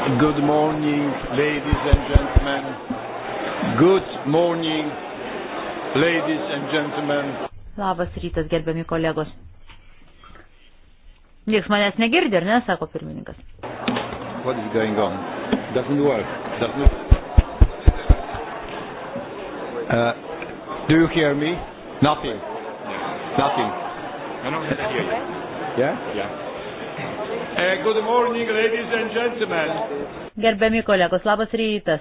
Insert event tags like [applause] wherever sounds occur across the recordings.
Good morning, ladies and gentlemen. Good morning, ladies and gentlemen. Labas rytas, gerbiami kolegos. Niekas manęs negirdi, ar ne, sako pirmininkas. What is going on? Doesn't work. Doesn't... Uh, do you hear me? Nothing. Nothing. I don't hear you. Yeah? Yeah. Uh, good morning, ladies and gentlemen. Gerbiami kolegos, labas rytas.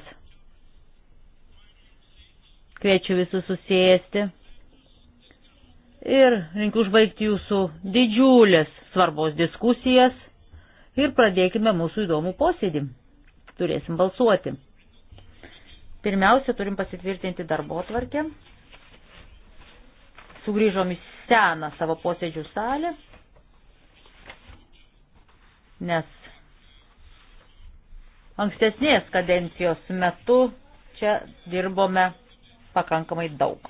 Kviečiu visus susėsti ir linkiu užbaigti jūsų didžiulės svarbos diskusijas ir pradėkime mūsų įdomų posėdį. Turėsim balsuoti. Pirmiausia, turim pasitvirtinti darbo tvarkę. Sugryžom į seną savo posėdžių salę nes ankstesnės kadencijos metu čia dirbome pakankamai daug.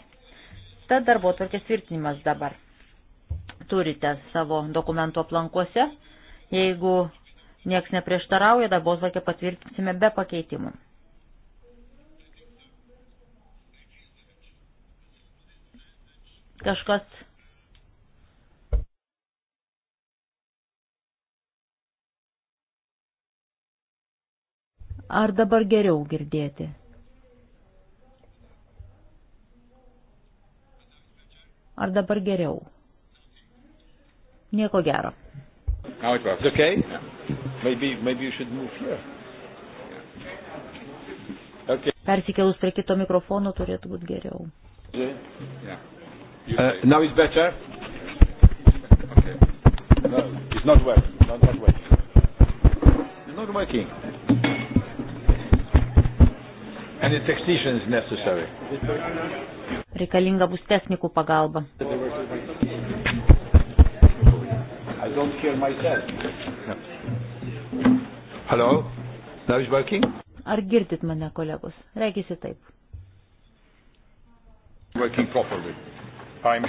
Tad darbo tvarkės tvirtinimas dabar. Turite savo dokumento aplankuose. Jeigu nieks neprieštarauja, darbo tvarkę patvirtinsime be pakeitimų. Kažkas Ar dabar geriau girdėti? Ar dabar geriau? Nieko gero. Now it works. Okay. Maybe, maybe you should move here. Okay. Persikėlus prie kito mikrofono turėtų būti geriau. Yeah. Uh, now it's better. Okay. No, it's not working. Not, not working. It's not working. Reikalinga bus technikų pagalba. Ar girdit mane, kolegos? Reikisi taip.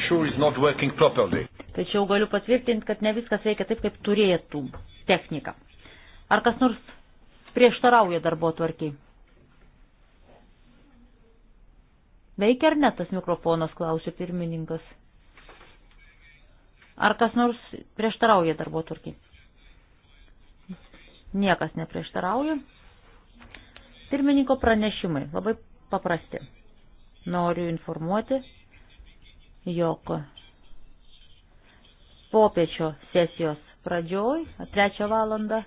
Sure Tačiau galiu patvirtinti, kad ne viskas veikia taip, kaip turėtų technika. Ar kas nors prieštarauja darbo tvarkiai? Veikia ar ne tas mikrofonas, klausė pirmininkas. Ar kas nors prieštarauja darbo turkiai? Niekas neprieštarauja. Pirmininko pranešimai labai paprasti. Noriu informuoti, jog popiečio sesijos pradžioj, trečią valandą,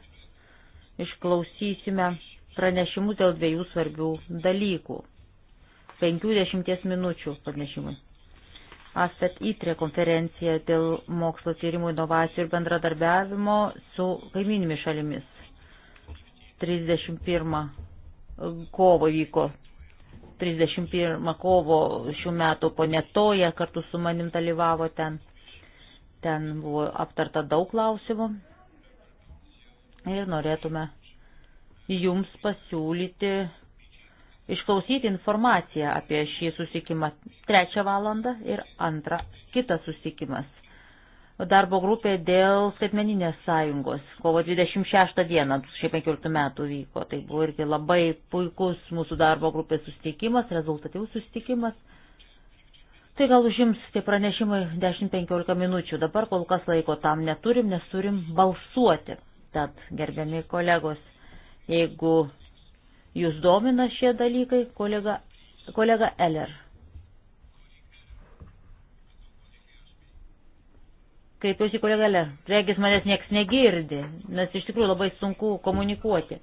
išklausysime pranešimus dėl dviejų svarbių dalykų. 50 minučių pranešimui. ASET ITRE konferencija dėl mokslo tyrimų inovacijų ir bendradarbiavimo su kaiminėmis šalimis. 31 kovo vyko. 31 kovo šių metų ponetoje kartu su manim dalyvavo ten. Ten buvo aptarta daug klausimų. Ir norėtume jums pasiūlyti išklausyti informaciją apie šį susikimą trečią valandą ir antrą kitas susikimas. Darbo grupė dėl skaitmeninės sąjungos. Kovo 26 dieną 2015 metų vyko. Tai buvo irgi labai puikus mūsų darbo grupės susitikimas, rezultatyvus susitikimas. Tai gal užims tie pranešimai 10-15 minučių. Dabar kol kas laiko tam neturim, nes turim balsuoti. Tad, gerbiami kolegos, jeigu Jūs domina šie dalykai, kolega, kolega Eller. Kreipiuosi kolega Eller. Regis manęs nieks negirdi, nes iš tikrųjų labai sunku komunikuoti.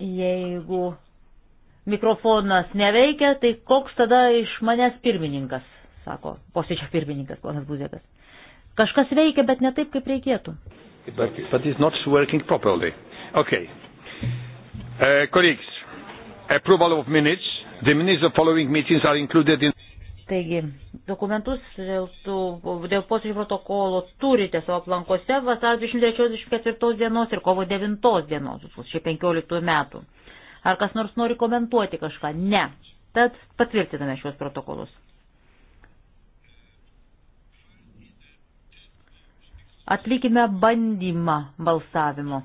Jeigu mikrofonas neveikia, tai koks tada iš manęs pirmininkas, sako posėdžio pirmininkas, ponas Buzėkas. Kažkas veikia, bet ne taip, kaip reikėtų. But, but it's not working properly. Okay. Uh, colleagues, approval of minutes. The minutes of following meetings are included in. Taigi, dokumentus dėl, tų, dėl posėdžių protokolo turite savo aplankose vasario 23-24 dienos ir kovo 9 dienos 2015 metų. Ar kas nors nori komentuoti kažką? Ne. Tad patvirtiname šios protokolus. Atlikime bandymą balsavimo.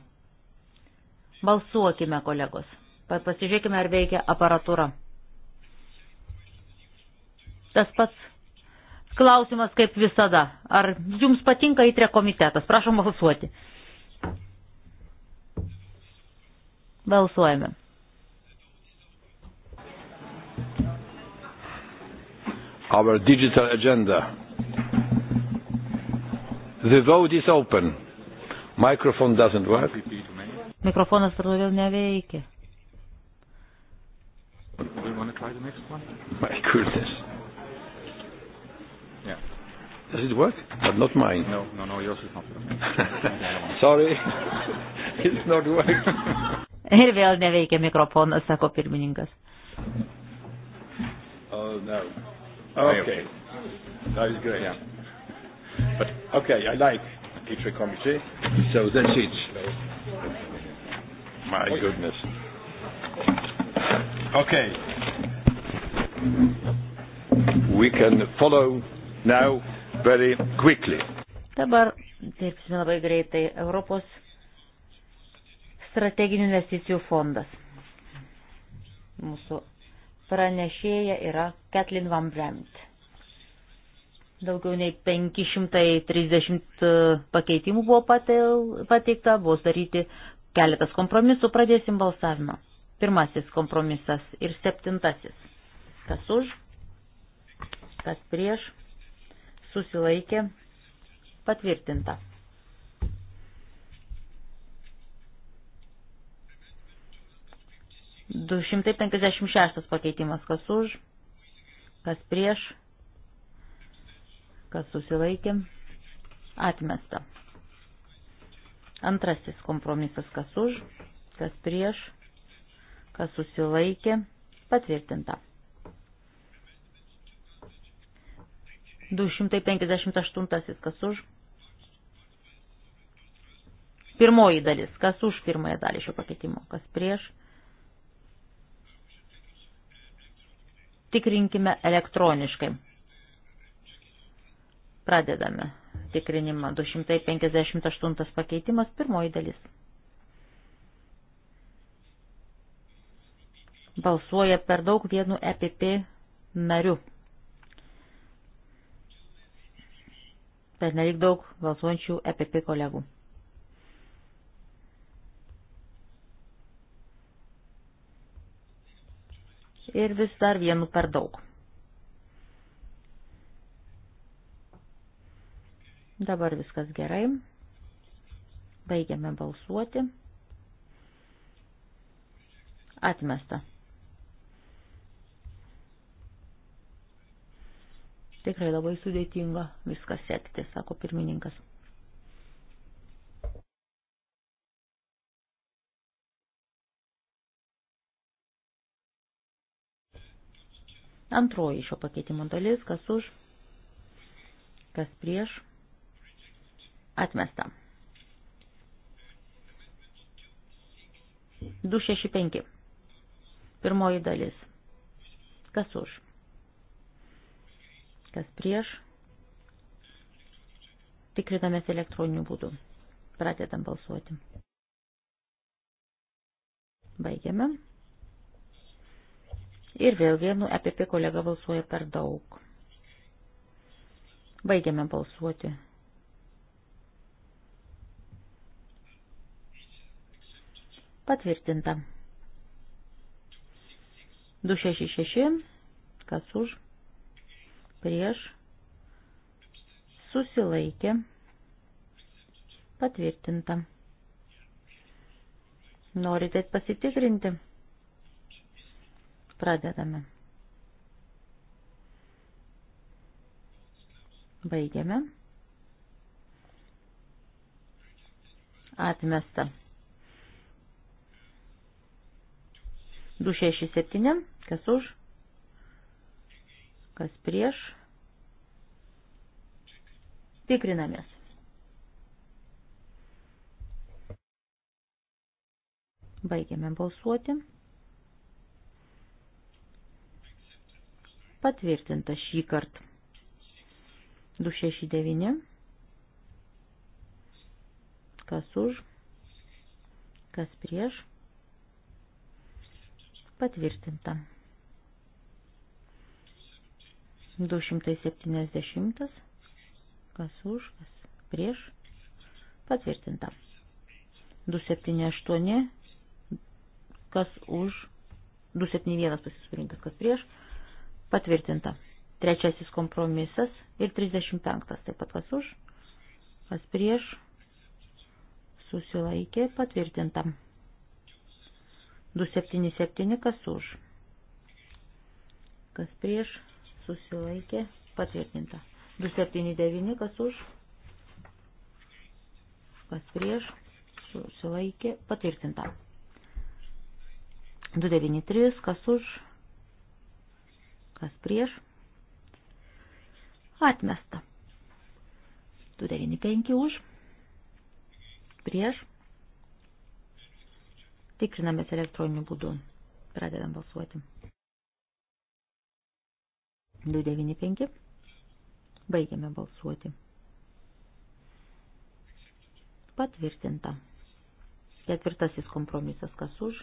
Balsuokime, kolegos. Pasižiūrėkime, ar veikia aparatūra. Tas pats klausimas kaip visada. Ar jums patinka įtrė komitetas? Prašom balsuoti. Balsuojame. Our digital agenda. The vote is open. Microphone doesn't work. Mikrofonas ar vėl neveikia. Do you want to try the next one? My goodness. Yeah. Does it work? But not mine. No, no, no, yours is not working. [laughs] Sorry. [laughs] It's not working. [laughs] Ir vėl neveikia mikrofonas, sako pirmininkas. Oh, no. Oh, okay. That is great. Yeah. But, okay, I like teacher committee, so that's it. So, My goodness. Okay. We can follow now very quickly. Dabar dirbsime labai greitai. Europos strateginių investicijų fondas. Mūsų pranešėja yra Kathleen Van Bremt. Daugiau nei 530 e, pakeitimų buvo pateikta, buvo daryti Keletas kompromisų, pradėsim balsavimą. Pirmasis kompromisas ir septintasis. Kas už, kas prieš, susilaikė, patvirtinta. Du šimtai penkiasdešimt šeštas pakeitimas, kas už, kas prieš, kas susilaikė, atmesta. Antrasis kompromisas, kas už, kas prieš, kas susilaikė, patvirtinta. 258 kas už. Pirmoji dalis, kas už pirmąją dalį šio pakeitimo, kas prieš. Tikrinkime elektroniškai. Pradedame patikrinimą. 258 pakeitimas, pirmoji dalis. Balsuoja per daug vienu EPP nariu. Per nelik daug balsuojančių EPP kolegų. Ir vis dar vienu per daug. Dabar viskas gerai. Baigiame balsuoti. Atmesta. Tikrai labai sudėtinga viskas sekti, sako pirmininkas. Antroji šio pakeitimo dalis, kas už, kas prieš Atmesta. 265. Pirmoji dalis. Kas už? Kas prieš? Tikrinamės elektroniniu būdu. Pratėtam balsuoti. Baigiame. Ir vėl vienu EPP kolega balsuoja per daug. Baigiame balsuoti. Patvirtinta. 266, kas už, prieš, susilaikė, patvirtinta. Norite pasitikrinti? Pradedame. Baigiame. Atmesta. 267, kas už, kas prieš. Tikrinamės. Baigiame balsuoti. Patvirtinta šį kartą. 269. Kas už, kas prieš. Patvirtinta. 270. Kas už, kas prieš. Patvirtinta. 278. Kas už. 271 pasisūrinkas, kas prieš. Patvirtinta. Trečiasis kompromisas ir 35. Taip pat kas už, kas prieš. Susilaikė patvirtintam. 277 kas už. Kas prieš susilaikė patvirtinta. 279 kas už. Kas prieš susilaikė patvirtinta. 293 kas už. Kas prieš atmesta. 295 už. Prieš Tikrinamės elektroniniu būdu. Pradedam balsuoti. 295. Baigiame balsuoti. Patvirtinta. Ketvirtasis kompromisas kas už.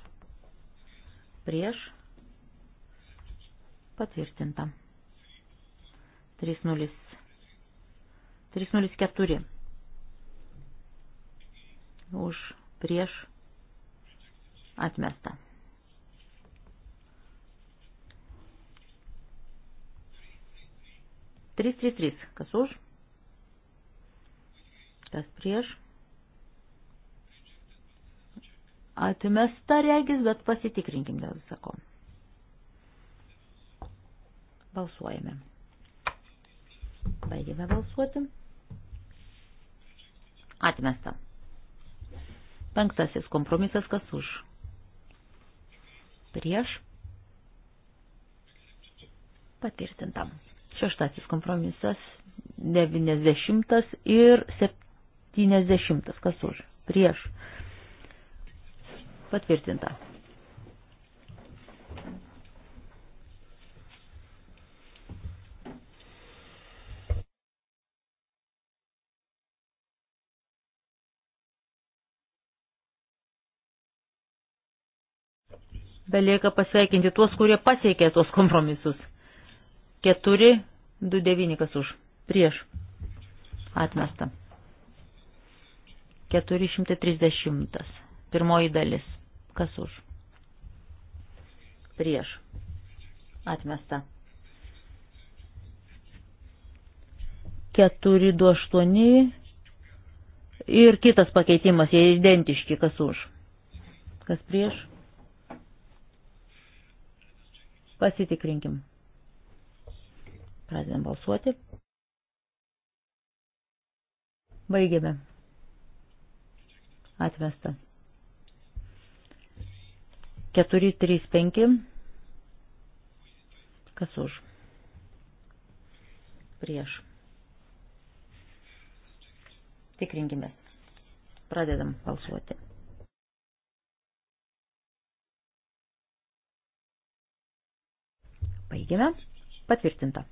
Prieš. Patvirtinta. 3.0. 304. Už. Prieš atmesta. Trys, trys, trys. Kas už? Kas prieš? Atmesta regis, bet pasitikrinkim dėl visako. Balsuojame. Baigėme balsuoti. Atmesta. Penktasis kompromisas kas už? prieš, patvirtinta. Šeštasis kompromisas, 90 ir 70, kas už, prieš, patvirtinta. Belieka pasveikinti tuos, kurie pasiekė tuos kompromisus. 4, 2, 9 kas už. Prieš. Atmesta. 430. Pirmoji dalis. Kas už? Prieš. Atmesta. 428 ir kitas pakeitimas, jie identiški, kas už, kas prieš, Pasitikrinkim. Pradedam balsuoti. Baigėme. Atvesta. 4, 3, 5. Kas už? Prieš. Tikrinkime. Pradedam balsuoti. Baigiame. Patvirtinta.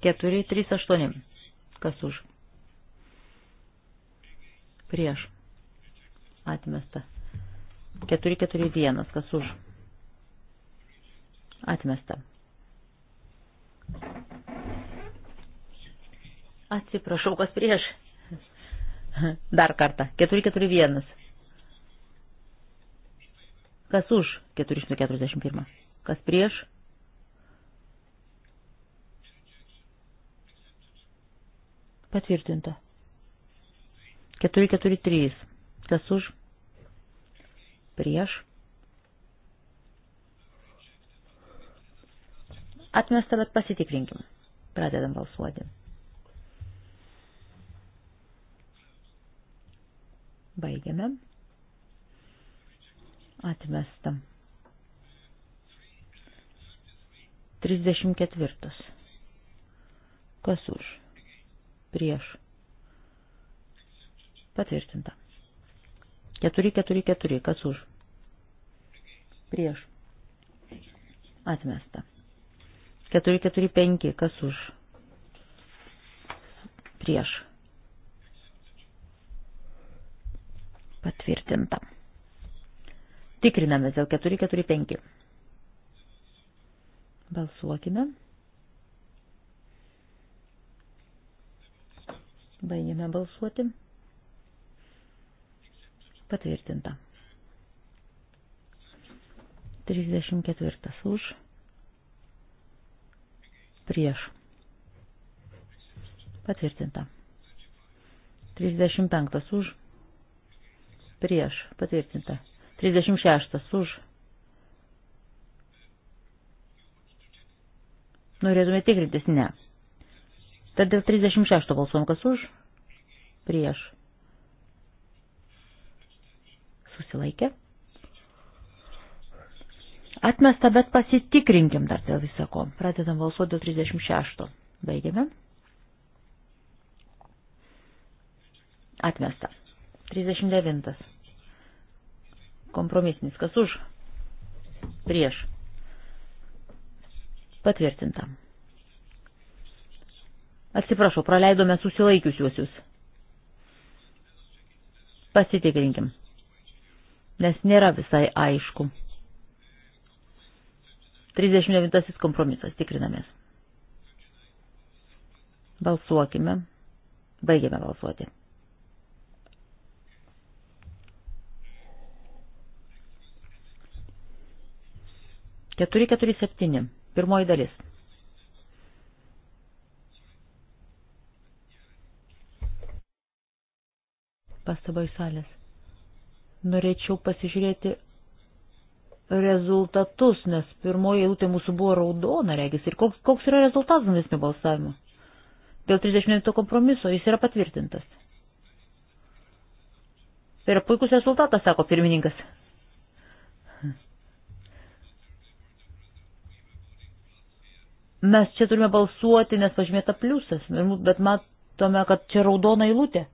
4, 3, 8. Kas už? Prieš. Atmesta. 4, 4, 1. Kas už? Atmesta. Atsiprašau, kas prieš. [laughs] Dar kartą. 441. Kas už 441? Kas prieš? Patvirtinta. 443. Kas už? Prieš. Atmesta, bet pasitikrinkim. Pradedam balsuoti. Baigiame. Atmesta. 34. Kas už? Prieš. Patvirtinta. 4, 4, 4. Kas už? Prieš. Atmesta. 4, 4, 5. Kas už? Prieš. Patvirtinta. Tikriname dėl 445. Balsuokime. Baigėme balsuoti. Patvirtinta. 34 už. Prieš. Patvirtinta. 35 už. Prieš. Patvirtinta. 36 už. Norėtume tikrintis? Ne. Tad dėl 36 balsuom kas už? Prieš. Susilaikė. Atmesta, bet pasitikrinkim dar dėl visako. Pradedam balsuoti dėl 36. Baigiame. Atmesta. 39 kompromisinis. Kas už? Prieš. Patvirtinta. Atsiprašau, praleidome susilaikiusiuosius. Pasitikrinkim, nes nėra visai aišku. 39 kompromisas, tikrinamės. Balsuokime. Baigėme balsuoti. 447. Pirmoji dalis. Pastaba iš salės. Norėčiau pasižiūrėti rezultatus, nes pirmoji eilutė mūsų buvo raudona, regis. Ir koks, koks yra rezultatas nesnių balsavimo? Dėl 39 kompromiso jis yra patvirtintas. Tai yra puikus rezultatas, sako pirmininkas. mes čia turime balsuoti, nes pažymėta pliusas, bet matome, kad čia raudona eilutė.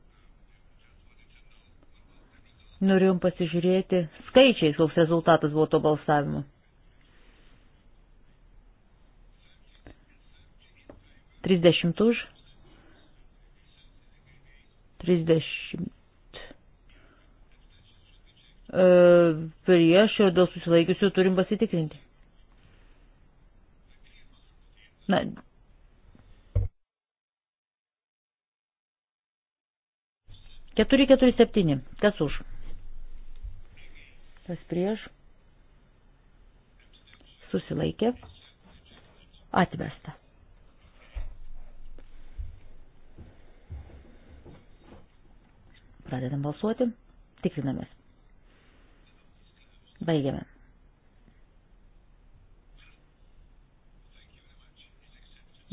Norėjom pasižiūrėti skaičiais, koks rezultatas buvo to balsavimo. Trisdešimt už. Trisdešimt. E, prieš ir dėl susilaikiusių turim pasitikrinti. Na, keturi, keturi, septyni. Kas už? Kas prieš? Susilaikė. Atvesta. Pradedam balsuoti. Tikrinamės. Baigiame.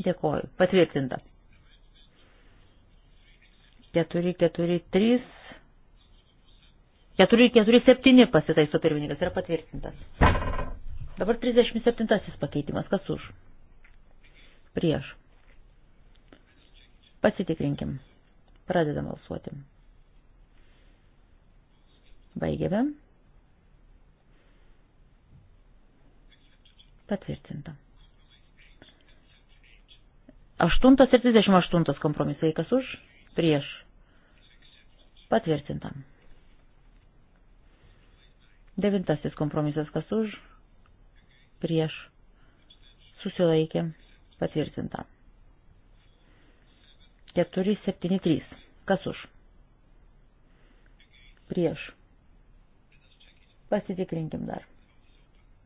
Dėkoju. Patvirtinta. 4, 4, 3. 4, 4, 7 pasitaiso pirmininkas yra patvirtintas. Dabar 37 pakeitimas. Kas už? Prieš. Pasitikrinkim. Pradedam balsuoti. Baigėme. Patvirtinta. 8 ir 38 kompromisai, kas už, prieš, patvirtintam. Devintasis kompromisas, kas už, prieš, susilaikė, patvirtintam. 473, kas už, prieš, pasitikrinkim dar.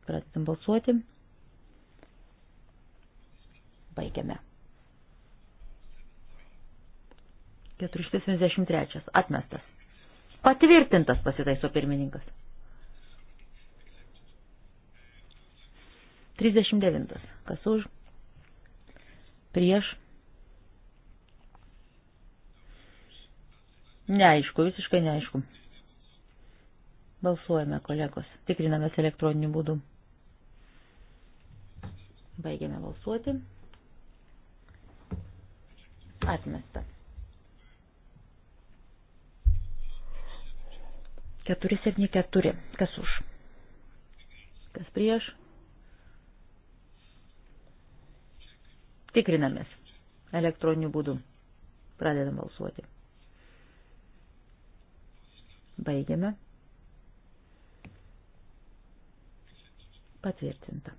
Pradedam balsuoti. Baigiame. 473. Atmestas. Patvirtintas pasitaiso pirmininkas. 39. Kas už? Prieš. Neaišku, visiškai neaišku. Balsuojame, kolegos. Tikrinamės elektroniniu būdu. Baigiame balsuoti. Atmesta. 474. Kas už? Kas prieš? Tikrinamės elektroniniu būdu. Pradedam balsuoti. Baigiame. Patvirtinta.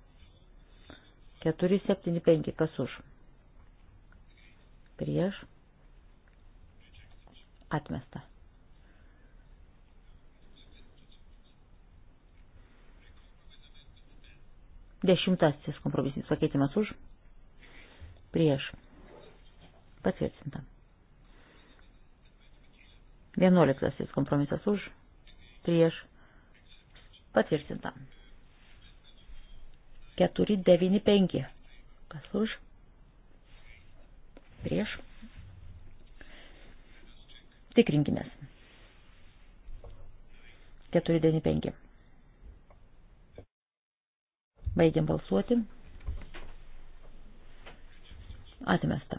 475. Kas už? Prieš. Atmesta. Dešimtasis kompromisinis pakeitimas už. Prieš. Patvirtinta. Vienuoliktasis kompromisas už. Prieš. Patvirtinta. 4, 9, 5. Kas už? Prieš. Tikrinkimės. 4, 9, 5. Baigiam balsuoti. Atmesta.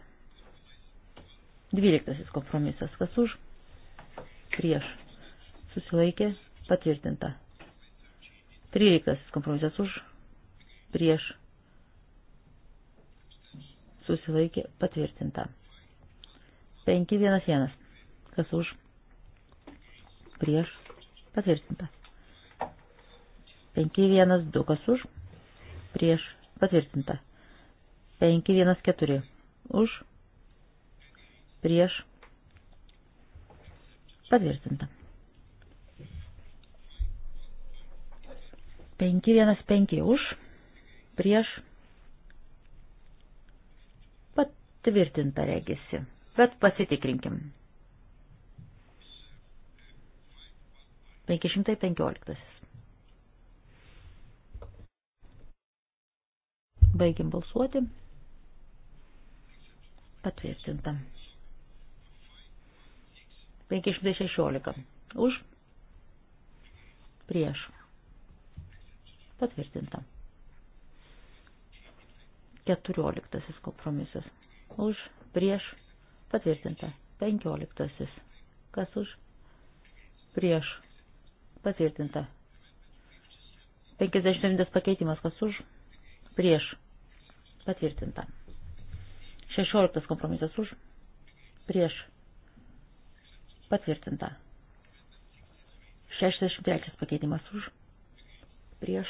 Dvyliktasis kompromisas. Kas už? Prieš. Susilaikė. Patvirtinta. Tryliktasis kompromisas už. Prieš. Susilaikė. Patvirtinta. 511. Kas už? Prieš. Patvirtinta. 512. Kas už? prieš patvirtinta. 514 už prieš patvirtinta. 515 už prieš patvirtinta regisi. Bet pasitikrinkim. 515. Baigiam balsuoti. Patvirtinta. 516. Už. Prieš. Patvirtinta. 14 kompromisas. Už, prieš, patvirtinta. 15. Kas už? Prieš. Patvirtinta. 59 pakeitimas. Kas už? Prieš. Patvirtinta. 16 kompromisas už. Prieš. Patvirtinta. 63 pakeitimas už. Prieš.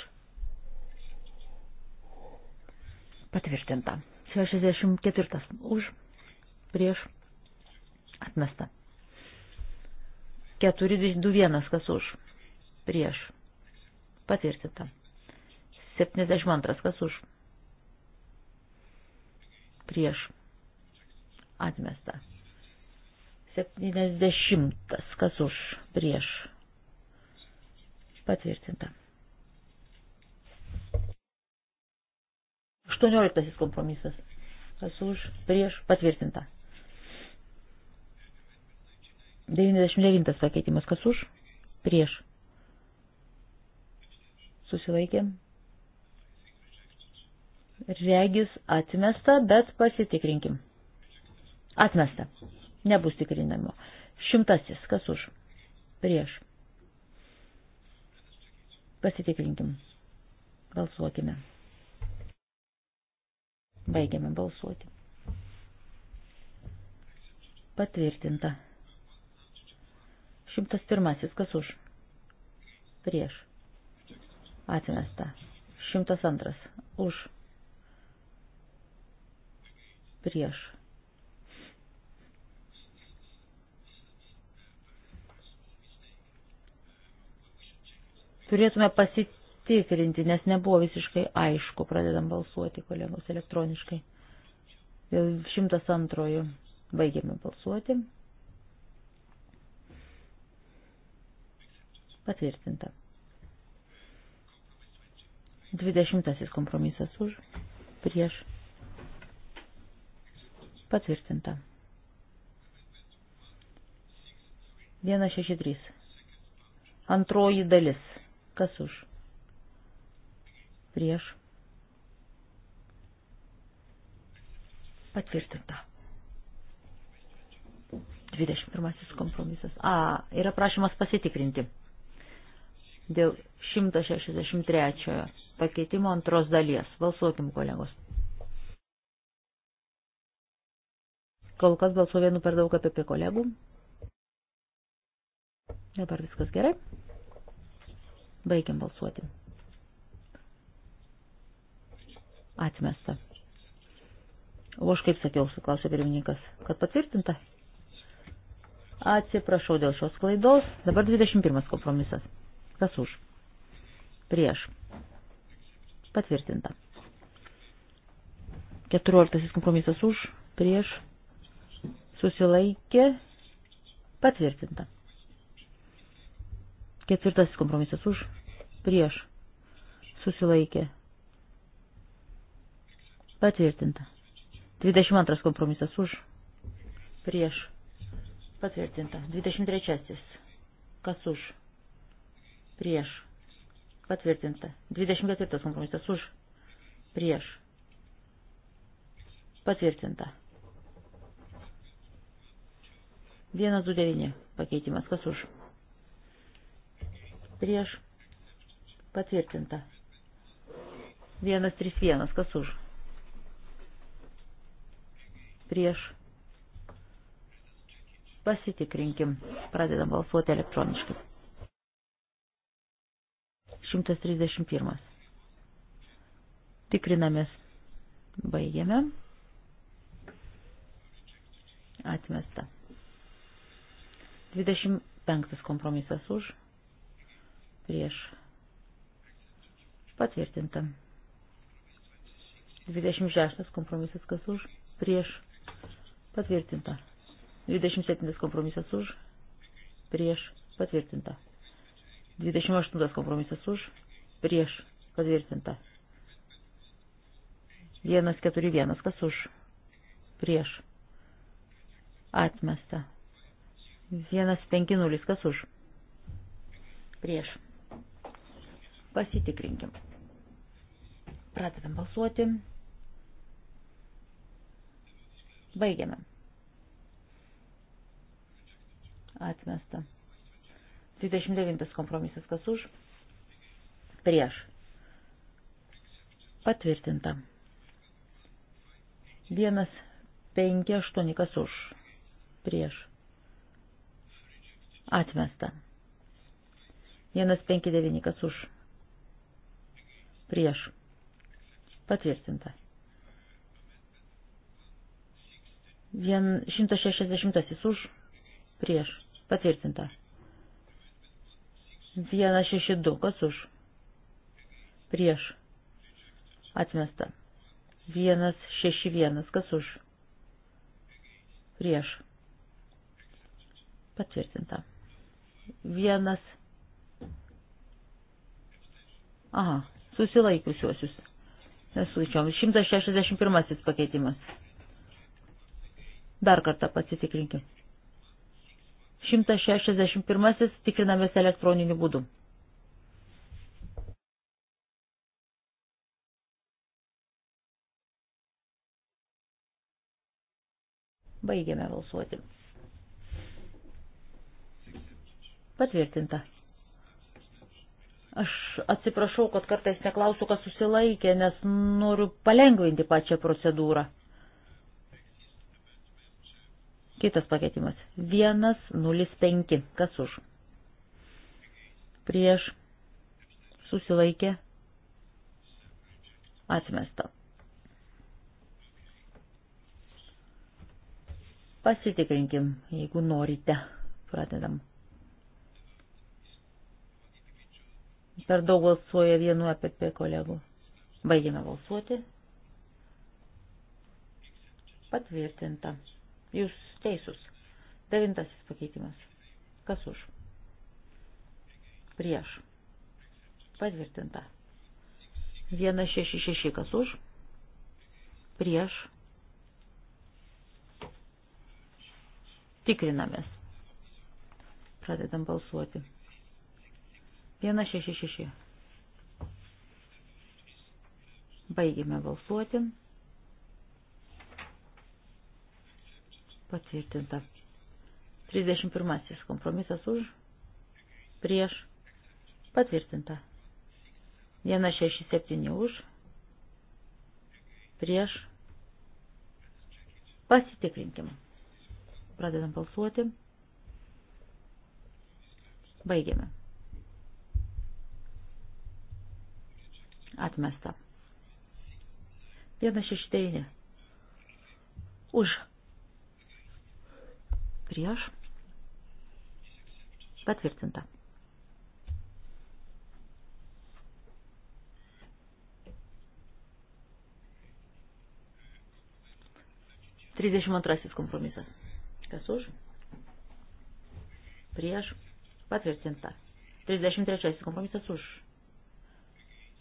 Patvirtinta. 64 už. Prieš. Atmesta. 421 kas už. Prieš. Patvirtinta. 72 kas už prieš atmesta. 70. Kas už prieš patvirtinta. 18. Kompromisas. Kas už prieš patvirtinta. 99. Pakeitimas. Kas už prieš susilaikėm Regis atmesta, bet pasitikrinkim. Atmesta. Nebus tikrinimo. Šimtasis. Kas už? Prieš. Pasitikrinkim. Balsuokime. Baigiame balsuoti. Patvirtinta. Šimtas pirmasis. Kas už? Prieš. Atmesta. Šimtas antras. Už prieš. Turėtume pasitikrinti, nes nebuvo visiškai aišku, pradedam balsuoti kolegos elektroniškai. 102 baigiame balsuoti. Patvirtinta. 20 kompromisas už, prieš Patvirtinta. 163. Antroji dalis. Kas už? Prieš. Patvirtinta. 21 kompromisas. A, yra prašymas pasitikrinti. Dėl 163 pakeitimo antros dalies. Balsuokim, kolegos. Kol kas balsuoju vienu per daug apie kolegų. Dabar viskas gerai. Baigiam balsuoti. Atmesta. O aš kaip sakiau, suklausė pirmininkas, kad patvirtinta. Atsiprašau dėl šios klaidos. Dabar 21 kompromisas. Kas už? Prieš. Patvirtinta. 14 kompromisas už, prieš, susilaikė patvirtinta. Ketvirtasis kompromisas už, prieš, susilaikė patvirtinta. 22 kompromisas už, prieš, patvirtinta. 23 kas už, prieš, patvirtinta. 24 kompromisas už, prieš, patvirtinta. 129 pakeitimas. Kas už? Prieš. Patvirtinta. 131. Kas už? Prieš. Pasitikrinkim. Pradedam balsuoti elektroniškai. 131. Tikrinamės. Baigiame. Atmesta. 25 kompromisas už, prieš, patvirtinta. 26 kompromisas kas už, prieš, patvirtinta. 27 kompromisas už, prieš, patvirtinta. 28 kompromisas už, prieš, patvirtinta. 141 kas už, prieš, atmesta. 150, kas už? Prieš. Pasitikrinkim. Pradedam balsuoti. Baigiame. Atmesta. 29 kompromisas kas už? Prieš. Patvirtinta. 1, 5, 8 kas už? Prieš Atmesta. 159 kas už. Prieš. Patvirtinta. 160 už. Prieš. Patvirtinta. 162 kas už. Prieš. Atmesta. 161 kas už. Prieš. Patvirtinta vienas. Aha, susilaikiusiuosius. Nesuičiom. 161 pakeitimas. Dar kartą pasitikrinkim. 161 tikrinamės elektroniniu būdu. Baigėme balsuoti. Patvirtinta. Aš atsiprašau, kad kartais neklausiu, kas susilaikė, nes noriu palengvinti pačią procedūrą. Kitas pakeitimas. 105. Kas už? Prieš. Susilaikė. Atmesta. Pasitikrinkim, jeigu norite. Pradedam. Per daug balsuoja vienu EPP kolegų. Baigėme balsuoti. Patvirtinta. Jūs teisus. Devintasis pakeitimas. Kas už? Prieš. Patvirtinta. 166 kas už? Prieš. Tikrinamės. Pradedam balsuoti. 166. Baigime balsuoti. Patvirtinta. 31. Kompromisas už. Prieš. Patvirtinta. 167 už. Prieš. Pasitikrinkim. Pradedam balsuoti. Baigiame. Atmesta. 169. Už. Prieš. Patvirtinta. Trisdešimt antrasis kompromisas. Kas už? Prieš. Patvirtinta. Trisdešimt trečiasis kompromisas už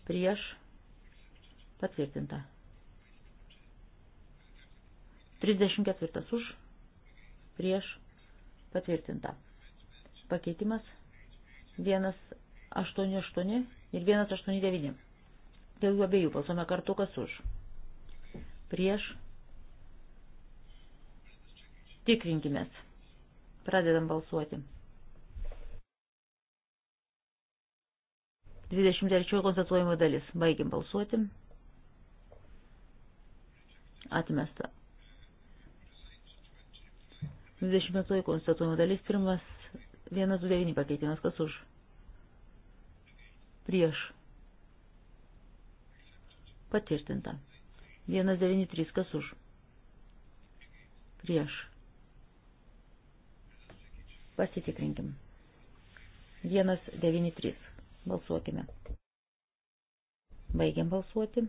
prieš patvirtinta. 34 už prieš patvirtinta. Pakeitimas 188 ir 189. Dėl jų abiejų balsuome kartu kas už. Prieš tikrinkimės. Pradedam balsuoti. 23 konstatuojimo dalis. Baigim balsuoti. Atmesta. 25 konstatuojimo dalis. Pirmas 129 pakeitimas. Kas už? Prieš. Patvirtinta. 193. Kas už? Prieš. Pasitikrinkim. 193. Balsuokime. Baigiam balsuoti.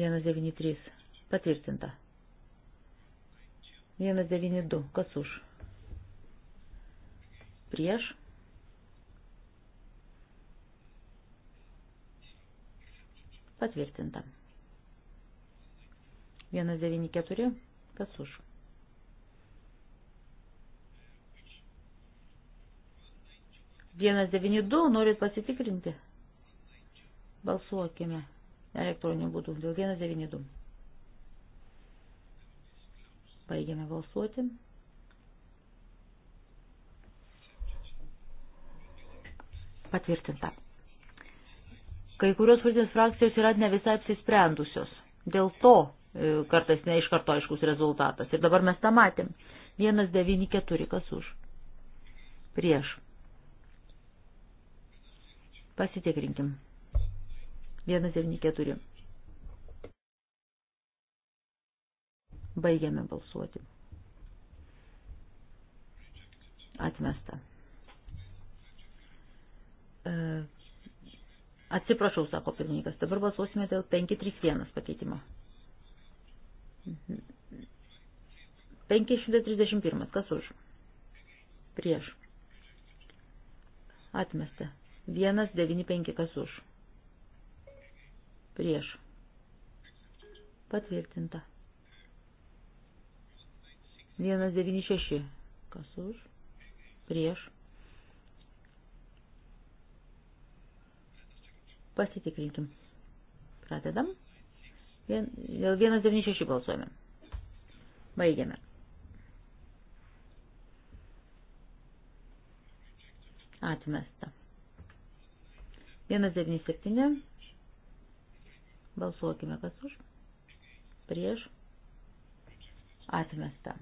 193. Patvirtinta. 192. Kas už? Prieš. Patvirtinta. 194. Kas už? 192 norit pasitikrinti? Balsuokime elektroniniu būdu dėl 192. Baigiame balsuoti. Patvirtinta. Kai kurios politinės frakcijos yra ne visai apsisprendusios. Dėl to e, kartais neiš karto aiškus rezultatas. Ir dabar mes tą matėm. 194 kas už. Prieš Pasitikrinkim. 194. Baigiame balsuoti. Atmesta. E, atsiprašau, sako pirmininkas, dabar balsuosime dėl 531 pakeitimo. 531. Kas už? Prieš. Atmesta. 195 kas už. Prieš. Patvirtinta. 196 kas už. Prieš. Pasitikrinkim. Pradedam. Vien, dėl 196 balsuojame. Baigiame. Atmesta. 197. Balsuokime, kas už. Prieš. Atmesta.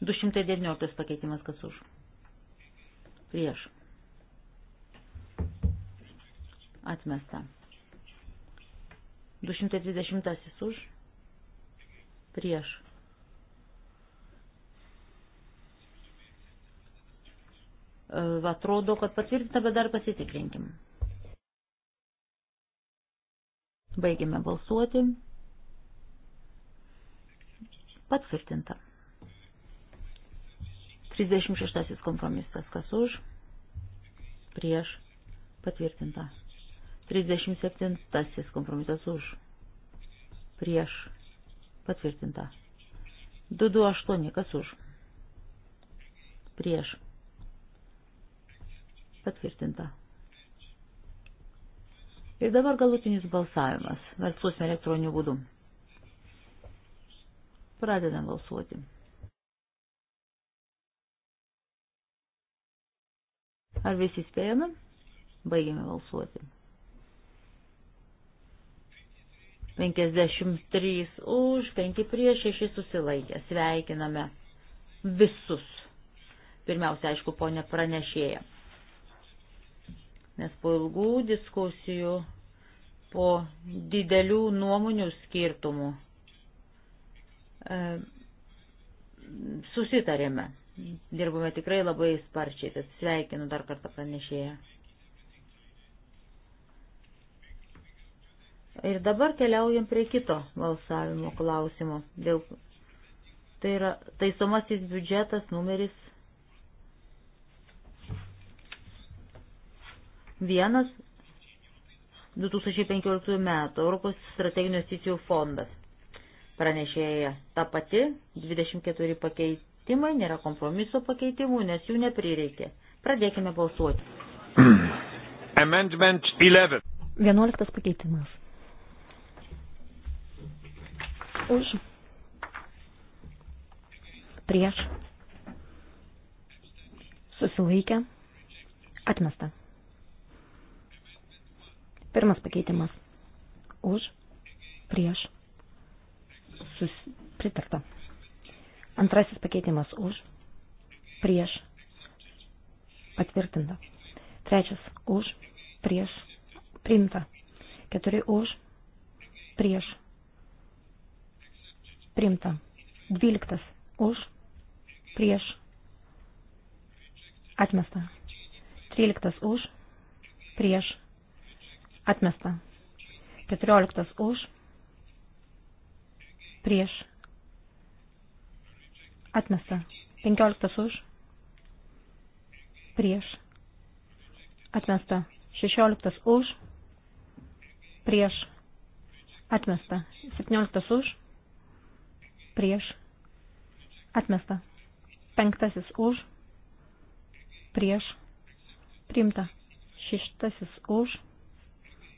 Du šimtai devynioliktas pakeitimas kas už. Prieš. Atmesta. 220 už. Prieš E, atrodo, kad patvirtinta, bet dar pasitikrinkim. Baigime balsuoti. Patvirtinta. 36 kompromisas. Kas už? Prieš. Patvirtinta. 37 kompromisas už. Prieš. Patvirtinta. 228. Kas už? Prieš Patvirtinta. Ir dabar galutinis balsavimas. Balsuosime elektroniniu būdu. Pradedam balsuoti. Ar visi spėjome? Baigėme balsuoti. 53 už, 5 prieš, 6 susilaikė. Sveikiname visus. Pirmiausia, aišku, ponė pranešėja nes po ilgų diskusijų, po didelių nuomonių skirtumų e, susitarėme. Dirbome tikrai labai sparčiai, tad sveikinu dar kartą pranešėją. Ir dabar keliaujam prie kito balsavimo klausimo. Dėl, tai yra taisomasis biudžetas numeris Vienas 2015 metų Europos strateginių investicijų fondas. Pranešėja ta pati, 24 pakeitimai, nėra kompromiso pakeitimų, nes jų neprireikė. Pradėkime balsuoti. [clears throat] Amendment 11. 11 pakeitimas. Už. Prieš. Susilaikę. Atmesta. Pirmas pakeitimas. Už, prieš, sus, pritarta. Antrasis pakeitimas už, prieš, patvirtinta. Trečias už, prieš, priimta. Keturi už, prieš, priimta. Dvyliktas už, prieš, atmesta. Tryliktas už, prieš, priimta Atmesta. 14 už. Prieš. Atmesta. 15 už. Prieš. Atmesta. 16 už. Prieš. Atmesta. 17 už. Prieš. Atmesta. 5 už. Prieš. Primta. 6 už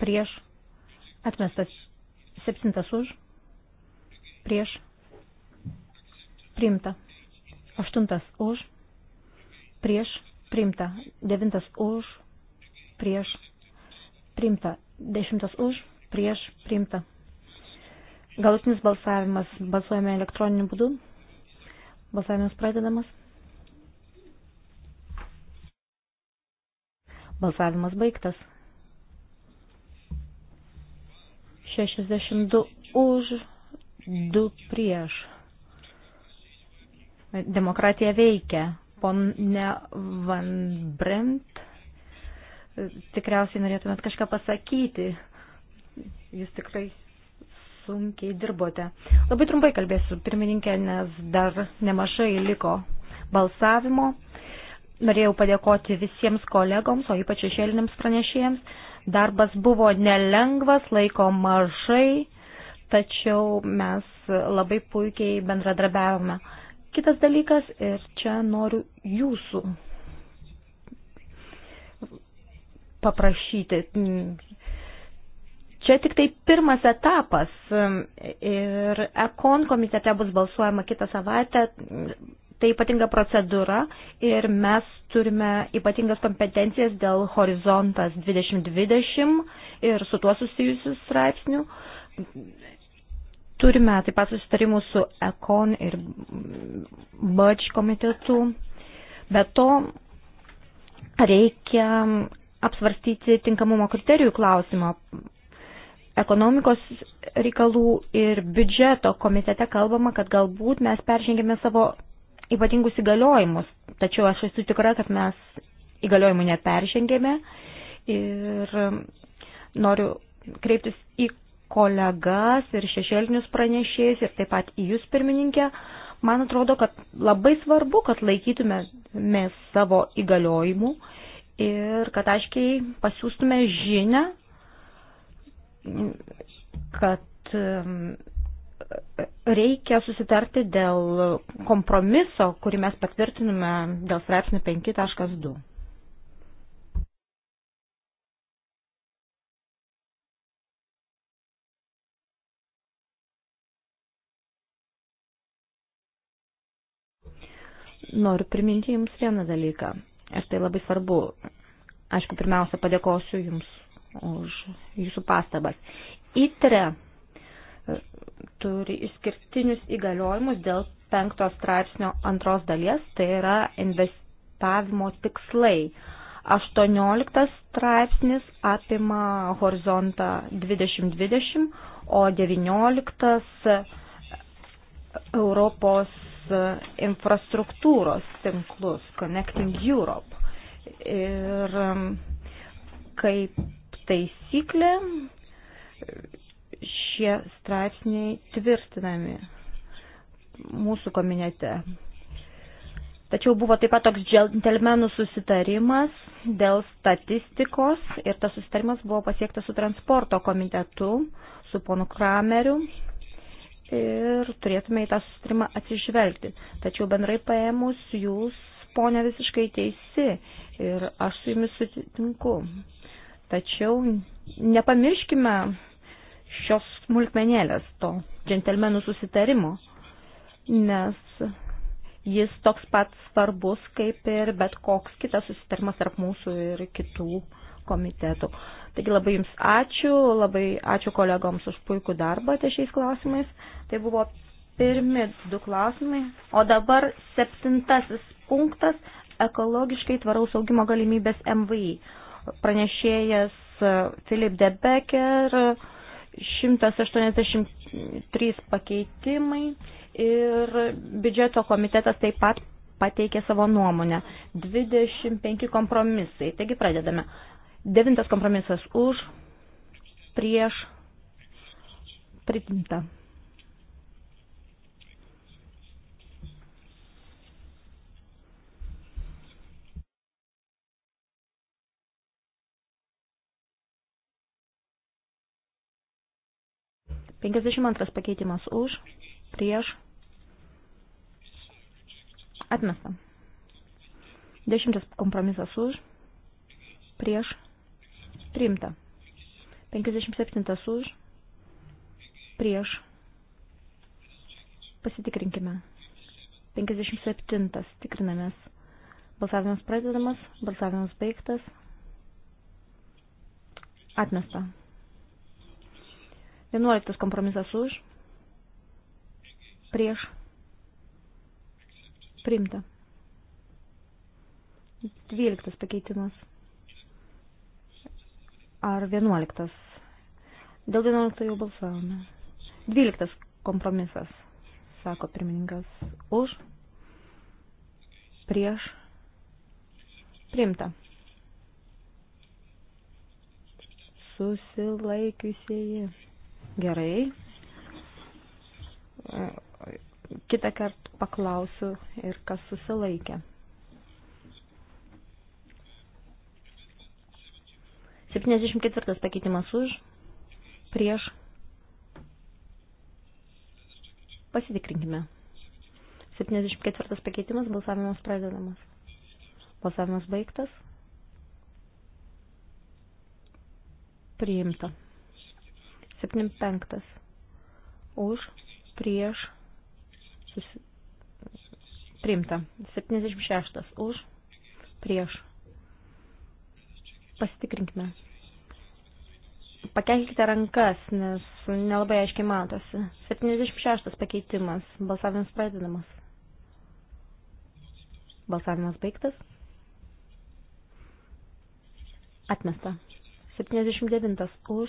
prieš, atmestas septintas už, prieš, priimta, aštuntas už, prieš, priimta, devintas už, prieš, priimta, dešimtas už, prieš, priimta. Galutinis balsavimas balsuojame elektroniniu būdu. Balsavimas pradedamas. Balsavimas baigtas. 62 už, 2 prieš. Demokratija veikia. Pone Van Brent, tikriausiai norėtumėt kažką pasakyti. Jūs tikrai sunkiai dirbote. Labai trumpai kalbėsiu, pirmininkė, nes dar nemažai liko balsavimo. Norėjau padėkoti visiems kolegoms, o ypač šešėliniams pranešėjams Darbas buvo nelengvas, laiko mažai, tačiau mes labai puikiai bendradarbiavome. Kitas dalykas, ir čia noriu jūsų paprašyti. Čia tik tai pirmas etapas ir ekon komitete bus balsuojama kitą savaitę, tai ypatinga procedūra ir mes turime ypatingas kompetencijas dėl horizontas 2020 ir su tuo susijusių straipsnių. Turime taip pat susitarimų su ECON ir BUDGE komitetu. Be to, reikia apsvarstyti tinkamumo kriterijų klausimą. Ekonomikos reikalų ir biudžeto komitete kalbama, kad galbūt mes peržengėme savo ypatingus įgaliojimus, tačiau aš esu tikra, kad mes įgaliojimų neperžengėme ir noriu kreiptis į kolegas ir šešėlinius pranešėjus ir taip pat į jūs pirmininkę. Man atrodo, kad labai svarbu, kad laikytumėmės savo įgaliojimų ir kad aiškiai pasiūstume žinę, kad reikia susitarti dėl kompromiso, kurį mes patvirtiname dėl straipsnių 5.2. Noriu priminti Jums vieną dalyką. Ir tai labai svarbu. Aišku, pirmiausia, padėkosiu Jums už Jūsų pastabas. ITRE turi išskirtinius įgaliojimus dėl penktos straipsnio antros dalies, tai yra investavimo tikslai. 18 straipsnis apima horizontą 2020, o 19 Europos infrastruktūros tinklus Connecting Europe. Ir um, kaip taisyklė šie straipsniai tvirtinami mūsų komitete. Tačiau buvo taip pat toks džentelmenų susitarimas dėl statistikos ir tas susitarimas buvo pasiektas su transporto komitetu, su ponu Krameriu ir turėtume į tą susitarimą atsižvelgti. Tačiau bendrai paėmus jūs, ponė, visiškai teisi ir aš su jumis sutinku. Tačiau nepamirškime šios smulkmenėlės, to džentelmenų susitarimo, nes jis toks pat svarbus kaip ir bet koks kitas susitarimas tarp mūsų ir kitų komitetų. Taigi labai Jums ačiū, labai ačiū kolegoms už puikų darbą ties šiais klausimais. Tai buvo pirmi du klausimai, o dabar septintasis punktas - ekologiškai tvaraus augimo galimybės MVI. Pranešėjas Filip Debecker 183 pakeitimai ir biudžeto komitetas taip pat pateikė savo nuomonę. 25 kompromisai. Taigi pradedame. Devintas kompromisas už, prieš, pritimta. 52 pakeitimas už, prieš, atmesta. 10 kompromisas už, prieš, priimta. 57 už, prieš, pasitikrinkime. 57 tikrinamės. Balsavimas pradedamas, balsavimas baigtas, atmesta. 11 kompromisas už. Prieš. Primta. 12 pakeitimas. Ar 11? Dėl 11 jau balsavome. 12 kompromisas, sako pirmininkas. Už. Prieš. Primta. Susilaikiusieji. Gerai. Kitą kartą paklausiu ir kas susilaikė. 74 pakeitimas už, prieš. Pasitikrinkime. 74 pakeitimas, balsavimas pradedamas. Balsavimas baigtas. Priimta. 75. Už, prieš, susi... priimta. 76. Už, prieš. Pasitikrinkime. Pakelkite rankas, nes nelabai aiškiai matosi. 76 pakeitimas. Balsavimas pradedamas. Balsavimas baigtas. Atmesta. 79 už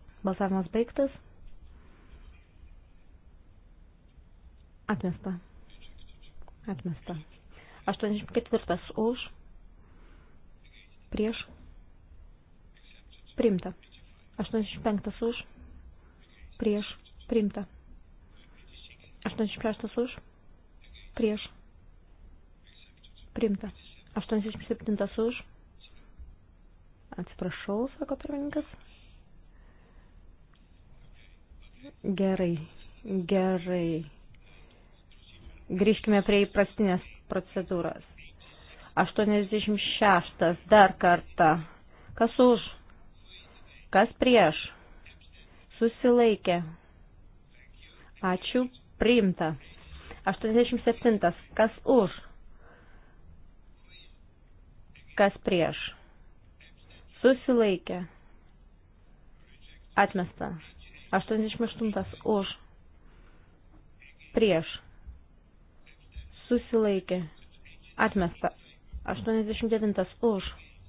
Balsavimas baigtas. Atmesta. Atmesta. 84 už. Prieš. Primta. 85 už. Prieš. Primta. 86 už. Prieš. Primta. 87 už. Atsiprašau, sako pirmininkas. Gerai, gerai. Grįžkime prie įprastinės procedūros. 86 dar kartą. Kas už? Kas prieš? Susilaikė. Ačiū. Priimta. 87. Kas už? Kas prieš? Susilaikė. Atmesta. 88 už. Prieš. Susilaikė. Atmesta. 89 už.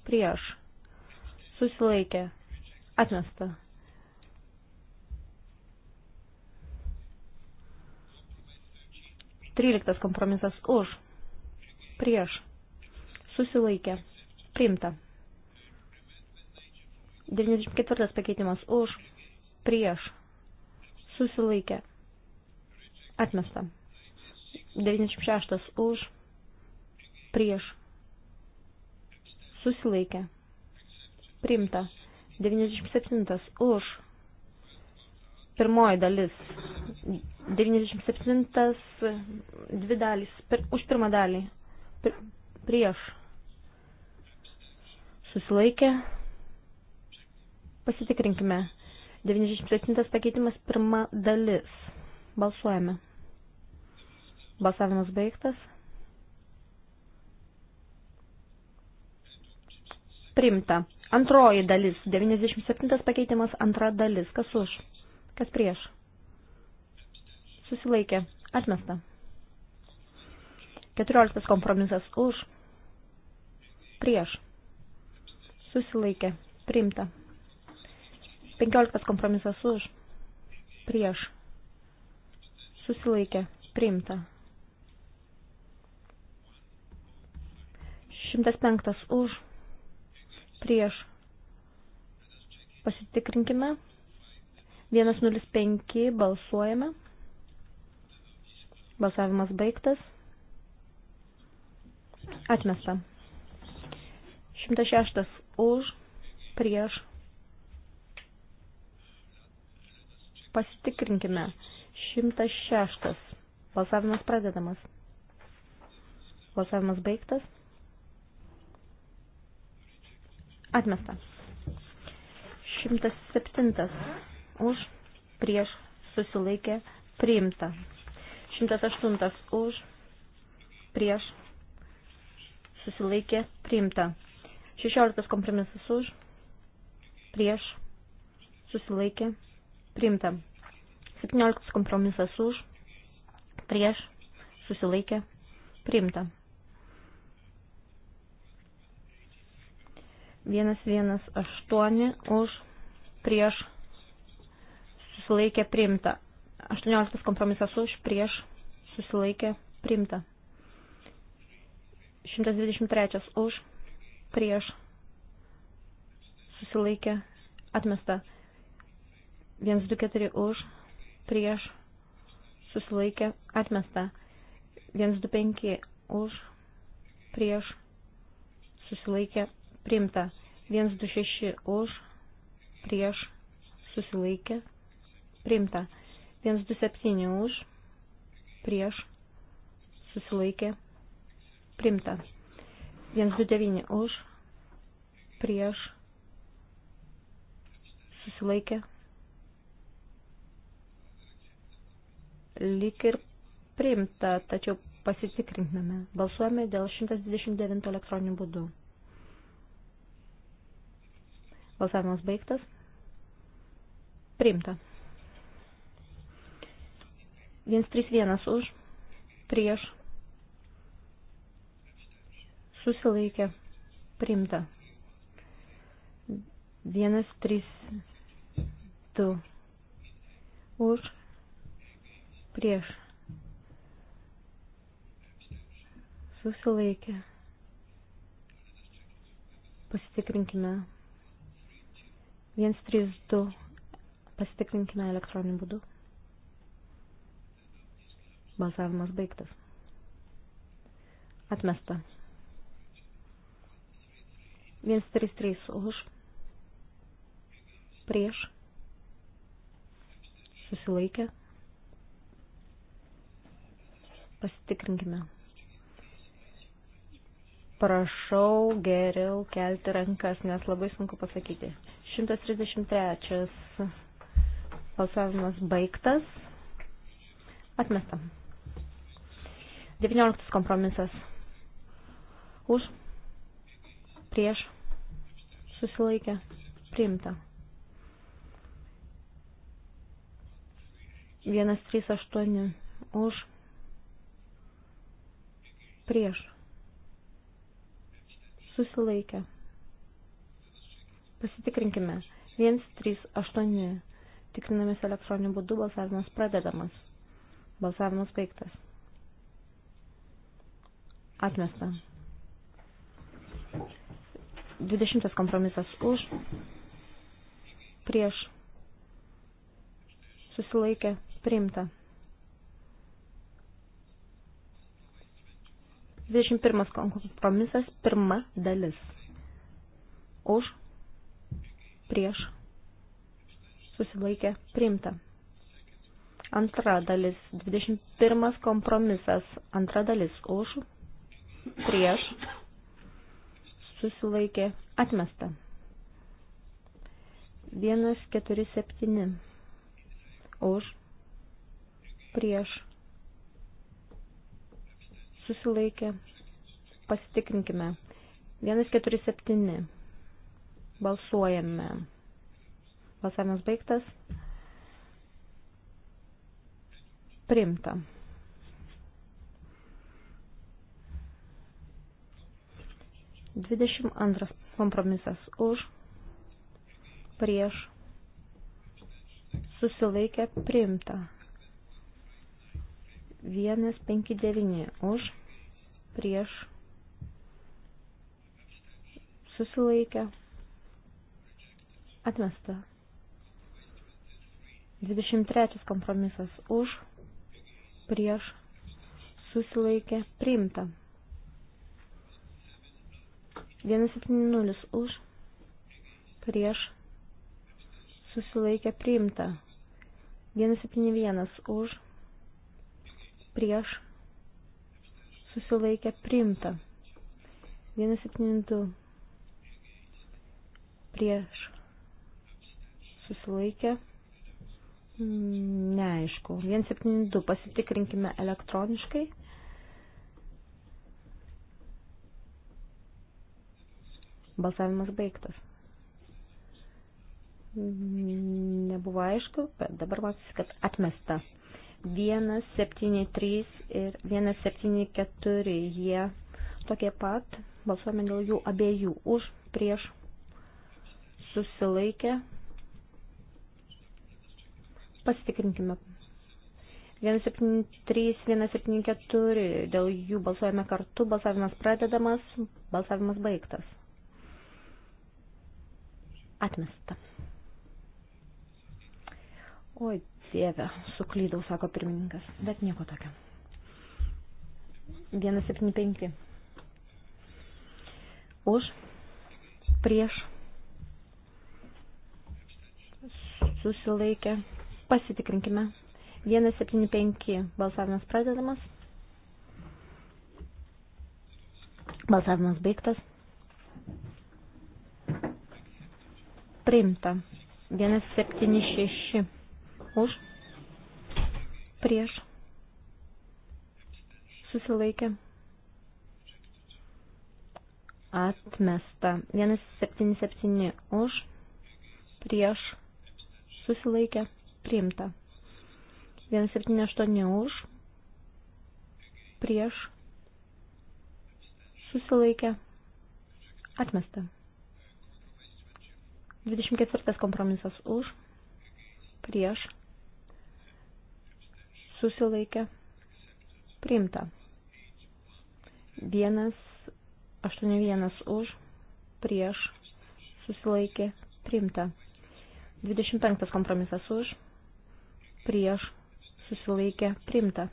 Prieš. Susilaikė. Atmesta. Tryliktas kompromisas už. Prieš. Susilaikė. Priimta. 94 pakeitimas už prieš, susilaikė, atmesta. 96 už, prieš, susilaikė, priimta. 97 už, pirmoji dalis. 97 dvi dalys, per, už pirmą dalį, pr, prieš, susilaikė, pasitikrinkime. 97 pakeitimas pirma dalis. Balsuojame. Balsavimas baigtas. Primta. Antroji dalis. 97 pakeitimas antra dalis. Kas už? Kas prieš? Susilaikė. Atmesta. 14 kompromisas už. Prieš. Susilaikė. Primta. Penkioliktas kompromisas už. Prieš. Susilaikė. Priimta. 105 už. Prieš. Pasitikrinkime. 105 balsuojame. Balsavimas baigtas. Atmesta. 106 už. Prieš Pasitikrinkime. 106. Balsavimas pradedamas. Balsavimas baigtas. Atmesta. 107. Už, prieš, susilaikė, priimta. 108. Už, prieš, susilaikė, priimta. 16. Kompromisas už, prieš, susilaikė, priimta Priimta. 17 kompromisas už, prieš, susilaikė, priimta. 118 už, prieš, susilaikė, priimta. 18 kompromisas už, prieš, susilaikė, priimta. 123 už, prieš, susilaikė, atmesta. 1, 2, 4 už, prieš, susilaikė, atmesta. 1, 2, 5 už, prieš, susilaikė, primta. 1, 2, 6 už, prieš, susilaikė, primta. 1, 2, 7 už, prieš, susilaikė, primta. 1, 2, 9 už, prieš, susilaikė, primta lyg ir priimta, tačiau pasitikrinkime. Balsuojame dėl 129 elektroninių būdų. Balsavimas baigtas. Priimta. 131 už, prieš, susilaikė, priimta. 132 už, prieš. Susilaikė. Pasitikrinkime. 132. Pasitikrinkime elektroniniu būdu. Balsavimas baigtas. Atmesta. 133 už. Prieš. Susilaikė. Pasitikrinkime. Prašau geriau kelti rankas, nes labai sunku pasakyti. 133 balsavimas baigtas. Atmestam. 19 kompromisas. Už. Prieš. Susilaikė. Priimta. 138. Už prieš, susilaikę. Pasitikrinkime. 138. Tikrinamės elektroniniu būdu, balsavimas pradedamas. Balsavimas baigtas. Atmesta. 20 kompromisas už, prieš, susilaikė, priimta. 21 kompromisas, pirma dalis. Už, prieš, susilaikė, priimta. Antra dalis, 21 kompromisas, antra dalis, už, prieš, susilaikė, atmesta. 1, 4, 7. Už, prieš, susilaikė, pasitikrinkime. 147. Balsuojame. Balsavimas baigtas. Primta. Dvidešimt antras kompromisas už, prieš, susilaikę, primta. 159 už, prieš, susilaikę, atmesta. 23 kompromisas už, prieš, susilaikę, priimta. 170 už, prieš, susilaikę, priimta. 171 už, prieš prieš susilaikę priimta. 172 prieš susilaikę neaišku. 172 pasitikrinkime elektroniškai. Balsavimas baigtas. Nebuvo aišku, bet dabar matosi, kad atmesta. 173 ir 174 jie tokie pat, balsuojame dėl jų abiejų, už, prieš, susilaikę, pasitikrinkime. 173, 174, dėl jų balsuojame kartu, balsavimas pradedamas, balsavimas baigtas. Atmesta. Oi, Dieve, suklydau, sako pirmininkas, bet nieko tokio. 175. Už, prieš, susilaikę, pasitikrinkime. 175 balsavimas pradedamas. Balsavimas baigtas. Priimta. 176 už, prieš, susilaikė, atmesta. 177 už, prieš, susilaikė, priimta. 178 už, prieš, susilaikė, atmesta. 24 kompromisas už, prieš, susilaikė, priimta. 181 už, prieš, susilaikė, priimta. 25 kompromisas už, prieš, susilaikė, priimta.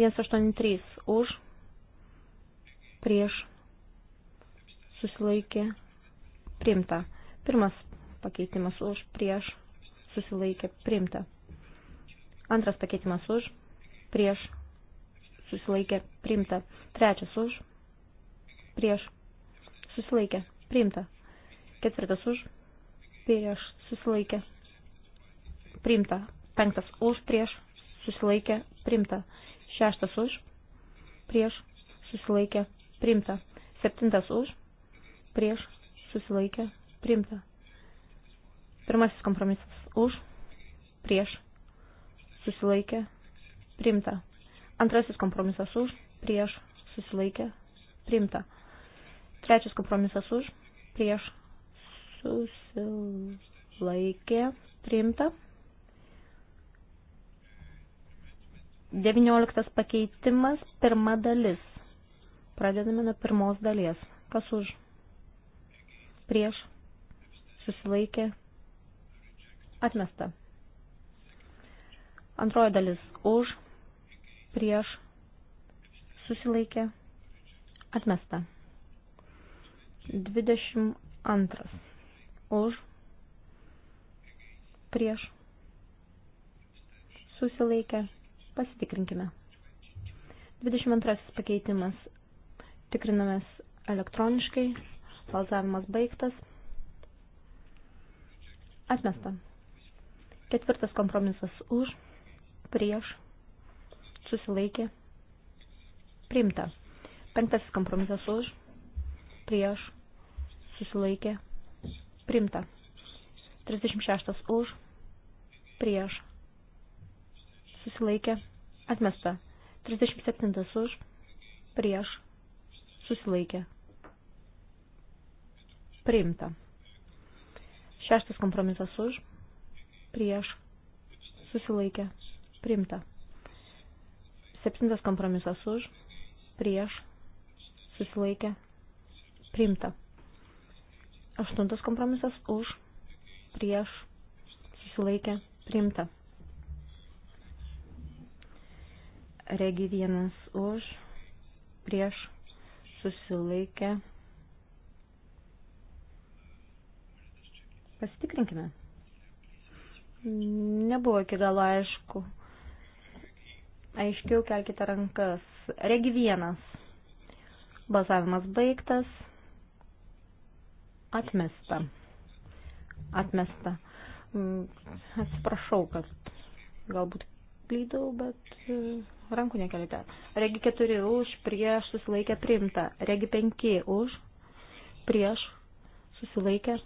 183 už, prieš, susilaikė, priimta. Pirmas pakeitimas už, prieš, susilaikė priimta. Antras pakeitimas už, prieš, susilaikė priimta. Trečias už, prieš, susilaikė priimta. Ketvirtas už, prieš, susilaikė priimta. Penktas už, prieš, susilaikė priimta. Šeštas už, prieš, susilaikė priimta. Septintas už, prieš, susilaikė priimta. Pirmasis kompromisas už, prieš, susilaikė, primta. Antrasis kompromisas už, prieš, susilaikė, primta. Trečias kompromisas už, prieš, susilaikė, primta. Devynioliktas pakeitimas, pirma dalis. Pradedame nuo pirmos dalies. Kas už? Prieš, susilaikė, primta Atmesta. Antroji dalis už, prieš, susilaikė, atmesta. 22. Už, prieš, susilaikė, pasitikrinkime. 22. pakeitimas. Tikrinamės elektroniškai, balsavimas baigtas, atmesta. Ketvirtas kompromisas už, prieš, susilaikė, priimta. Penktasis kompromisas už, prieš, susilaikė, priimta. 36 už, prieš, susilaikė, atmesta. 37 už, prieš, susilaikė, priimta. Šeštas kompromisas už, prieš susilaikė priimta. Septintas kompromisas už prieš susilaikė priimta. Aštuntas kompromisas už prieš susilaikė priimta. Regi vienas už prieš susilaikė. Pasitikrinkime. Nebuvo iki galo aišku. Aiškiau kelkite rankas. Regi vienas. Balsavimas baigtas. Atmesta. Atmesta. Mm, atsiprašau, kad galbūt klydau, bet e, rankų nekelite. Regi keturi už, prieš, susilaikę priimta. Regi penki už, prieš, susilaikę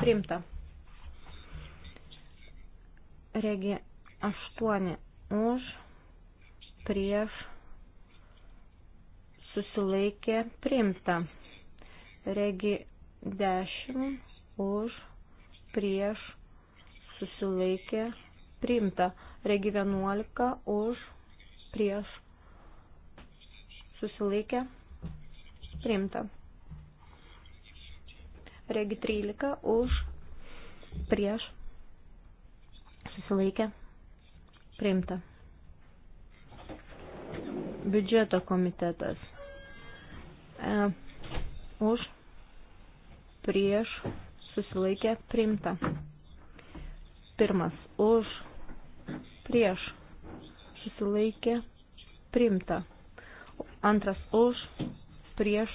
priimta. Regi 8 už, prieš, susilaikė, priimta. Regi 10 už, prieš, susilaikė, priimta. Regi 11 už, prieš, susilaikė, priimta. Regi 13 už, prieš, susilaikė, priimta. Biudžeto komitetas. E, už, prieš, susilaikė, priimta. Pirmas, už, prieš, susilaikė, priimta. Antras, už, prieš,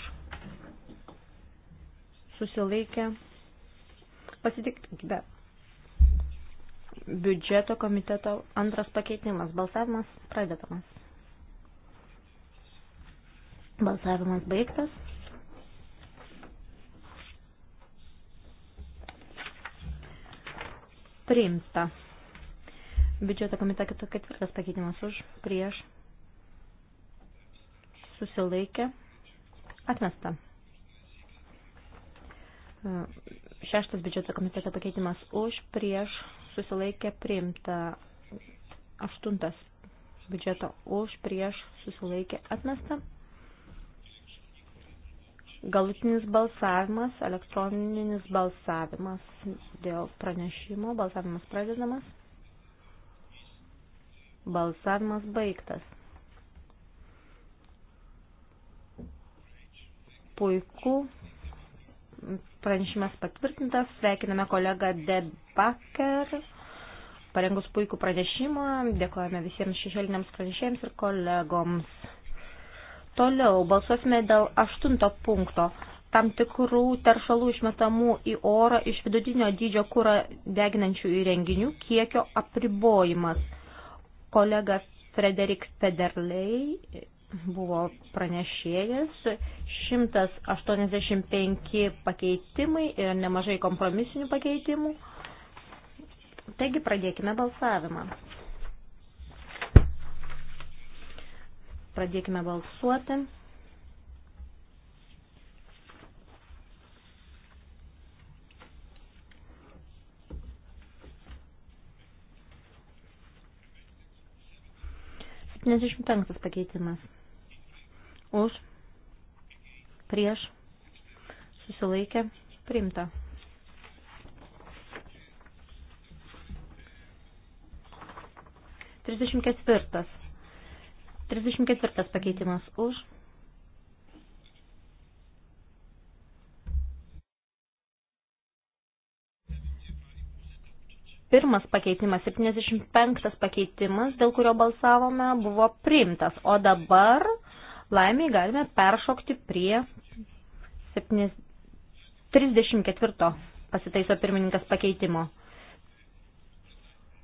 susilaikė, pasitikrinkime biudžeto komiteto antras pakeitimas. Balsavimas pradedamas. Balsavimas baigtas. Priimta. Biudžeto komiteto ketvirtas pakeitimas už, prieš, susilaikė, atmesta. Šeštas biudžeto komiteto pakeitimas už, prieš, susilaikė priimta. Aštuntas biudžeto už prieš susilaikė atmesta. Galutinis balsavimas, elektroninis balsavimas dėl pranešimo, balsavimas pradedamas, balsavimas baigtas. Puiku, pranešimas patvirtintas. Sveikiname kolegą Debaker, parengus puikų pranešimą. Dėkojame visiems šešėliniams pranešėjams ir kolegoms. Toliau balsuosime dėl aštunto punkto tam tikrų teršalų išmetamų į orą iš vidutinio dydžio kūrą deginančių įrenginių kiekio apribojimas. Kolega Frederik Federley buvo pranešėjas, 185 pakeitimai ir nemažai kompromisinių pakeitimų. Taigi pradėkime balsavimą. Pradėkime balsuoti. Septyniasdešimt penktas pakeitimas už, prieš, susilaikė, priimta. Trisdešimt ketvirtas. Trisdešimt ketvirtas pakeitimas už. pirmas pakeitimas, 75 pakeitimas, dėl kurio balsavome, buvo priimtas. O dabar Laimiai galime peršokti prie 34 pasitaiso pirmininkas pakeitimo.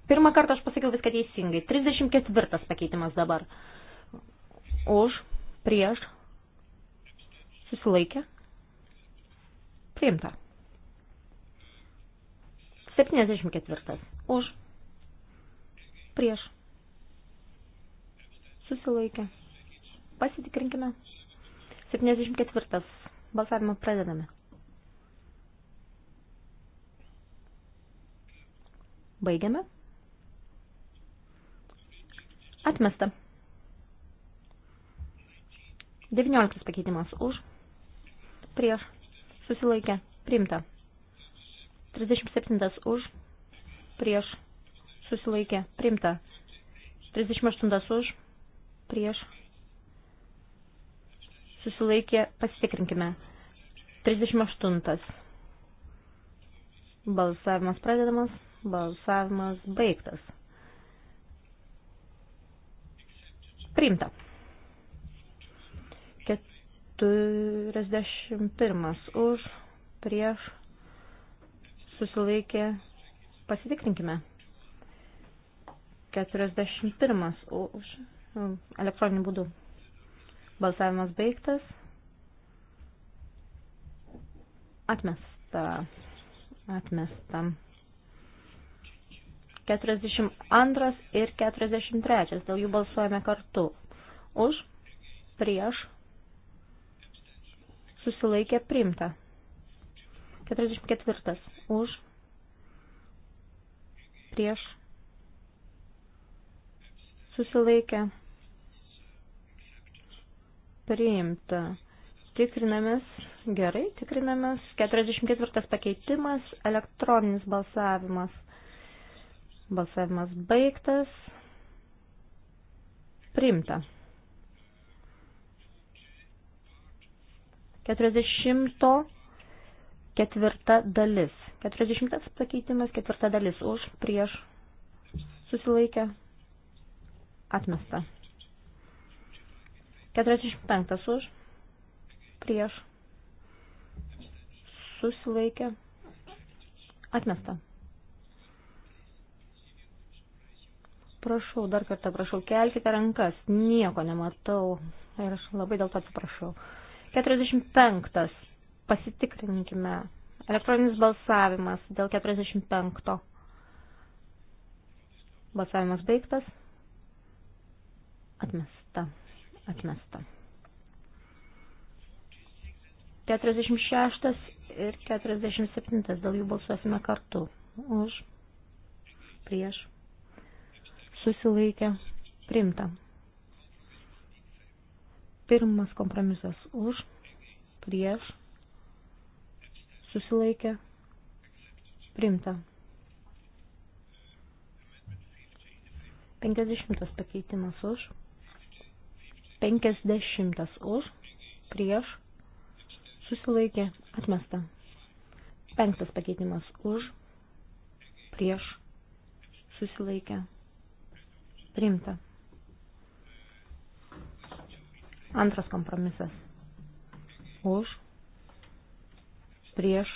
Pirmą kartą aš pasakiau viską teisingai. 34 pakeitimas dabar. Už, prieš, susilaikė, priimta. 74. Už, prieš, susilaikė, Pasitikrinkime. 74. Balsavimą pradedame. Baigiame. Atmesta. 19 pakeitimas už. Prieš. Susilaikė. Priimta. 37 už. Prieš. Susilaikė. Priimta. 38 už. Prieš susilaikė, pasitikrinkime. 38. Balsavimas pradedamas, balsavimas baigtas. Priimta. 41. Už, prieš, susilaikė, pasitikrinkime. 41. Už, elektroniniu būdu. Balsavimas baigtas. Atmesta. Atmesta. 42 ir 43. Dėl jų balsuojame kartu. Už, prieš, susilaikė primta. 44. Už, prieš, susilaikė priimta. Tikrinamės, gerai, tikrinamės. 44 pakeitimas, elektroninis balsavimas. Balsavimas baigtas. Priimta. 40 ketvirta dalis. 40 pakeitimas, ketvirta dalis už, prieš, susilaikę, atmesta. 45 už, prieš, susilaikė, atmesta. Prašau, dar kartą prašau, kelkite rankas, nieko nematau ir aš labai dėl to atsiprašau. 45. Pasitikrinkime. Elektroninis balsavimas dėl 45. Balsavimas baigtas. Atmesta atmesta. 46 ir 47, dėl jų balsuosime kartu. Už, prieš, susilaikę, primta. Pirmas kompromisas už, prieš, susilaikę, primta. 50 pakeitimas už 50 už, prieš, susilaikė, atmesta. Penktas pakeitimas už, prieš, susilaikė, priimta. Antras kompromisas už, prieš,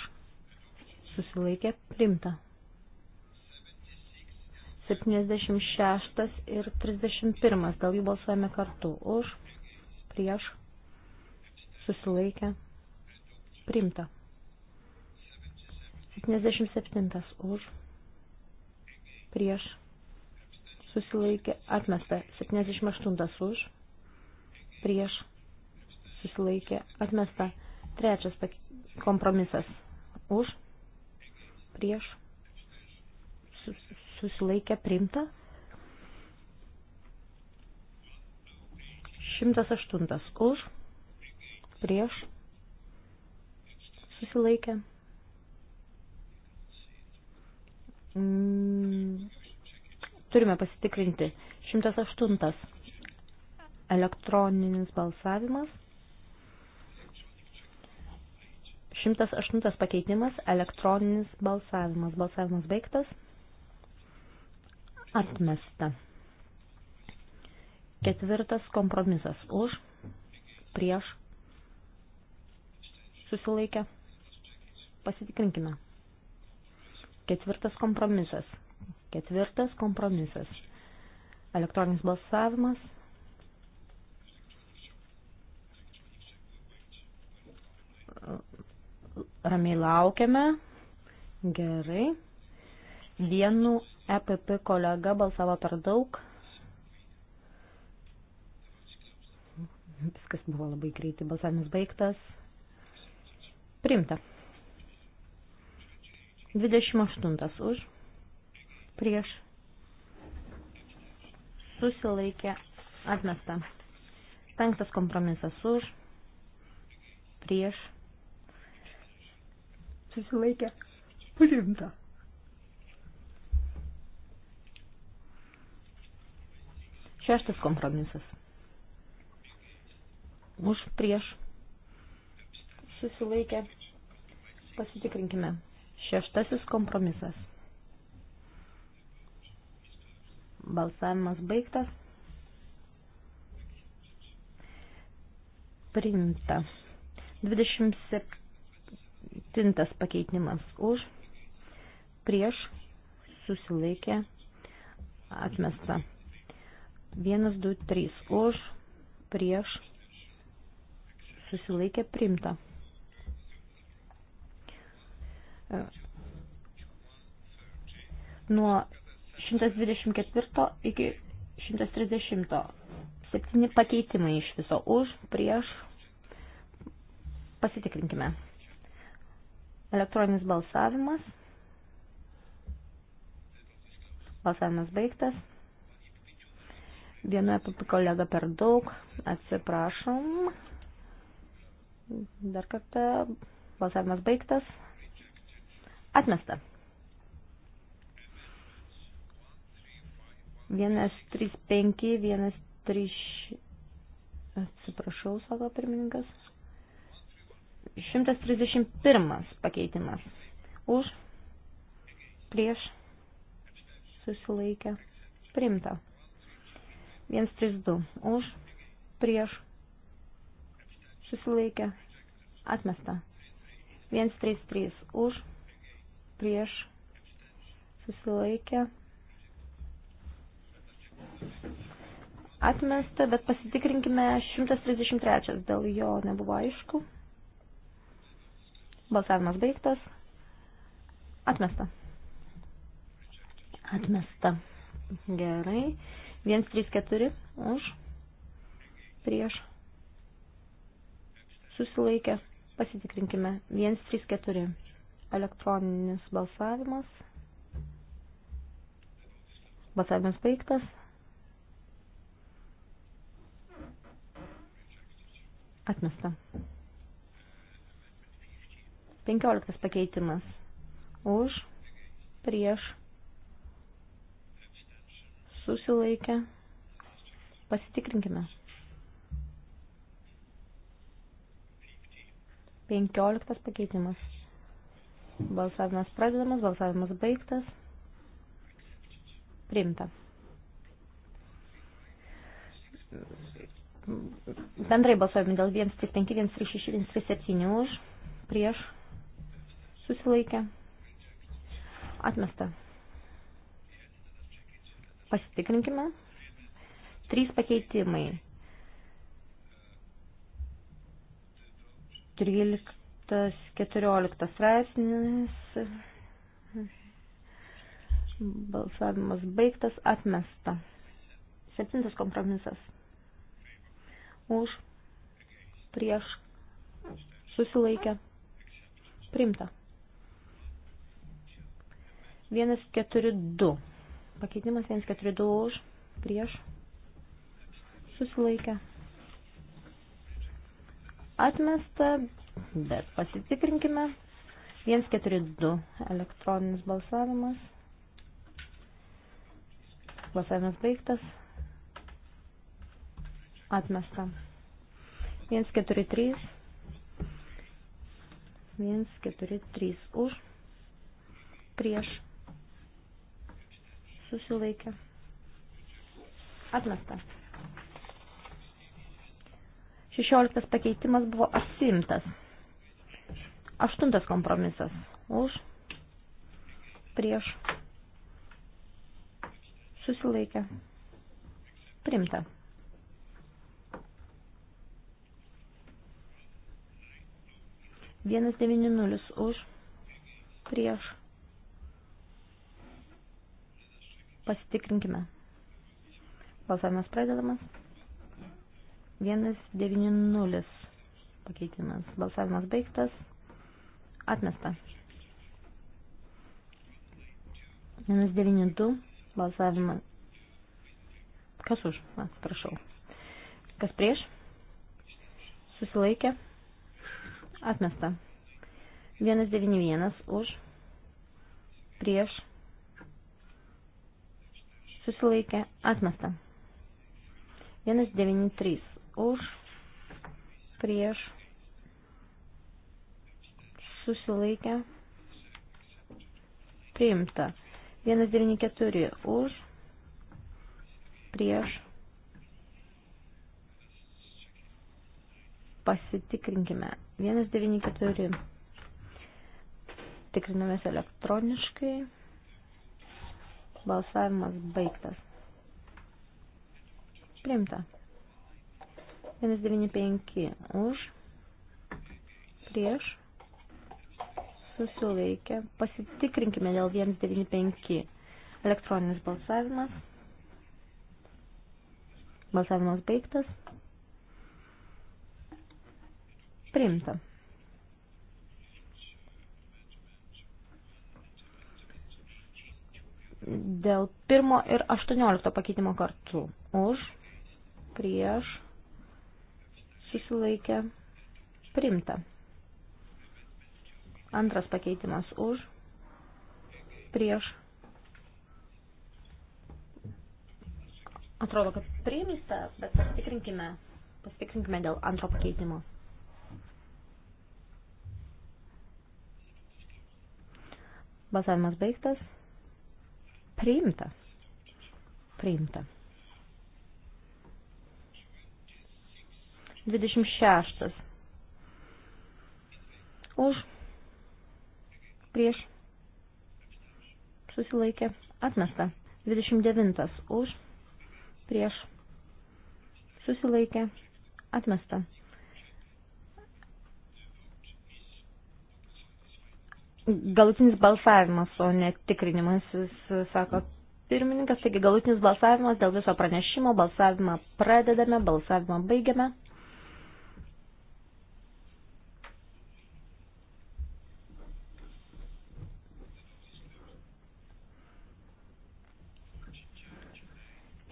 susilaikė, priimta. 76 ir 31. Dėl jų balsuojame kartu. Už, prieš, susilaikę, priimta. 77. Už, prieš, susilaikė, atmesta. 78. Už, prieš, susilaikė, atmesta. Trečias kompromisas. Už, prieš, susilaikė priimta. 108 už, prieš, susilaikė. Mm, turime pasitikrinti. 108 elektroninis balsavimas. 108 pakeitimas elektroninis balsavimas. Balsavimas baigtas. Atmesta. Ketvirtas kompromisas už, prieš, susilaikę. Pasitikrinkime. Ketvirtas kompromisas. Ketvirtas kompromisas. Elektroninis balsavimas. Ramiai laukiame. Gerai. Vienu EPP kolega balsavo per daug. Viskas buvo labai greitai, balsavimas baigtas. Primta. 28 už. Prieš. Susilaikė. Atmesta. Penktas kompromisas už. Prieš. Susilaikė. Primta. Šeštas kompromisas. Už prieš susilaikę. Pasitikrinkime. Šeštasis kompromisas. Balsavimas baigtas. Priimta. 27 pakeitimas už, prieš, susilaikė, atmesta. Vienas, du, trys. Už, prieš, susilaikė primta. E, nuo 124 iki 130. Septyni pakeitimai iš viso. Už, prieš. Pasitikrinkime. Elektroninis balsavimas. Balsavimas baigtas. Viena kolega per daug, atsiprašom. Dar kartą, balsavimas baigtas. Atmesta. Vienas, trys, penki, vienas, trys, atsiprašau, sako pirmininkas. 131 pakeitimas. Už, prieš, susilaikę, primta. 132 už, prieš, susilaikė, atmesta. 133 už, prieš, susilaikė, atmesta, bet pasitikrinkime 133, dėl jo nebuvo aišku. Balsavimas baigtas. Atmesta. Atmesta. Gerai. 1, 3, 4 už, prieš, susilaikę, pasitikrinkime, 1, 3, 4 elektroninis balsavimas, balsavimas baigtas, atmesta. 15 pakeitimas už, prieš, susilaikė. Pasitikrinkime. 15 pakeitimas. Balsavimas pradedamas, balsavimas baigtas. Priimta. Bendrai balsuojame dėl 135, 136, 137 už, prieš, susilaikė, atmesta. Pasitikrinkime. Trys pakeitimai. 13-14 straipsnis. Balsavimas baigtas, atmesta. Septintas kompromisas. Už, prieš, susilaikę, primta. 142 Pakeitimas 142 už, prieš, susilaikę. Atmesta, bet pasitikrinkime. 142 elektroninis balsavimas. Balsavimas baigtas. Atmesta. 143. 143 už. Prieš susilaikė. Atmesta. 16 pakeitimas buvo atsimtas. 8 kompromisas. Už. Prieš. Susilaikė. Primta. Vienas devyni nulis už prieš Pasitikrinkime. Balsavimas pradedamas. 190 pakeitimas. Balsavimas baigtas. Atmesta. 192 balsavimas. Kas už? Atsiprašau. Kas prieš? Susilaikė. Atmesta. 191 už. Prieš susilaikė atmesta. 193 už, prieš, susilaikė, priimta. 194 už, prieš, pasitikrinkime. 194 tikrinamės elektroniškai. Balsavimas baigtas. Priimta. 195 už, prieš, susilaikė. Pasitikrinkime dėl 195. Elektroninis balsavimas. Balsavimas baigtas. Priimta. dėl 1 ir 18 pakeitimo kartu. Už, prieš, susilaikę, primta. Antras pakeitimas už, prieš. Atrodo, kad priimsta, bet pasitikrinkime, pasitikrinkime dėl antro pakeitimo. Balsavimas baigtas. Priimta. Priimta. 26. Už. Prieš. Susilaikė. Atmesta. 29. Už. Prieš. Susilaikė. Atmesta. galutinis balsavimas, o ne tikrinimas, jis sako pirmininkas, taigi galutinis balsavimas dėl viso pranešimo, balsavimą pradedame, balsavimą baigiame.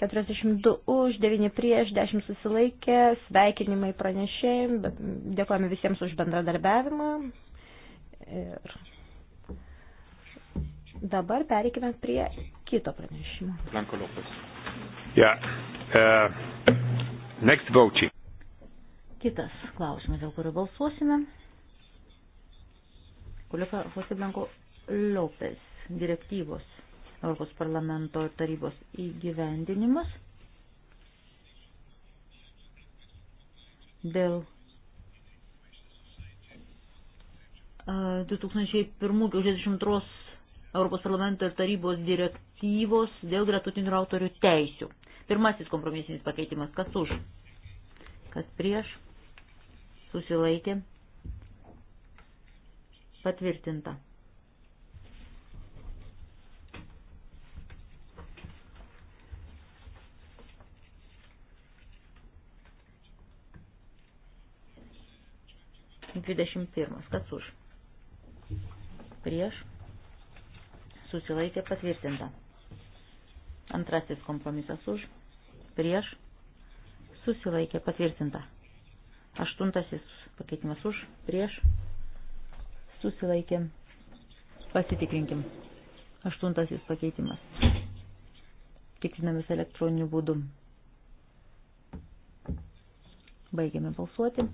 Keturiasdešimt du už, devyni prieš, dešimt susilaikė, sveikinimai pranešėjim, dėkojame visiems už bendradarbiavimą. Ir... Dabar pereikime prie kito pranešimo. Blanko Lopes. Yeah. Uh, next vote. Kitas klausimas, dėl kurio balsuosime. Kolega Jose Blanko Lopes, direktyvos Europos parlamento tarybos įgyvendinimas dėl e, 2001 gegužės 22 Europos parlamento ir tarybos direktyvos dėl gretutinių autorių teisių. Pirmasis kompromisinis pakeitimas. Kas už? Kas prieš? Susilaikė. Patvirtinta. Dvidešimt pirmas. Kas už? Prieš? susilaikė patvirtinta. Antrasis kompromisas už, prieš, susilaikė patvirtinta. Aštuntasis pakeitimas už, prieš, susilaikė. Pasitikrinkim. Aštuntasis pakeitimas. Tikrinamės elektroniniu būdu. Baigiame balsuoti.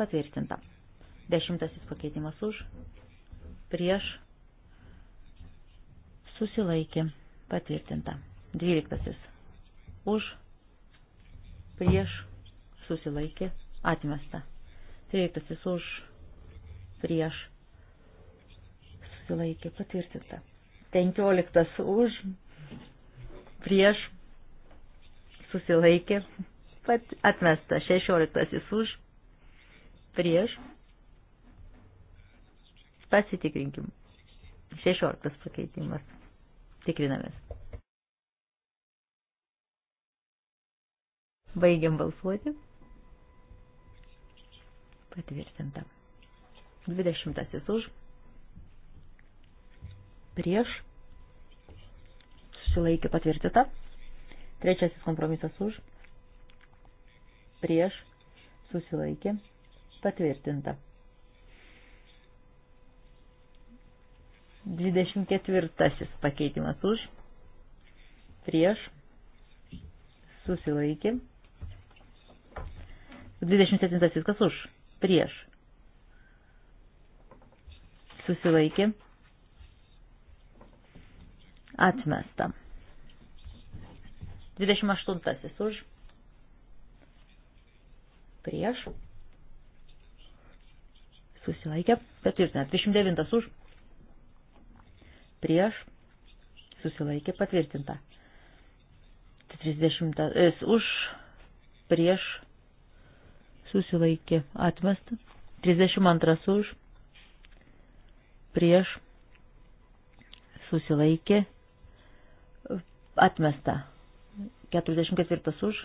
Patvirtinta. Dešimtasis pakeitimas už, prieš susilaikė patvirtinta. Dvyliktasis už prieš susilaikė atmesta. Tryliktasis už prieš susilaikė patvirtinta. Penkioliktas už prieš susilaikė pat, atmesta. Šešioliktasis už prieš Pasitikrinkim. 16 pakeitimas. Tikrinamės. Baigiam balsuoti. Patvirtinta. 20 už. Prieš. Susilaikė patvirtinta. Trečiasis kompromisas už. Prieš. Susilaikė patvirtinta. 24 pakeitimas už, prieš, susilaikė. 27 kas už, prieš, susilaikė, atmesta. 28 už, prieš, susilaikė, patvirtina. 29 už, prieš, susilaikė patvirtinta. 30 es, už, prieš, susilaikė atmesta. 32 už, prieš, susilaikė e, atmesta. 44 už,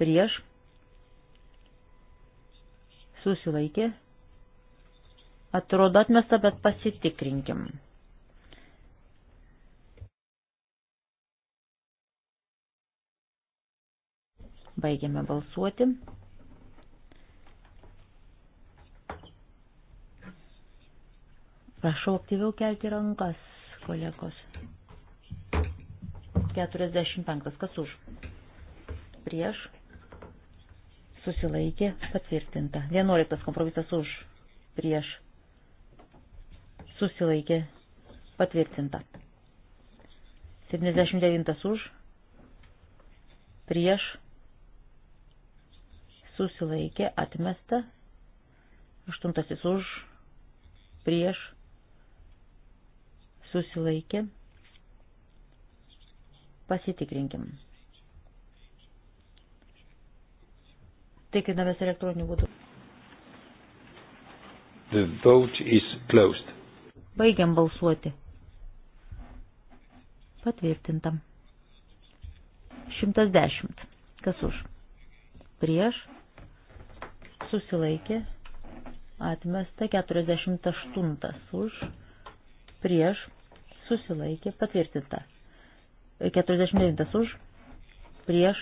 prieš, susilaikė Atrodo atmesta, bet pasitikrinkim. Baigiame balsuoti. Prašau aktyviau kelti rankas, kolegos. 45. Kas už? Prieš. Susilaikė. Patvirtinta. 11. Kompromisas už. Prieš. Susilaikė. Patvirtinta. 79. Už. Prieš susilaikė atmesta, aštuntasis už, prieš, susilaikė, pasitikrinkim. Tikrinamės elektroniniu būdu. The vote is closed. Baigiam balsuoti. Patvirtintam. 110. Kas už? Prieš susilaikė, atmesta 48 už, prieš, susilaikė, patvirtinta. 49 už, prieš.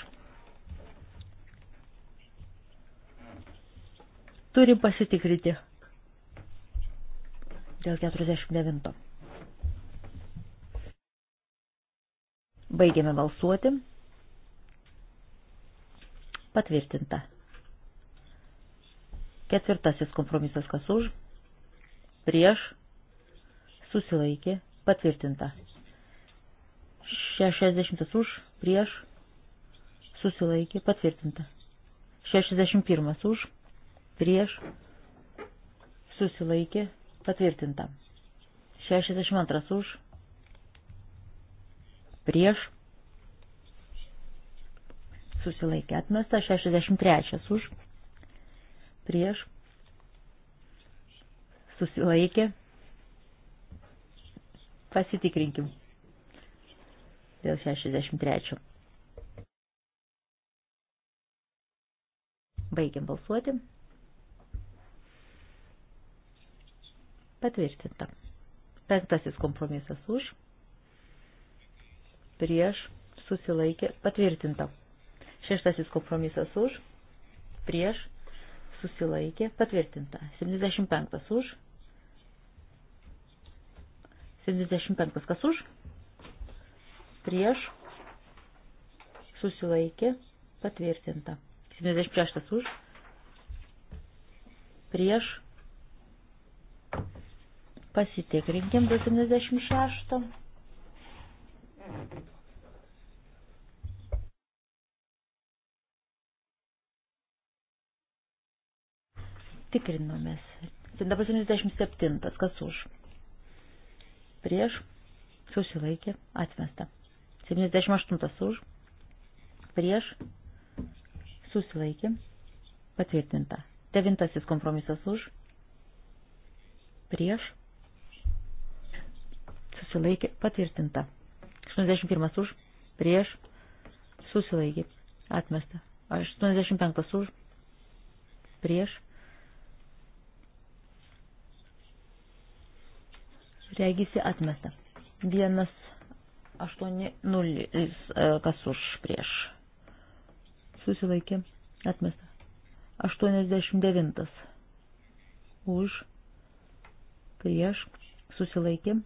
Turim pasitikrinti dėl 49. Baigiame balsuoti. Patvirtinta. Ketvirtasis kompromisas kas už, prieš, susilaikė, patvirtinta. 60 už, prieš, susilaikė, patvirtinta. 61 už, prieš, susilaikė, patvirtinta. 62 už, prieš, susilaikė, atmesta. 63 už, prieš prieš, susilaikė, pasitikrinkim dėl 63. Baigiam balsuoti. Patvirtinta. Penktasis kompromisas už, prieš, susilaikė, patvirtinta. Šeštasis kompromisas už, prieš, susilaikė, patvirtinta. 75 už. 75 kas už. Prieš susilaikė, patvirtinta. 76 už. Prieš pasitikrinkim 76. tikrinomės. Dabar 77. Kas už? Prieš. Susilaikė. Atmesta. 78. Už. Prieš. Susilaikė. Patvirtinta. Devintasis kompromisas už. Prieš. Susilaikė. Patvirtinta. 81. Už. Prieš. Susilaikė. Atmesta. 85. Už. Prieš Regisi atmesta. Vienas aštuoni nulis, e, kas už prieš. Susilaikė. Atmesta. 89. Už. Prieš. Susilaikė.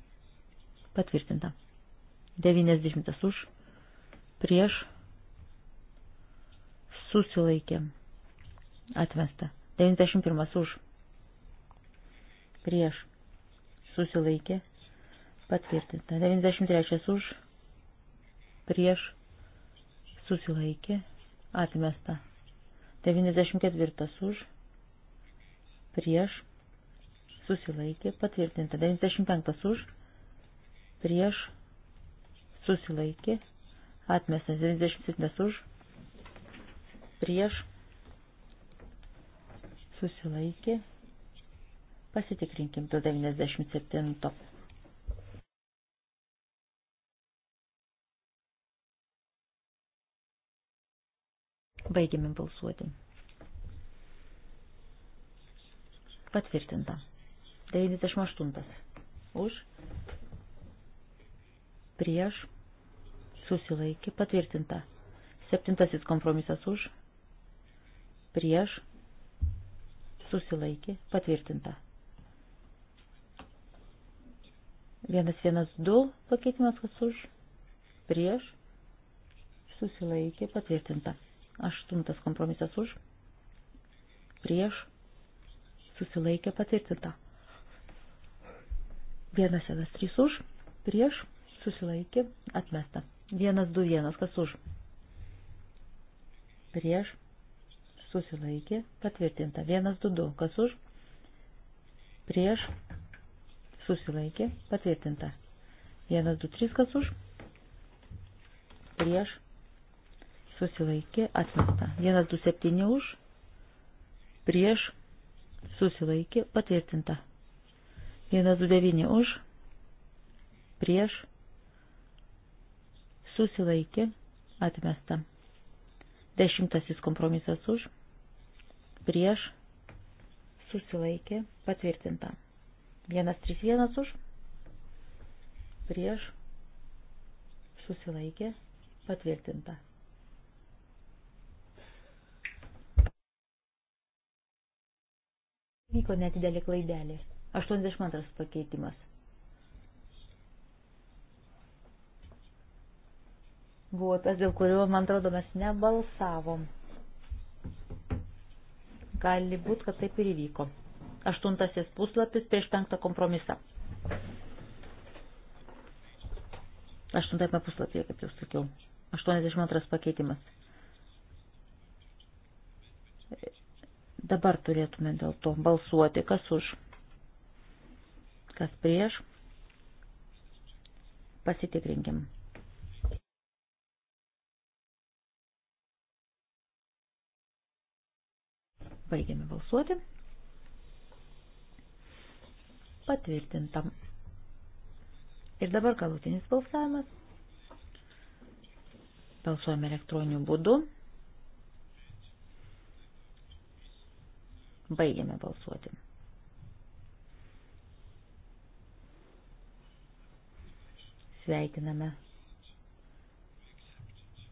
Patvirtinta. 90 už. Prieš. Susilaikė. Atmesta. 91 už. Prieš susilaikė, patvirtinta. 93 už, prieš, susilaikė, atmesta. 94 už, prieš, susilaikė, patvirtinta. 95 už, prieš, susilaikė, atmesta. 97 už, prieš, susilaikė, Pasitikrinkim 197. Baigėme balsuoti. Patvirtinta. 98. Už. Prieš. Susilaikė. Patvirtinta. Septintasis kompromisas už. Prieš. Susilaikė. Patvirtinta. Vienas, vienas, du pakeitimas, kas už, prieš, susilaikė, patvirtinta. Aštuntas kompromisas už, prieš, susilaikė, patvirtinta. Vienas, vienas, trys už, prieš, susilaikė, atmesta. Vienas, du, vienas, kas už, prieš, susilaikė, patvirtinta. Vienas, du, du, kas už, prieš, susilaikė susilaikė, patvirtinta. 1, 2, 3, kas už, prieš, susilaikė, atmesta. 1, 2, 7 už, prieš, susilaikė, patvirtinta. 1, 2, 9 už, prieš, susilaikė, atmesta. Dešimtasis kompromisas už, prieš, susilaikė, patvirtinta. Vienas, trys, vienas už. Prieš. Susilaikė. Patvirtinta. Vyko netidelė klaidelė. 82 pakeitimas. Buvo tas, dėl kurio, man atrodo, mes nebalsavom. Gali būt, kad taip ir įvyko. Aštuntasis puslapis prieš penktą kompromisą. Aštuntame puslapyje, kaip jau sakiau. 82 pakeitimas. Dabar turėtume dėl to balsuoti, kas už, kas prieš. Pasitikrinkim. Baigiame balsuoti patvirtintam. Ir dabar galutinis balsavimas. Balsuojame elektroniniu būdu. Baigiame balsuoti. Sveikiname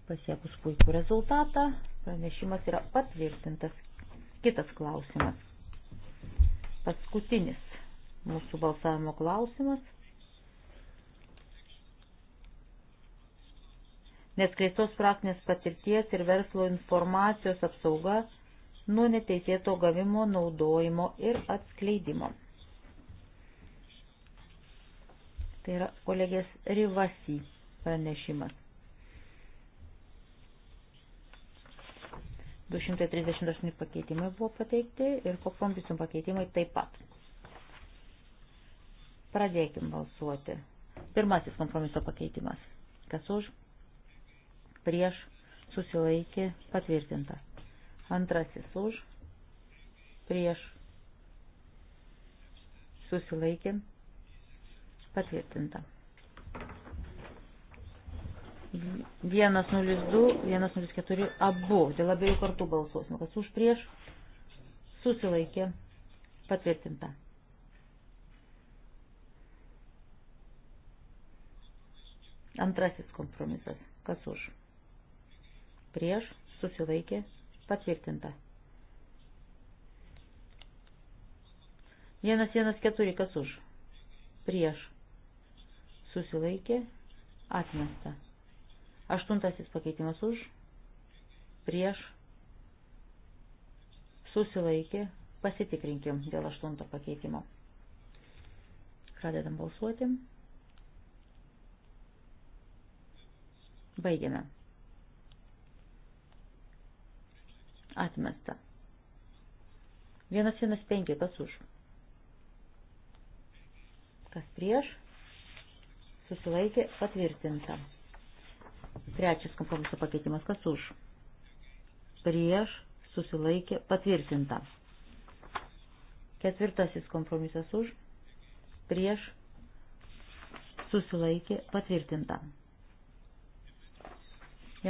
pasiekus puikų rezultatą. Pranešimas yra patvirtintas. Kitas klausimas. Paskutinis mūsų balsavimo klausimas. Neskleistos praktinės patirties ir verslo informacijos apsauga nuo neteisėto gavimo, naudojimo ir atskleidimo. Tai yra kolegės Rivasi pranešimas. 238 pakeitimai buvo pateikti ir kompromisų pakeitimai taip pat. Pradėkim balsuoti. Pirmasis kompromiso pakeitimas. Kas už? Prieš susilaikė patvirtinta. Antrasis už? Prieš susilaikė patvirtinta. 102, 104, abu, dėl abiejų kartų balsuosime, kas už prieš, susilaikė, patvirtinta. Antrasis kompromisas. Kas už? Prieš susilaikė patvirtinta. 114 kas už? Prieš susilaikė atmesta. Aštuntasis pakeitimas už? Prieš susilaikė pasitikrinkim dėl aštunto pakeitimo. Pradedam balsuoti. Baigiame. Atmesta. Vienas vienas penki, kas už. Kas prieš? Susilaikė patvirtinta. Trečias kompromiso pakeitimas, kas už. Prieš susilaikė patvirtinta. Ketvirtasis kompromisas už. Prieš susilaikė patvirtinta.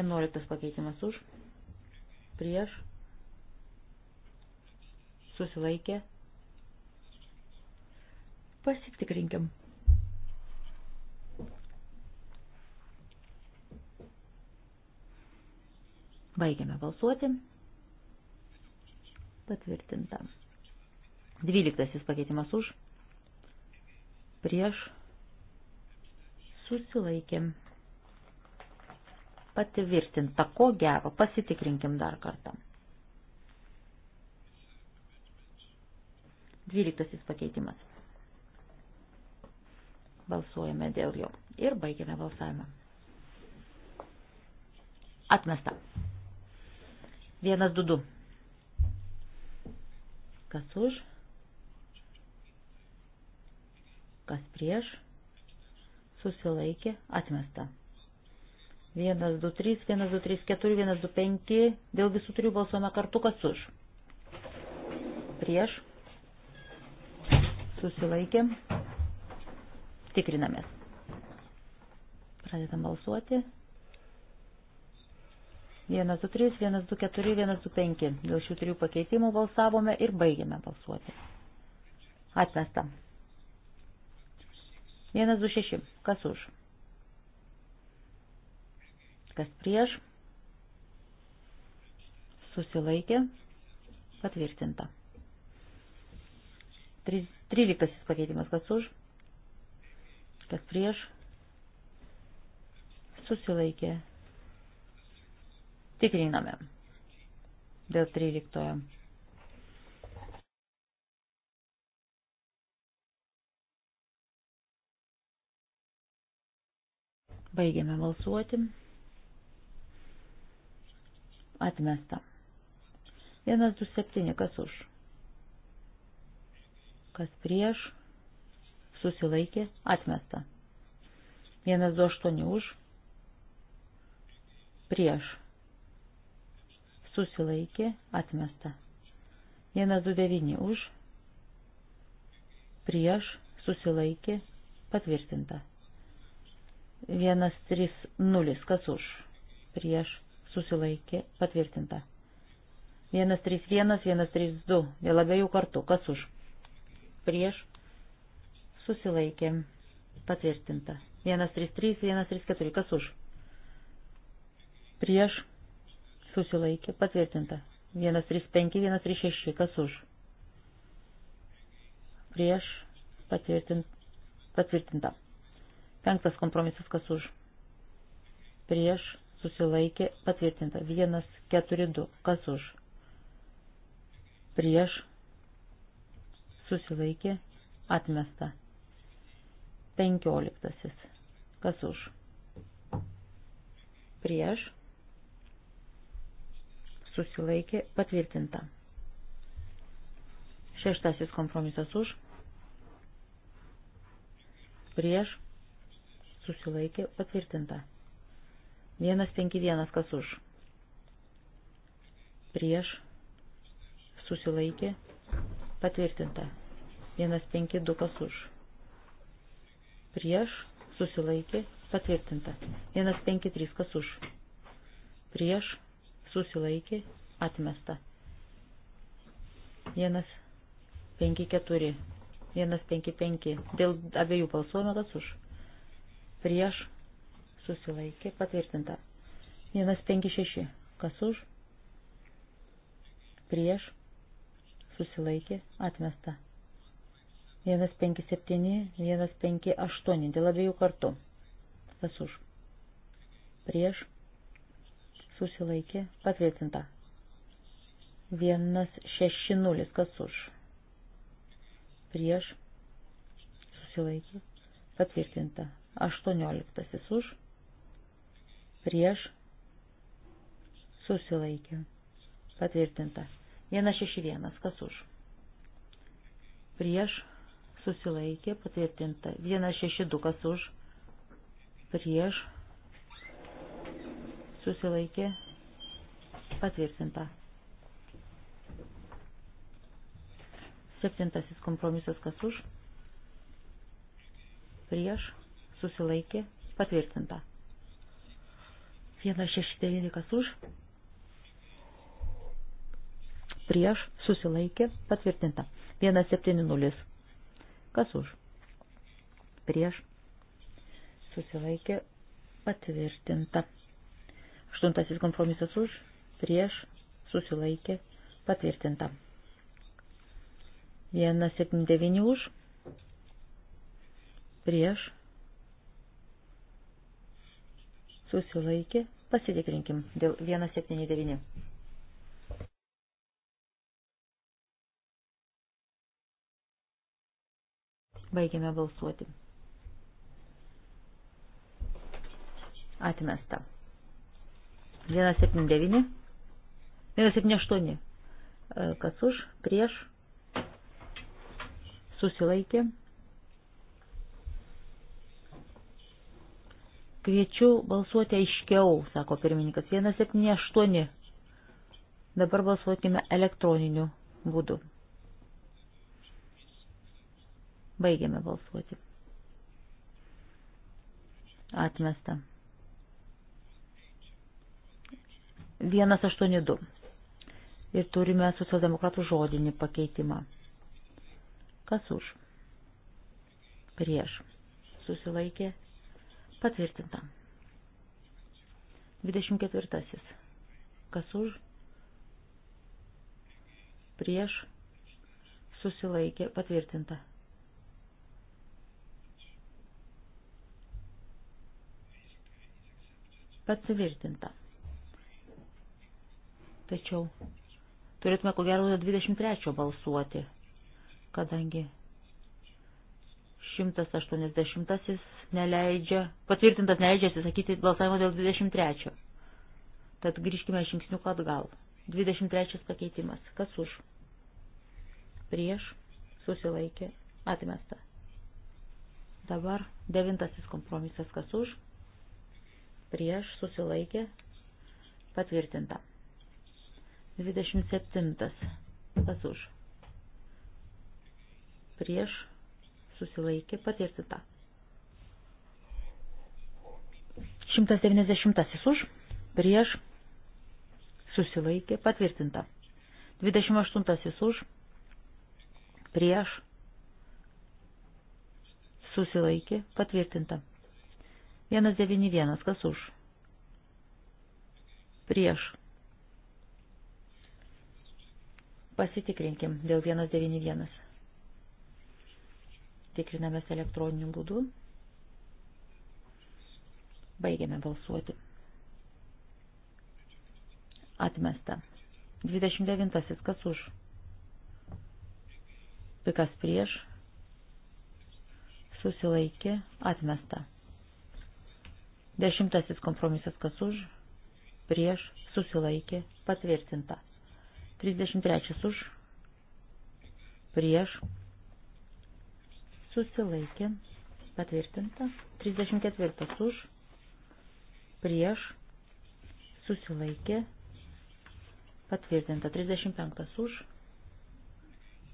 11 pakeitimas už, prieš, susilaikė. Pasitikrinkim. Baigiame balsuoti. Patvirtinta. Dvyliktasis pakeitimas už. Prieš. Susilaikėm patvirtinta. Ko gero, pasitikrinkim dar kartą. Dvyliktasis pakeitimas. Balsuojame dėl jo. Ir baigiame balsavimą. Atmesta. Vienas, du, du. Kas už? Kas prieš? Susilaikė. Atmesta. 1, 2, 3, 1, 2, 3, 4, 1, 2, 5. Dėl visų trijų balsuojame kartu, kas už. Prieš. Susilaikė. Tikrinamės. Pradedam balsuoti. 1, 2, 3, 1, 2, 4, 1, 2, 5. Dėl šių trijų pakeitimų balsavome ir baigėme balsuoti. Atmesta. 1, 2, 6. Kas už? kas prieš, susilaikė, patvirtinta. 13 pakeitimas, kas už, kas prieš, susilaikė, tikriname dėl 13. Baigiame balsuoti. Atmesta. 127, kas už? Kas prieš? Susilaikė, atmesta. 128 už, prieš. Susilaikė, atmesta. 129 už, prieš, susilaikė, patvirtinta. 130, kas už, prieš, susilaikė patvirtinta. 131, 132, dėl abiejų kartų, kas už, prieš, susilaikė patvirtinta. 133, 134, kas už, prieš, susilaikė patvirtinta. 135, 136, kas už, prieš, patvirtint, patvirtinta. Penktas kompromisas, kas už, prieš, susilaikė patvirtinta. 142. Kas už? Prieš susilaikė atmesta. 15. Kas už? Prieš susilaikė patvirtinta. Šeštasis kompromisas už. Prieš susilaikė patvirtinta. 151 kas už. Prieš. Susilaikė. Patvirtinta. 152 kas už. Prieš. Susilaikė. Patvirtinta. 153 kas už. Prieš. Susilaikė. Atmesta. 154. 155. Dėl abiejų balsuojame kas už. Prieš susilaikė, patvirtinta. 156, kas už, prieš, susilaikė, atmesta. 157, 158, dėl abiejų kartų, kas už, prieš, susilaikė, patvirtinta. 160, kas už, prieš, susilaikė, patvirtinta. 18 už, prieš susilaikė. Patvirtinta. 161. Kas už? Prieš susilaikė. Patvirtinta. 162. Kas už? Prieš susilaikė. Patvirtinta. Septintasis kompromisas kas už? Prieš susilaikė. Patvirtinta. 169 kas už. Prieš susilaikė patvirtinta. 170 kas už. Prieš susilaikė patvirtinta. Aštuntasis kompromisas už. Prieš susilaikė patvirtinta. 179 už. Prieš susilaikė, pasitikrinkim dėl 179. Baigėme balsuoti. Atmesta. 179. 178. Kas už, prieš, susilaikė, Kviečiu balsuoti aiškiau, sako pirmininkas. 178. Dabar balsuokime elektroniniu būdu. Baigiame balsuoti. Atmesta. 182. Ir turime socialdemokratų žodinį pakeitimą. Kas už? Prieš. Susilaikė Patvirtinta. 24. Kas už? Prieš. Susilaikė. Patvirtinta. Patvirtinta. Tačiau turėtume ko gero 23 balsuoti, kadangi 180 neleidžia, patvirtintas neleidžia atsisakyti balsavimo dėl 23. Tad grįžkime žingsniuką atgal. 23 pakeitimas. Kas už? Prieš susilaikė atmesta. Dabar devintasis kompromisas. Kas už? Prieš susilaikė patvirtinta. 27. Kas už? Prieš susilaikė patvirtinta. 190 už, prieš, susilaikė patvirtinta. 28 už, prieš, susilaikė patvirtinta. 191 kas už, prieš. Pasitikrinkim dėl 191. Tikrinamės elektroniniu būdu. Baigiame balsuoti. Atmesta. 29. Kas už? Pikas prieš. Susilaikė. Atmesta. 10. Kompromisas kas už? Prieš. Susilaikė. Patvirtinta. 33. Už. Prieš susilaikė, patvirtinta. 34 už, prieš, susilaikė, patvirtinta. 35 už,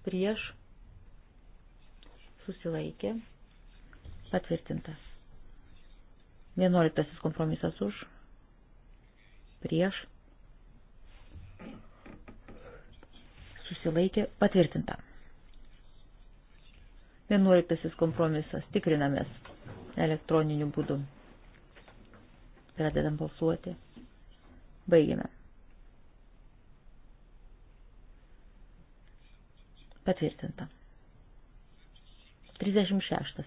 prieš, susilaikė, patvirtinta. 11 kompromisas už, prieš, susilaikė, patvirtinta. Vienuoliktasis kompromisas. Tikrinamės elektroniniu būdu. Pradedam balsuoti. Baigime. Patvirtinta. 36.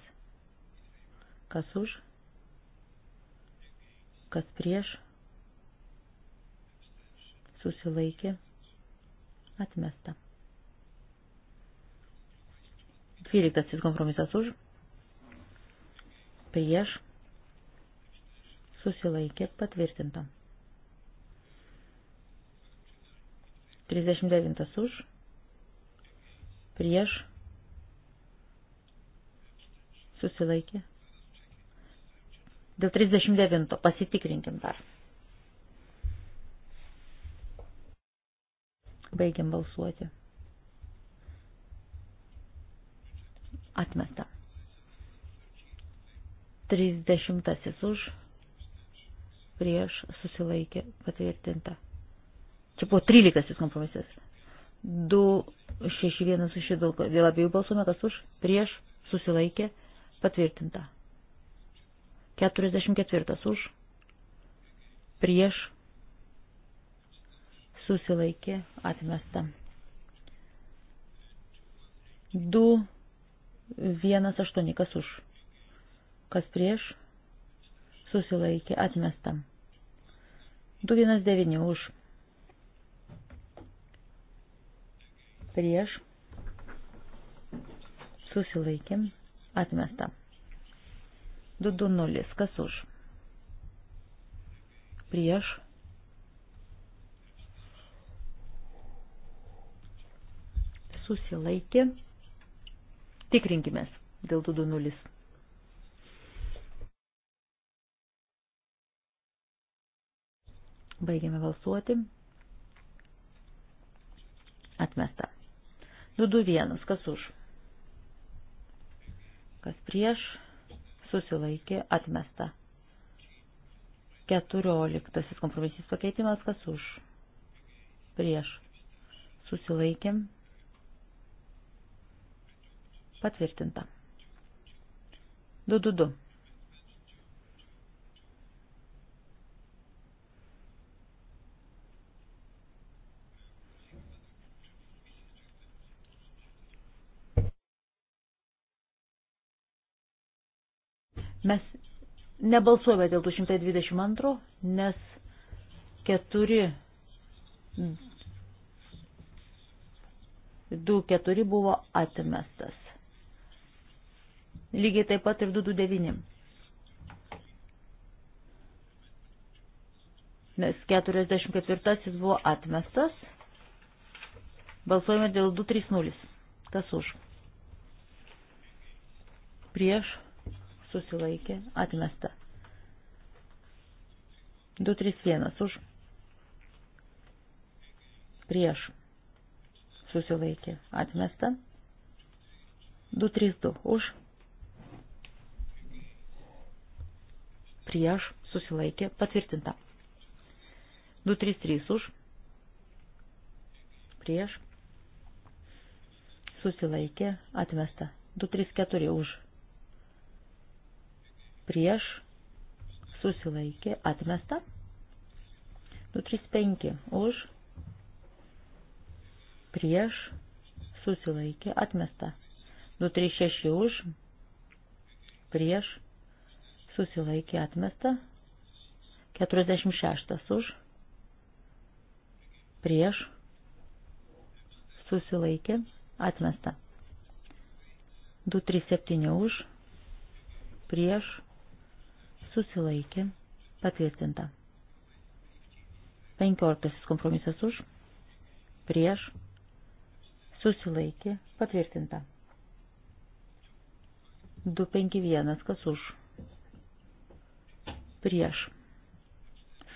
Kas už? Kas prieš? Susilaikė. Atmesta. 12 kompromisas už, prieš, susilaikė patvirtinta. 39 už, prieš, susilaikė. Dėl 39 pasitikrinkim dar. Baigiam balsuoti. Atmesta. 30 už prieš susilaikė patvirtinta. Čia buvo 13 kompromisas. 2, 6, 1, 6, 2. Dėl abiejų balsuome, kas už, prieš, susilaikė, patvirtinta. 44 už, prieš, susilaikė, atmesta. 2, Vienas aštuoni, kas už. Kas prieš? Susilaikė, atmesta. Du vienas devyni už. Prieš. Susilaikėm, atmesta. Du du nulis, kas už. Prieš. Susilaikė, Tikrinkime dėl tų 2.0. Baigiame balsuoti. Atmesta. 2.2.1. Kas už? Kas prieš? Susilaikė. Atmesta. 14. Kompromisinis pakeitimas. Kas už? Prieš. Susilaikėm Patvirtinta. 222. Mes nebalsuojame dėl tų 122, nes 4, 2, 4 buvo atmestas lygiai taip pat ir 229. Nes 44 buvo atmestas. Balsuojame dėl 230. Kas už? Prieš susilaikė atmesta. 231 už. Prieš susilaikė atmesta. 232 už prieš, susilaikė, patvirtinta. 233 už, prieš, susilaikė, atmesta. 234 už, prieš, susilaikė, atmesta. 235 už, prieš, susilaikė, atmesta. 236 už, prieš, susilaikė atmesta, 46 už, prieš, susilaikė atmesta, 237 už, prieš, susilaikė patvirtinta, 15 kompromisas už, prieš, susilaikė patvirtinta. 251 kas už prieš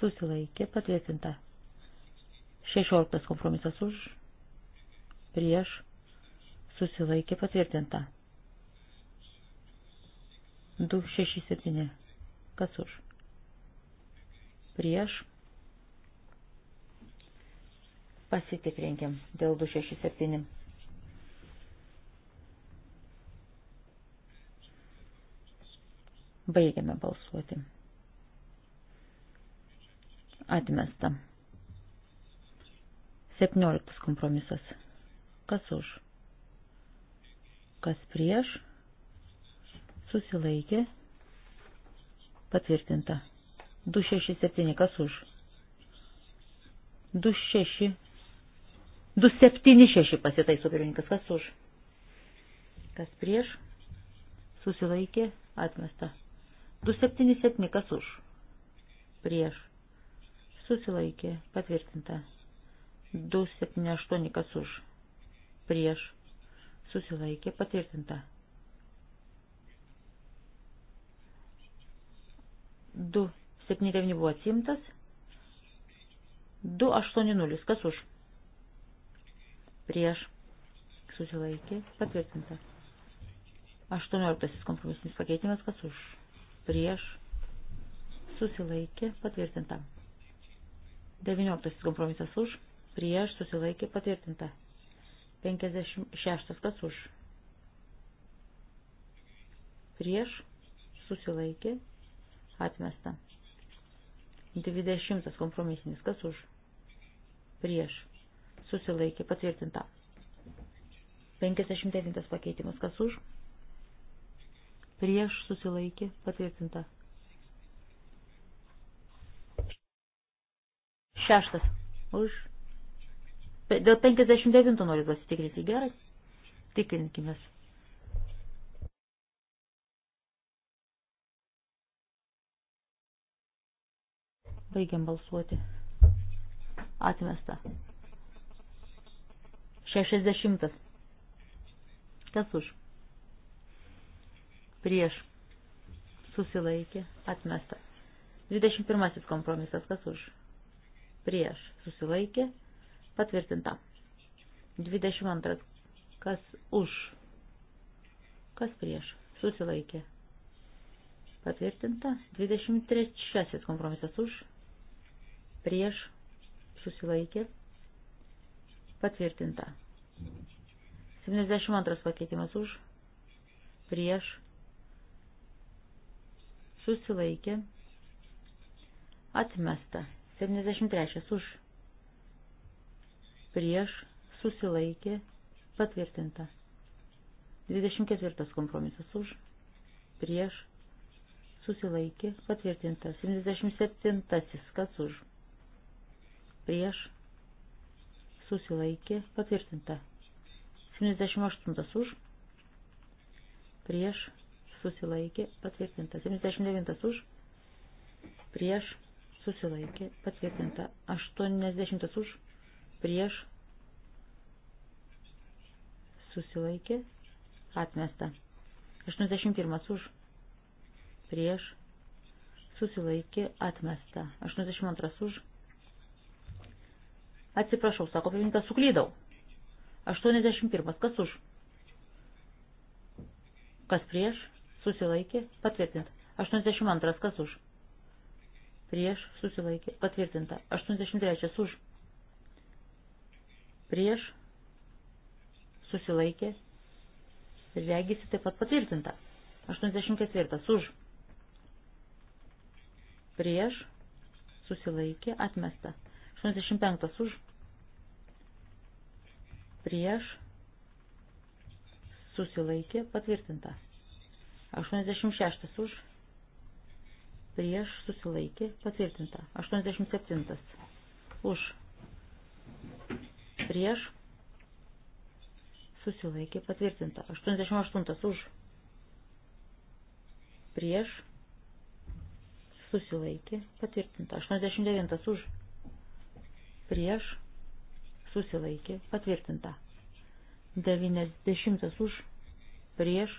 susilaikė patvirtinta. 16 kompromisas už, prieš, susilaikė patvirtinta. 267, kas už, prieš, pasitikrinkim dėl 267. Baigiame balsuoti. Atmesta. 17 kompromisas. Kas už? Kas prieš? Susilaikė. Patvirtinta. 267. Kas už? 26. 276 pasitaiso pirmininkas. Kas už? Kas prieš? Susilaikė. Atmesta. 277. Kas už? Prieš susilaikė, patvirtinta. 278 kas už, prieš, susilaikė, patvirtinta. 279 buvo atsimtas. 280 kas už, prieš, susilaikė, patvirtinta. 18 kompromisinis pakeitimas kas už, prieš, susilaikė, patvirtinta. 19 kompromisas už, prieš susilaikė patvirtinta. 56 kas už. Prieš susilaikė atmesta. 20 kompromisinis kas už. Prieš susilaikė patvirtinta. 59 pakeitimas kas už. Prieš susilaikė patvirtinta. Šeštas. Už. Dėl 59 noriu pasitikrinti. Gerai. Tikrinkimės. Baigiam balsuoti. Atmesta. 60. Kas už? Prieš. Susilaikė. Atmesta. 21 kompromisas. Kas už? prieš susilaikė patvirtinta. 22. Kas už? Kas prieš? Susilaikė. Patvirtinta. 23. Kompromisas už. Prieš. Susilaikė. Patvirtinta. 72. Pakeitimas už. Prieš. Susilaikė. Atmesta. 73 už. Prieš susilaikė patvirtinta. 24 kompromisas už. Prieš susilaikė patvirtinta. 77 kas už. Prieš susilaikė patvirtinta. 78 už. Prieš susilaikė patvirtinta. 79 už. Prieš susilaikė, patvirtinta 80 už, prieš, susilaikė, atmesta 81 už, prieš, susilaikė, atmesta 82 už. Atsiprašau, sako pirmininkas, suklydau. 81. Kas už? Kas prieš? Susilaikė. Patvirtint. 82. Kas už? prieš susilaikė patvirtinta. 83 už prieš susilaikė regisi taip pat patvirtinta. 84 už prieš susilaikė atmesta. 85 už prieš susilaikė patvirtinta. 86 už prieš susilaikė patvirtinta. 87 už prieš susilaikė patvirtinta. 88 už prieš susilaikė patvirtinta. 89 už prieš susilaikė patvirtinta. 90 už prieš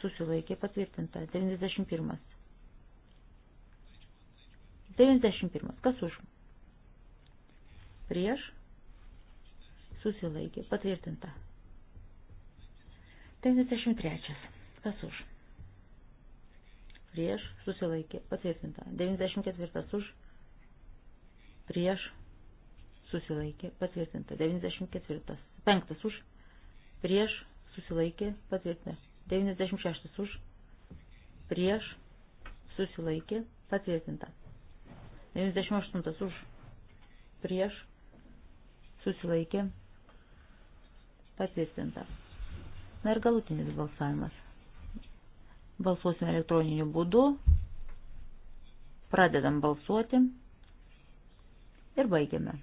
susilaikė patvirtinta. 91 91. Kas už? Prieš. Susilaikė. Patvirtinta. 93. Kas už? Prieš. Susilaikė. Patvirtinta. 94. Už. Prieš. Susilaikė. Patvirtinta. 94. 5. Už. Prieš. Susilaikė. Patvirtinta. 96. Už. Prieš. Susilaikė. Patvirtinta. 98 už prieš susilaikė patvirtinta. Na ir galutinis balsavimas. Balsuosime elektroniniu būdu. Pradedam balsuoti ir baigiame.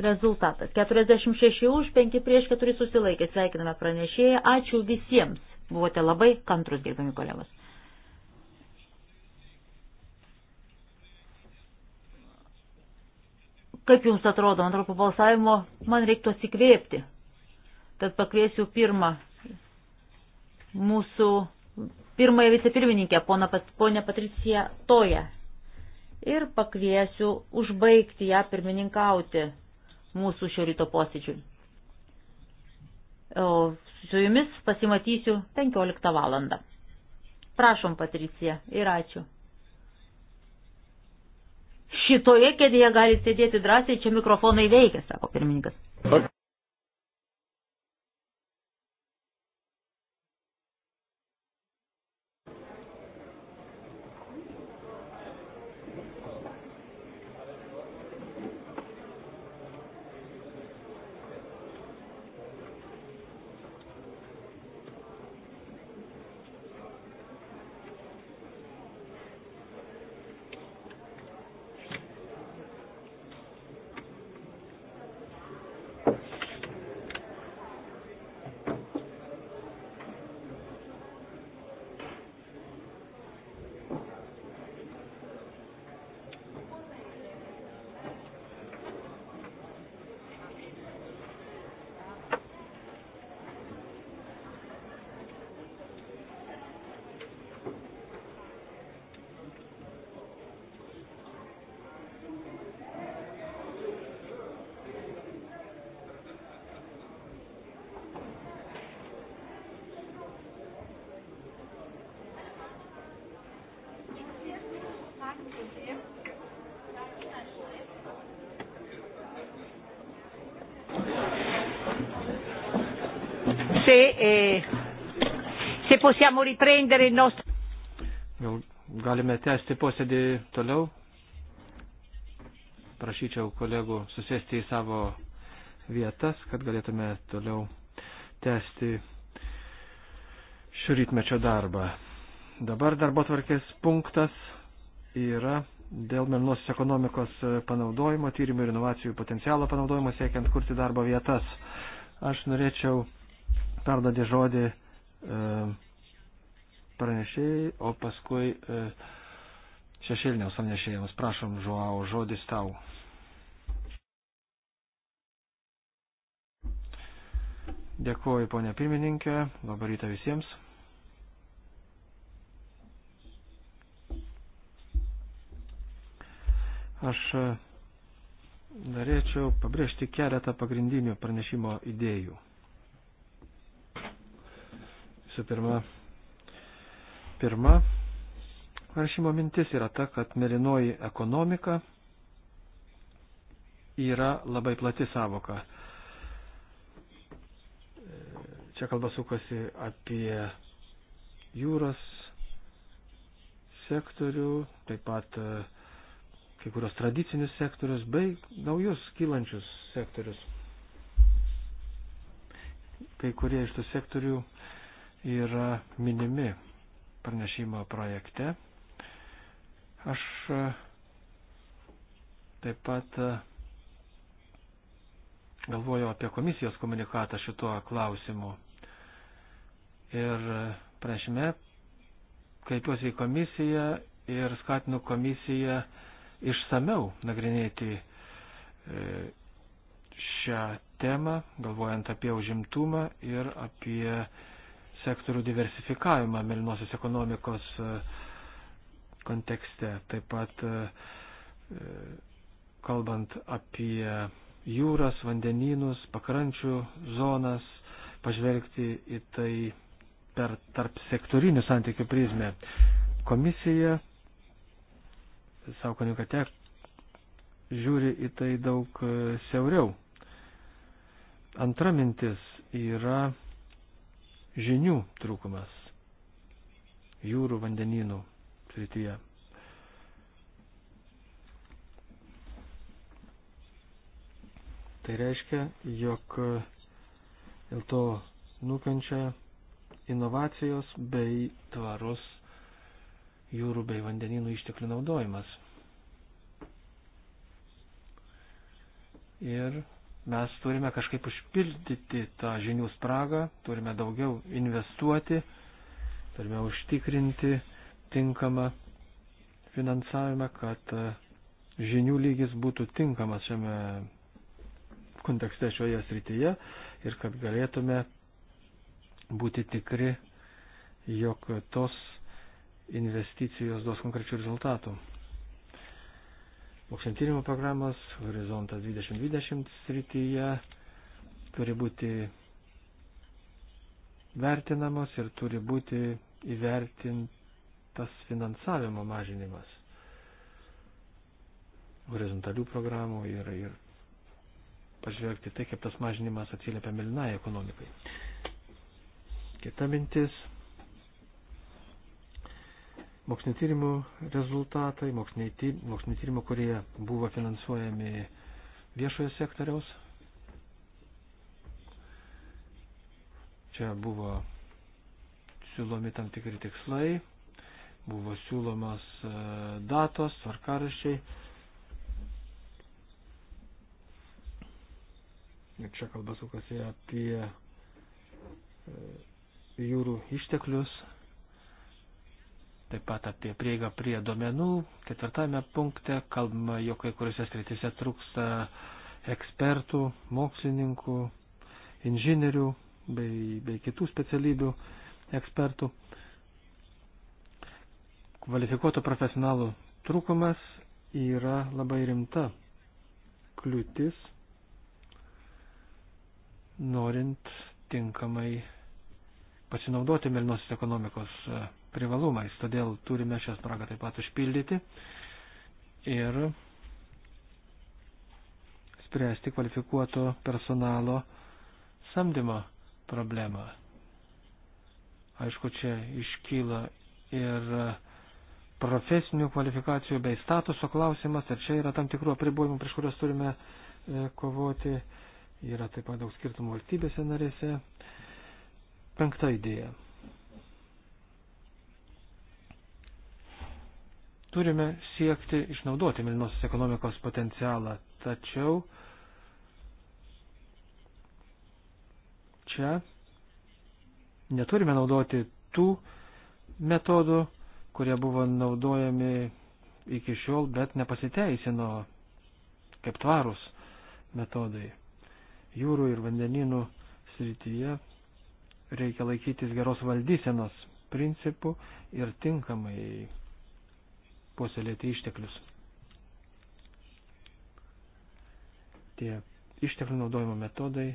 rezultatas. 46 už, 5 prieš, 4 susilaikė. Sveikiname pranešėją. Ačiū visiems. Buvote labai kantrus, gerbiami kolegos. Kaip jums atrodo, antro po balsavimo man reiktų atsikvėpti. Tad pakviesiu pirmą mūsų pirmąją vicepirmininkę, ponę Patriciją Toją. Ir pakviesiu užbaigti ją pirmininkauti mūsų šio ryto posėdžiui. O su jumis pasimatysiu 15 valandą. Prašom, Patricija, ir ačiū. Šitoje kėdėje gali sėdėti drąsiai, čia mikrofonai veikia, sako pirmininkas. eh, se possiamo riprendere il nostro. Gal, galime tęsti posėdį toliau. Prašyčiau kolegų susėsti į savo vietas, kad galėtume toliau tęsti šiurytmečio darbą. Dabar darbo tvarkės punktas yra dėl melnosios ekonomikos panaudojimo, tyrimų ir inovacijų potencialo panaudojimo siekiant kurti darbo vietas. Aš norėčiau perdodė žodį e, pranešėjai, o paskui e, šešėliniams pranešėjams. Prašom, Žuau, žodis tau. Dėkuoju, ponė pirmininkė. Labą rytą visiems. Aš e, norėčiau pabrėžti keletą pagrindinių pranešimo idėjų. Visų pirma, pirma rašymo mintis yra ta, kad melinoji ekonomika yra labai plati savoka. Čia kalba sukasi apie jūros sektorių, taip pat e, kai kurios tradicinius sektorius bei naujus kylančius sektorius. Kai kurie iš tų sektorių yra minimi pranešimo projekte. Aš e, taip pat e, galvoju apie komisijos komunikatą šituo klausimu. Ir e, prašymė, kreipiuosi į komisiją ir skatinu komisiją išsameu nagrinėti šią temą, galvojant apie užimtumą ir apie sektorių diversifikavimą melinosios ekonomikos e, kontekste. Taip pat e, e, kalbant apie jūras, vandenynus, pakrančių zonas, pažvelgti į tai per tarp sektorinių santykių prizmę. Komisija, savo konikate, žiūri į tai daug siauriau. Antra mintis yra žinių trūkumas jūrų vandenynų srityje. Tai reiškia, jog dėl to nukančia inovacijos bei tvarus jūrų bei vandeninų išteklių naudojimas. Ir Mes turime kažkaip užpildyti tą žinių spragą, turime daugiau investuoti, turime užtikrinti tinkamą finansavimą, kad e, žinių lygis būtų tinkamas šiame kontekste šioje srityje ir kad galėtume būti tikri, jog tos investicijos duos konkrečių rezultatų mokslinio tyrimo programos Horizontas 2020 srityje turi būti vertinamos ir turi būti įvertintas finansavimo mažinimas horizontalių programų ir, ir pažvelgti tai, kaip tas mažinimas atsiliepia melinai ekonomikai. Kita mintis mokslinio tyrimų rezultatai, mokslinio tyrimų, kurie buvo finansuojami viešojo sektoriaus. Čia buvo siūlomi tam tikri tikslai, buvo siūlomas e, datos, tvarkaraščiai. Ir čia kalba sukasi apie e, jūrų išteklius, taip pat apie prieigą prie domenų. Ketvirtame punkte kalbama, jog kai kuriuose srityse trūksta ekspertų, mokslininkų, inžinierių bei, bei kitų specialybių ekspertų. Kvalifikuotų profesionalų trūkumas yra labai rimta kliūtis, norint tinkamai pasinaudoti melinuosios ekonomikos privalumais. Todėl turime šią spragą taip pat užpildyti ir spręsti kvalifikuoto personalo samdymo problemą. Aišku, čia iškyla ir profesinių kvalifikacijų bei statuso klausimas, ir čia yra tam tikrų apribojimų, prieš kuriuos turime e, kovoti. Yra taip pat daug skirtumų valstybėse narėse. Penkta idėja. Turime siekti išnaudoti Milinosios ekonomikos potencialą, tačiau čia neturime naudoti tų metodų, kurie buvo naudojami iki šiol, bet nepasiteisino kaip tvarus metodai. Jūrų ir vandeninų srityje reikia laikytis geros valdysenos principų ir tinkamai puoselėti išteklius. Tie išteklių naudojimo metodai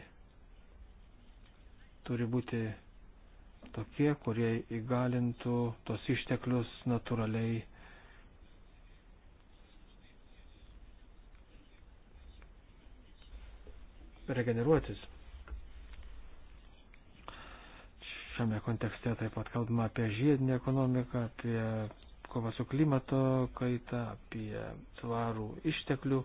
turi būti tokie, kurie įgalintų tos išteklius natūraliai regeneruotis. Šiame kontekste taip pat kalbama apie žiedinę ekonomiką, apie kovą su klimato kaita, apie tvarų išteklių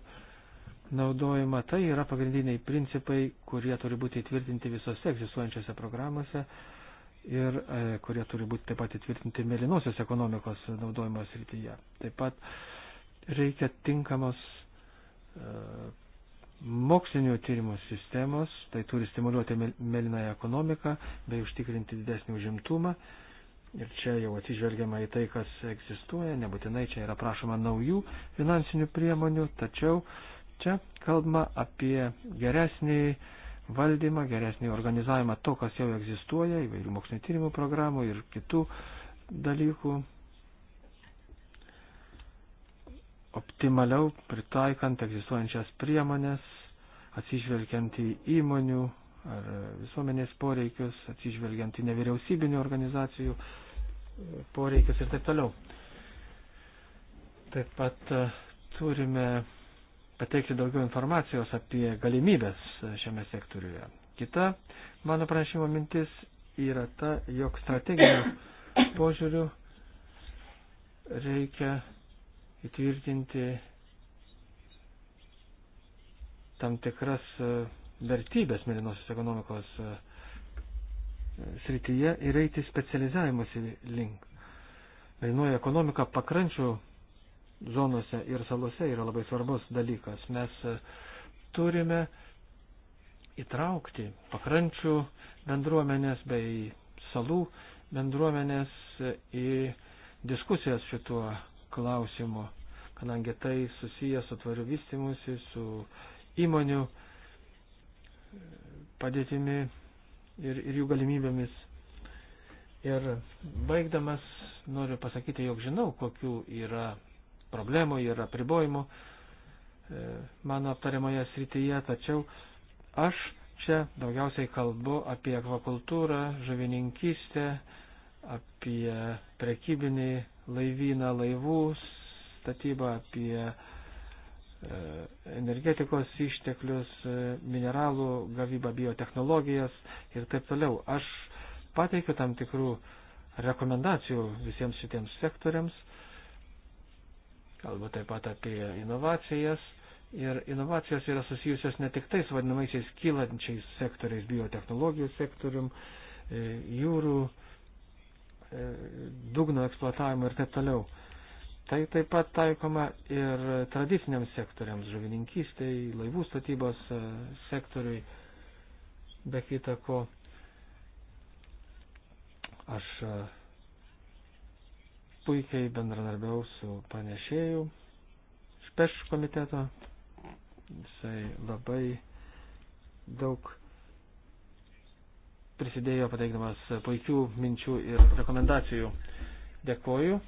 naudojimą. Tai yra pagrindiniai principai, kurie turi būti įtvirtinti visose egzistuojančiose programuose ir e, kurie turi būti taip pat įtvirtinti mėlynosios ekonomikos naudojimo srityje. Taip pat reikia tinkamos e, mokslinio tyrimo sistemos, tai turi stimuliuoti mėlynąją ekonomiką bei užtikrinti didesnį užimtumą. E, Ir čia jau atsižvelgiama į tai, kas egzistuoja, nebūtinai čia yra prašoma naujų finansinių priemonių, tačiau čia kalbama apie geresnį valdymą, geresnį organizavimą to, kas jau egzistuoja, įvairių mokslinio tyrimų programų ir kitų dalykų, optimaliau pritaikant egzistuojančias priemonės, atsižvelgiant į įmonių ar visuomenės poreikius, atsižvelgiant į nevyriausybinių organizacijų e, poreikius ir taip toliau. Taip pat e, turime pateikti daugiau informacijos apie galimybės e, šiame sektoriuje. Kita mano prašymo mintis yra ta, jog strateginių [coughs] požiūrių reikia įtvirtinti tam tikras vertybės mėlynosios ekonomikos e, srityje ir eiti specializavimuose link. Mėlynoji ekonomika pakrančių zonose ir salose yra labai svarbus dalykas. Mes e, turime įtraukti pakrančių bendruomenės bei salų bendruomenės e, į diskusijas šituo klausimu, kadangi tai susijęs su tvariu vystimusi, su įmonių uh, padėtimi ir, ir jų galimybėmis. Ir baigdamas noriu pasakyti, jog žinau, kokių yra problemų, yra pribojimų e, mano aptariamoje srityje, tačiau aš čia daugiausiai kalbu apie akvakultūrą, žuvininkystę, apie prekybinį laivyną, laivų statybą, apie E, energetikos išteklius, e, mineralų gavybą, biotehnologijas ir taip toliau. Aš pateikiu tam tikrų rekomendacijų visiems šitiems sektoriams. Kalbu taip pat apie inovacijas. Ir inovacijos yra susijusios ne tik tais vadinamaisiais kylančiais sektoriais, biotehnologijų sektorium, e, jūrų, dugno eksploatavimo ir taip toliau. Tai taip pat taikoma ir tradiciniams sektoriams - žuvininkystėj, laivų statybos e, sektoriui, be kita ko. Aš e, puikiai bendradarbiau su panešėju iš peš komiteto. Jisai labai daug prisidėjo pateikdamas puikių minčių ir rekomendacijų. Dėkoju.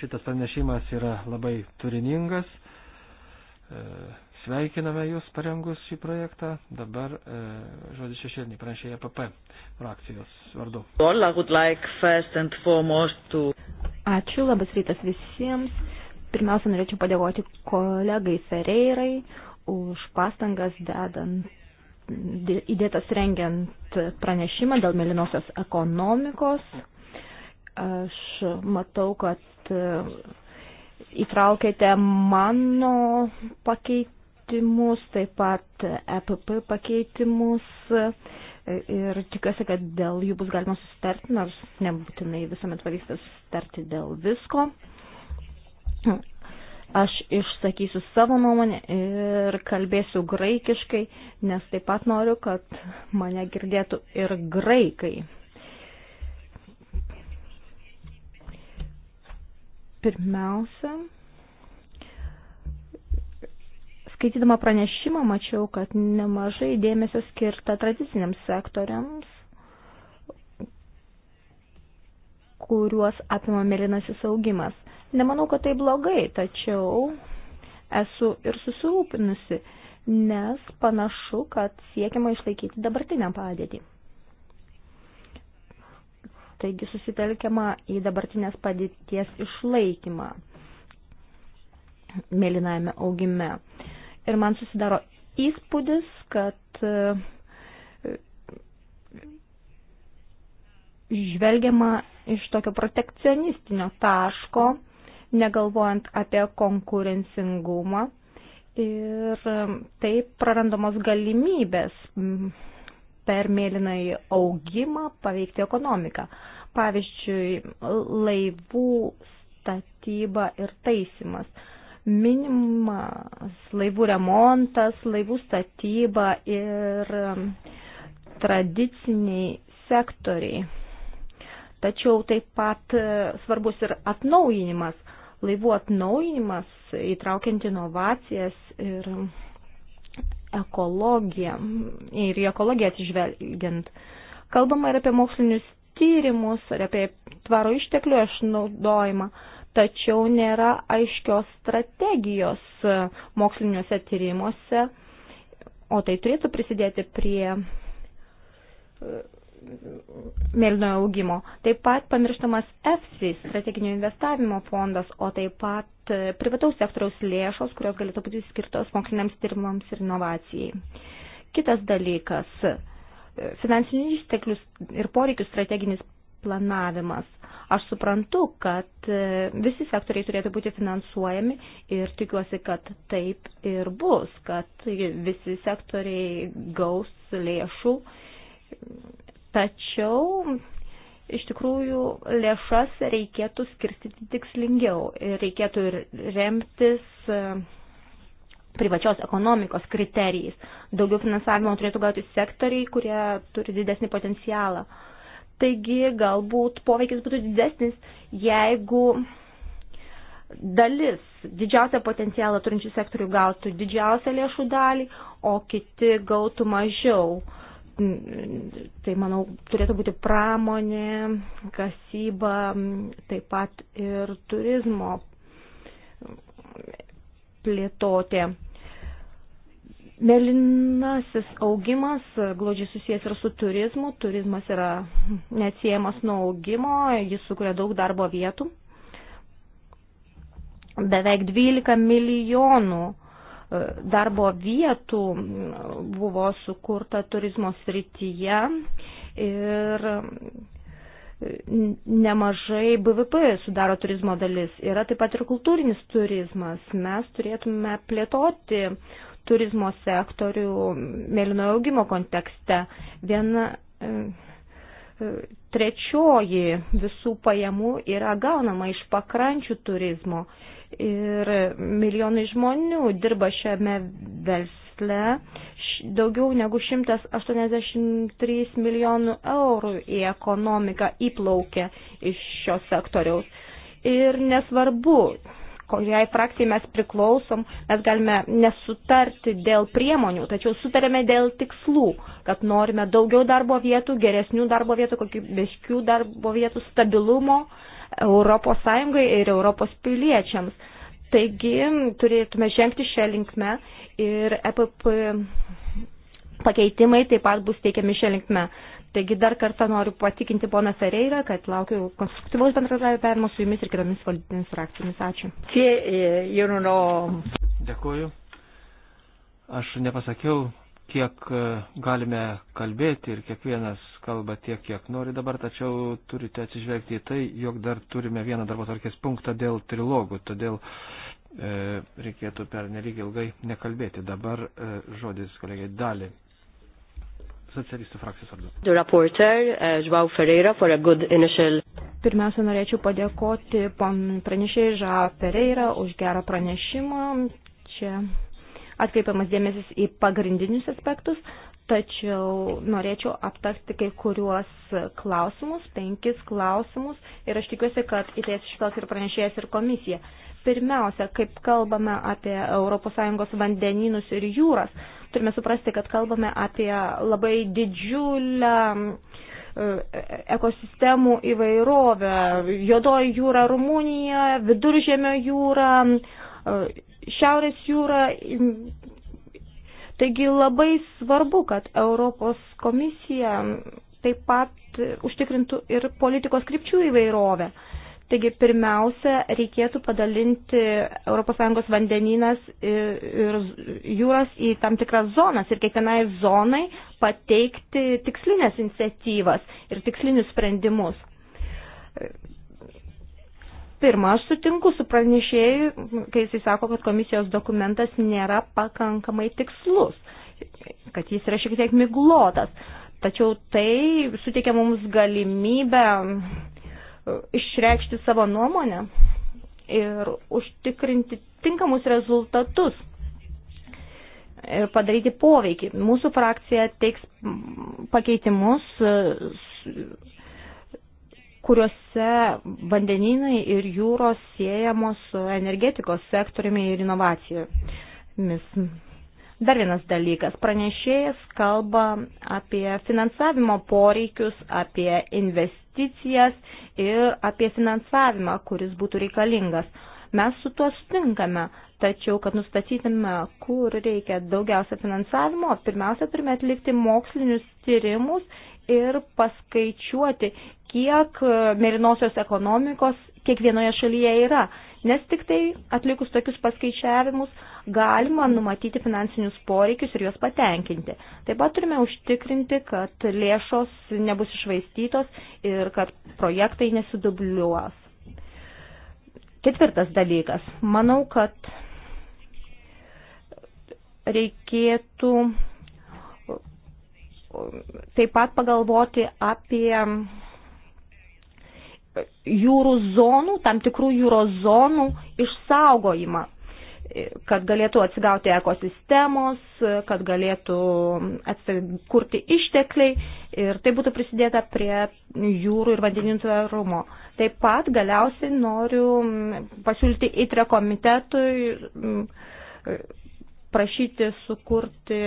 Šitas pranešimas yra labai turiningas. E, Sveikiname Jūs parengus šį projektą. Dabar e, žodis šešėlinį pranešėja e PP frakcijos vardu. Ačiū, labas rytas visiems. Pirmiausia, norėčiau padėkoti kolegai Ferreirai už pastangas dedant įdėtas rengiant pranešimą dėl melinosios ekonomikos. Mm Aš matau, kad e, įtraukėte mano pakeitimus, taip pat EPP pakeitimus e, ir tikiuosi, kad dėl jų bus galima susitarti, nors nebūtinai visuomet pavyksta susitarti dėl visko. Aš išsakysiu savo nuomonę ir kalbėsiu graikiškai, nes taip pat noriu, kad mane girdėtų ir graikai. Pirmiausia, skaitydama pranešimą mačiau, kad nemažai dėmesio skirta tradiciniams sektoriams, kuriuos apima mėlynasis augimas. Nemanau, kad tai blogai, tačiau esu ir susirūpinusi, nes panašu, kad siekiama išlaikyti dabartinę padėtį taigi susitelkiama į dabartinės padėties išlaikymą mėlynajame augime. Ir man susidaro įspūdis, kad e, žvelgiama iš tokio protekcionistinio taško, negalvojant apie konkurencingumą. Ir e, taip prarandamos galimybės per mėlynai augimą paveikti ekonomiką. Pavyzdžiui, laivų statyba ir taisymas. Minimas laivų remontas, laivų statyba ir um, tradiciniai sektoriai. Tačiau taip pat e, svarbus ir atnaujinimas, laivų atnaujinimas, įtraukiant inovacijas ir um, ekologiją ir į ekologiją atsižvelgiant. Kalbama ir apie mokslinius tyrimus, ir apie tvaro išteklių išnaudojimą, tačiau nėra aiškios strategijos moksliniuose tyrimuose, o tai turėtų prisidėti prie mėlynojo augimo. Taip pat pamirštamas EFSI, strateginio investavimo fondas, o taip pat e, privataus sektoriaus lėšos, kurios galėtų būti skirtos moksliniams tyrimams ir inovacijai. Kitas dalykas e, - finansinių išteklių ir poreikių strateginis planavimas. Aš suprantu, kad e, visi sektoriai turėtų būti finansuojami ir tikiuosi, kad taip ir bus, kad visi sektoriai gaus lėšų Tačiau iš tikrųjų lėšas reikėtų skirstyti tikslingiau ir reikėtų ir remtis e, privačios ekonomikos kriterijais. Daugiau finansavimo turėtų gauti sektoriai, kurie turi didesnį potencialą. Taigi galbūt poveikis būtų didesnis, jeigu dalis didžiausią potencialą turinčių sektorių gautų didžiausią lėšų dalį, o kiti gautų mažiau. Uh, tai manau turėtų būti pramonė, kasyba, taip pat ir turizmo plėtotė. Melinasis augimas glaudžiai susijęs ir su turizmu. Turizmas yra neatsiejamas nuo augimo, jis sukuria daug darbo vietų. Beveik 12 milijonų darbo vietų buvo sukurta turizmo srityje ir nemažai BVP sudaro turizmo dalis. Yra taip pat ir kultūrinis turizmas. Mes turėtume plėtoti turizmo sektorių mėlynojo augimo kontekste. Viena trečioji visų pajamų yra gaunama iš pakrančių turizmo. Ir milijonai žmonių dirba šiame versle. Daugiau negu 183 milijonų eurų į ekonomiką įplaukia iš šio sektoriaus. Ir nesvarbu, kuriai frakcijai mes priklausom, mes galime nesutarti dėl priemonių, tačiau sutarėme dėl tikslų, kad norime daugiau darbo vietų, geresnių darbo vietų, kokybiškių darbo vietų, stabilumo Europos Sąjungai ir Europos piliečiams. Taigi turėtume žengti šią linkmę ir EPP pakeitimai taip pat bus teikiami šią linkmę. Taigi dar kartą noriu patikinti poną Fereirą, kad laukiu konstruktyvaus bendradarbiavimo su jumis ir kitomis politinėmis frakcijomis. Ačiū. E, nu, Dėkuoju. Aš nepasakiau, kiek e, galime kalbėti ir kiekvienas kalba tiek, kiek nori dabar, tačiau turite atsižvelgti į tai, jog dar turime vieną darbo tvarkės punktą dėl trilogų, todėl e, reikėtų per nelyg ilgai nekalbėti. Dabar e, žodis kolegai Dali socialistų frakcijos vardu. Uh, Pirmiausia, norėčiau padėkoti pranešėjai Ža Pereira už gerą pranešimą. Čia atkreipiamas dėmesys į pagrindinius aspektus, tačiau norėčiau aptarti kai kuriuos klausimus, penkis klausimus ir aš tikiuosi, kad į tai atsižvelgs ir pranešėjas ir komisija. Pirmiausia, kaip kalbame apie ES vandeninus ir jūras, turime suprasti, kad kalbame apie labai didžiulę e, ekosistemų įvairovę. Jodoji jūra Rumunija, Viduržėmio jūra, e, Šiaurės jūra. Taigi labai svarbu, kad Europos komisija taip pat užtikrintų ir politikos krypčių įvairovę. Taigi pirmiausia, reikėtų padalinti ES vandenynas ir jūras į tam tikras zonas ir kiekvienai zonai pateikti tikslinės iniciatyvas ir tikslinius sprendimus. Pirma, aš sutinku su pranešėjai, kai jis sako, kad komisijos dokumentas nėra pakankamai tikslus, kad jis yra šiek tiek miglotas. Tačiau tai suteikia mums galimybę išreikšti savo nuomonę ir užtikrinti tinkamus rezultatus ir padaryti poveikį. Mūsų frakcija teiks pakeitimus, kuriuose vandeninai ir jūros siejamos su energetikos sektoriumi ir inovacijomis. Dar vienas dalykas. Pranešėjas kalba apie finansavimo poreikius, apie investicijas investicijas ir apie finansavimą, kuris būtų reikalingas. Mes su tuo sutinkame, tačiau, kad nustatytume, kur reikia daugiausia finansavimo, pirmiausia, turime atlikti mokslinius tyrimus ir paskaičiuoti, kiek mėlynosios ekonomikos kiekvienoje šalyje yra nes tik tai atlikus tokius paskaičiavimus galima numatyti finansinius poreikius ir juos patenkinti. Taip pat turime užtikrinti, kad lėšos nebus išvaistytos ir kad projektai nesidubliuos. Ketvirtas dalykas. Manau, kad reikėtų taip pat pagalvoti apie jūrų zonų, tam tikrų jūros zonų išsaugojimą, kad galėtų atsigauti ekosistemos, kad galėtų atsikurti ištekliai ir tai būtų prisidėta prie jūrų ir vandenynų tvarumo. Taip pat galiausiai noriu pasiūlyti įtre komitetui prašyti sukurti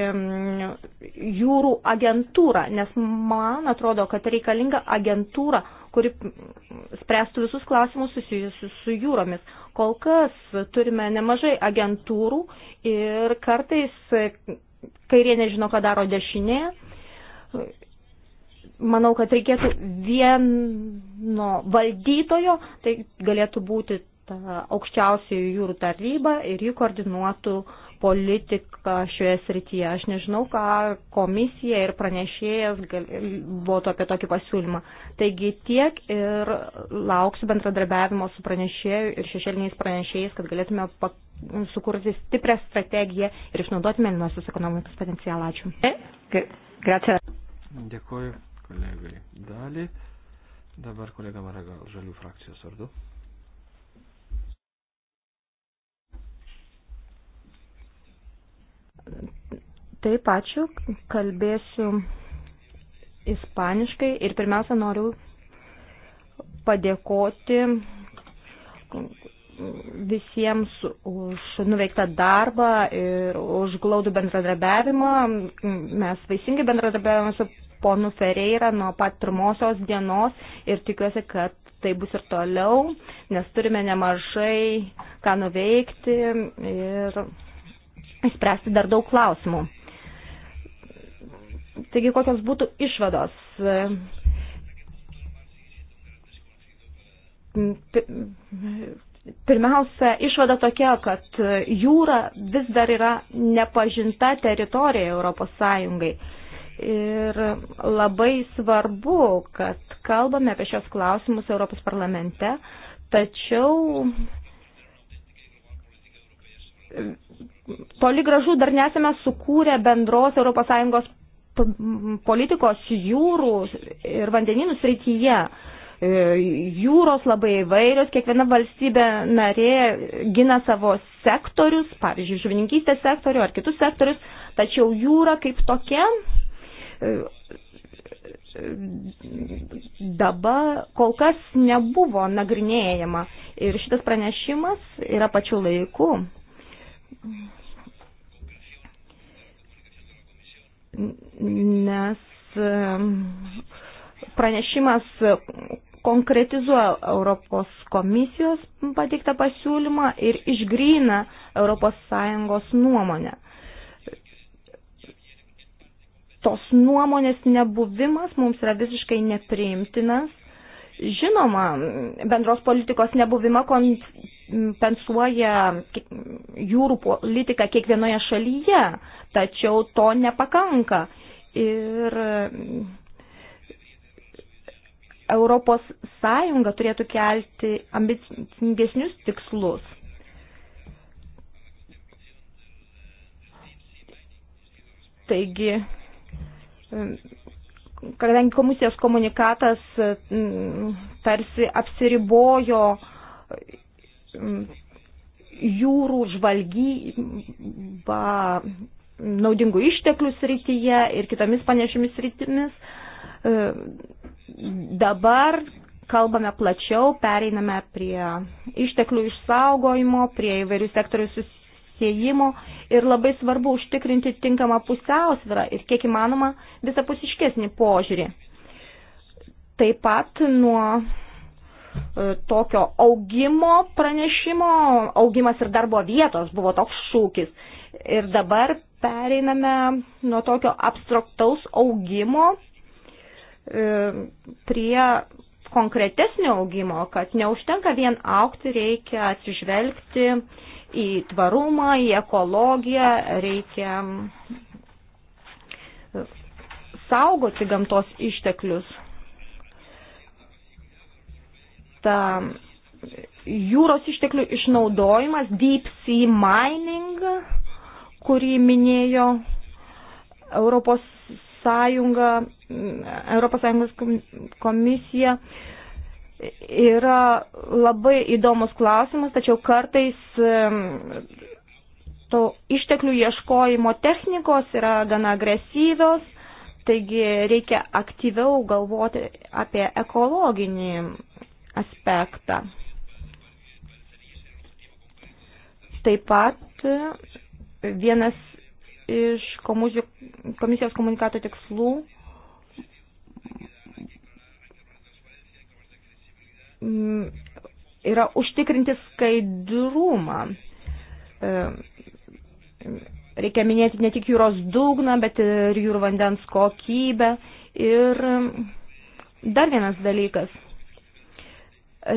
jūrų agentūrą, nes man atrodo, kad reikalinga agentūra, kuri spręstų visus klausimus susijusius su jūromis. Kol kas turime nemažai agentūrų ir kartais kairė nežino, ką daro dešinė. Manau, kad reikėtų vieno valdytojo, tai galėtų būti ta aukščiausiųjų jūrų taryba ir jį koordinuotų uh, politiką šioje srityje. Aš nežinau, ką komisija ir pranešėjas buvo apie tokį pasiūlymą. Taigi tiek ir lauksiu bendradarbiavimo su pranešėju ir šešėliniais pranešėjais, kad galėtume sukurti stiprią strategiją ir išnaudoti mėlynosios ekonomikos potencialą. Ačiū. Grazie. Dėkuoju kolegai Dali. Dabar kolega Maragal, Žalių frakcijos vardu. Taip, ačiū. Kalbėsiu ispaniškai ir pirmiausia noriu padėkoti visiems už nuveiktą darbą ir už glaudų bendradarbiavimą. Mes vaisingai bendradarbiavome su ponu Ferreira nuo pat pirmosios dienos ir tikiuosi, kad tai bus ir toliau, nes turime nemažai ką nuveikti ir spręsti dar daug klausimų. Taigi, kokios būtų išvados? Pirmiausia, išvada tokia, kad jūra vis dar yra nepažinta teritorija Europos Sąjungai. Ir labai svarbu, kad kalbame apie šios klausimus Europos parlamente, tačiau toli gražu dar nesame sukūrę bendros ES politikos jūrų ir vandeninų srityje. E, jūros labai įvairios, kiekviena valstybė narė gina savo sektorius, pavyzdžiui, žuvininkystės sektorių ar kitus sektorius, tačiau jūra kaip tokia e, dabar kol kas nebuvo nagrinėjama ir šitas pranešimas yra pačiu laiku. nes pranešimas konkretizuoja Europos komisijos pateiktą pasiūlymą ir išgrįna ES nuomonę. Tos nuomonės nebuvimas mums yra visiškai nepriimtinas. Žinoma, bendros politikos nebuvimą kompensuoja jūrų politika kiekvienoje šalyje tačiau to nepakanka. Ir Europos Sąjunga turėtų kelti ambicingesnius tikslus. Taigi, kadangi komisijos komunikatas mm, tarsi apsiribojo mm, jūrų žvalgybą naudingų išteklių srityje ir kitomis panašiomis sritimis. E, dabar kalbame plačiau, pereiname prie išteklių išsaugojimo, prie įvairių sektorių susijimo ir labai svarbu užtikrinti tinkamą pusiausvyrą ir kiek įmanoma visapusiškesnį požiūrį. Taip pat nuo e, tokio augimo pranešimo, augimas ir darbo vietos buvo toks šūkis. Ir dabar pereiname nuo tokio abstraktaus augimo e, prie konkretesnio augimo, kad neužtenka vien aukti, reikia atsižvelgti į tvarumą, į ekologiją, reikia e, saugoti gamtos išteklius. Ta jūros išteklių išnaudojimas, deep sea mining, kurį minėjo Europos Sąjunga, Europos Sąjungos komisija, yra labai įdomus klausimas, tačiau kartais to išteklių ieškojimo technikos yra gana agresyvios, taigi reikia aktyviau galvoti apie ekologinį aspektą. Taip pat Vienas iš komisijos komunikato tikslų yra užtikrinti skaidrumą. Reikia minėti ne tik jūros dugną, bet ir jūrų vandens kokybę. Ir dar vienas dalykas.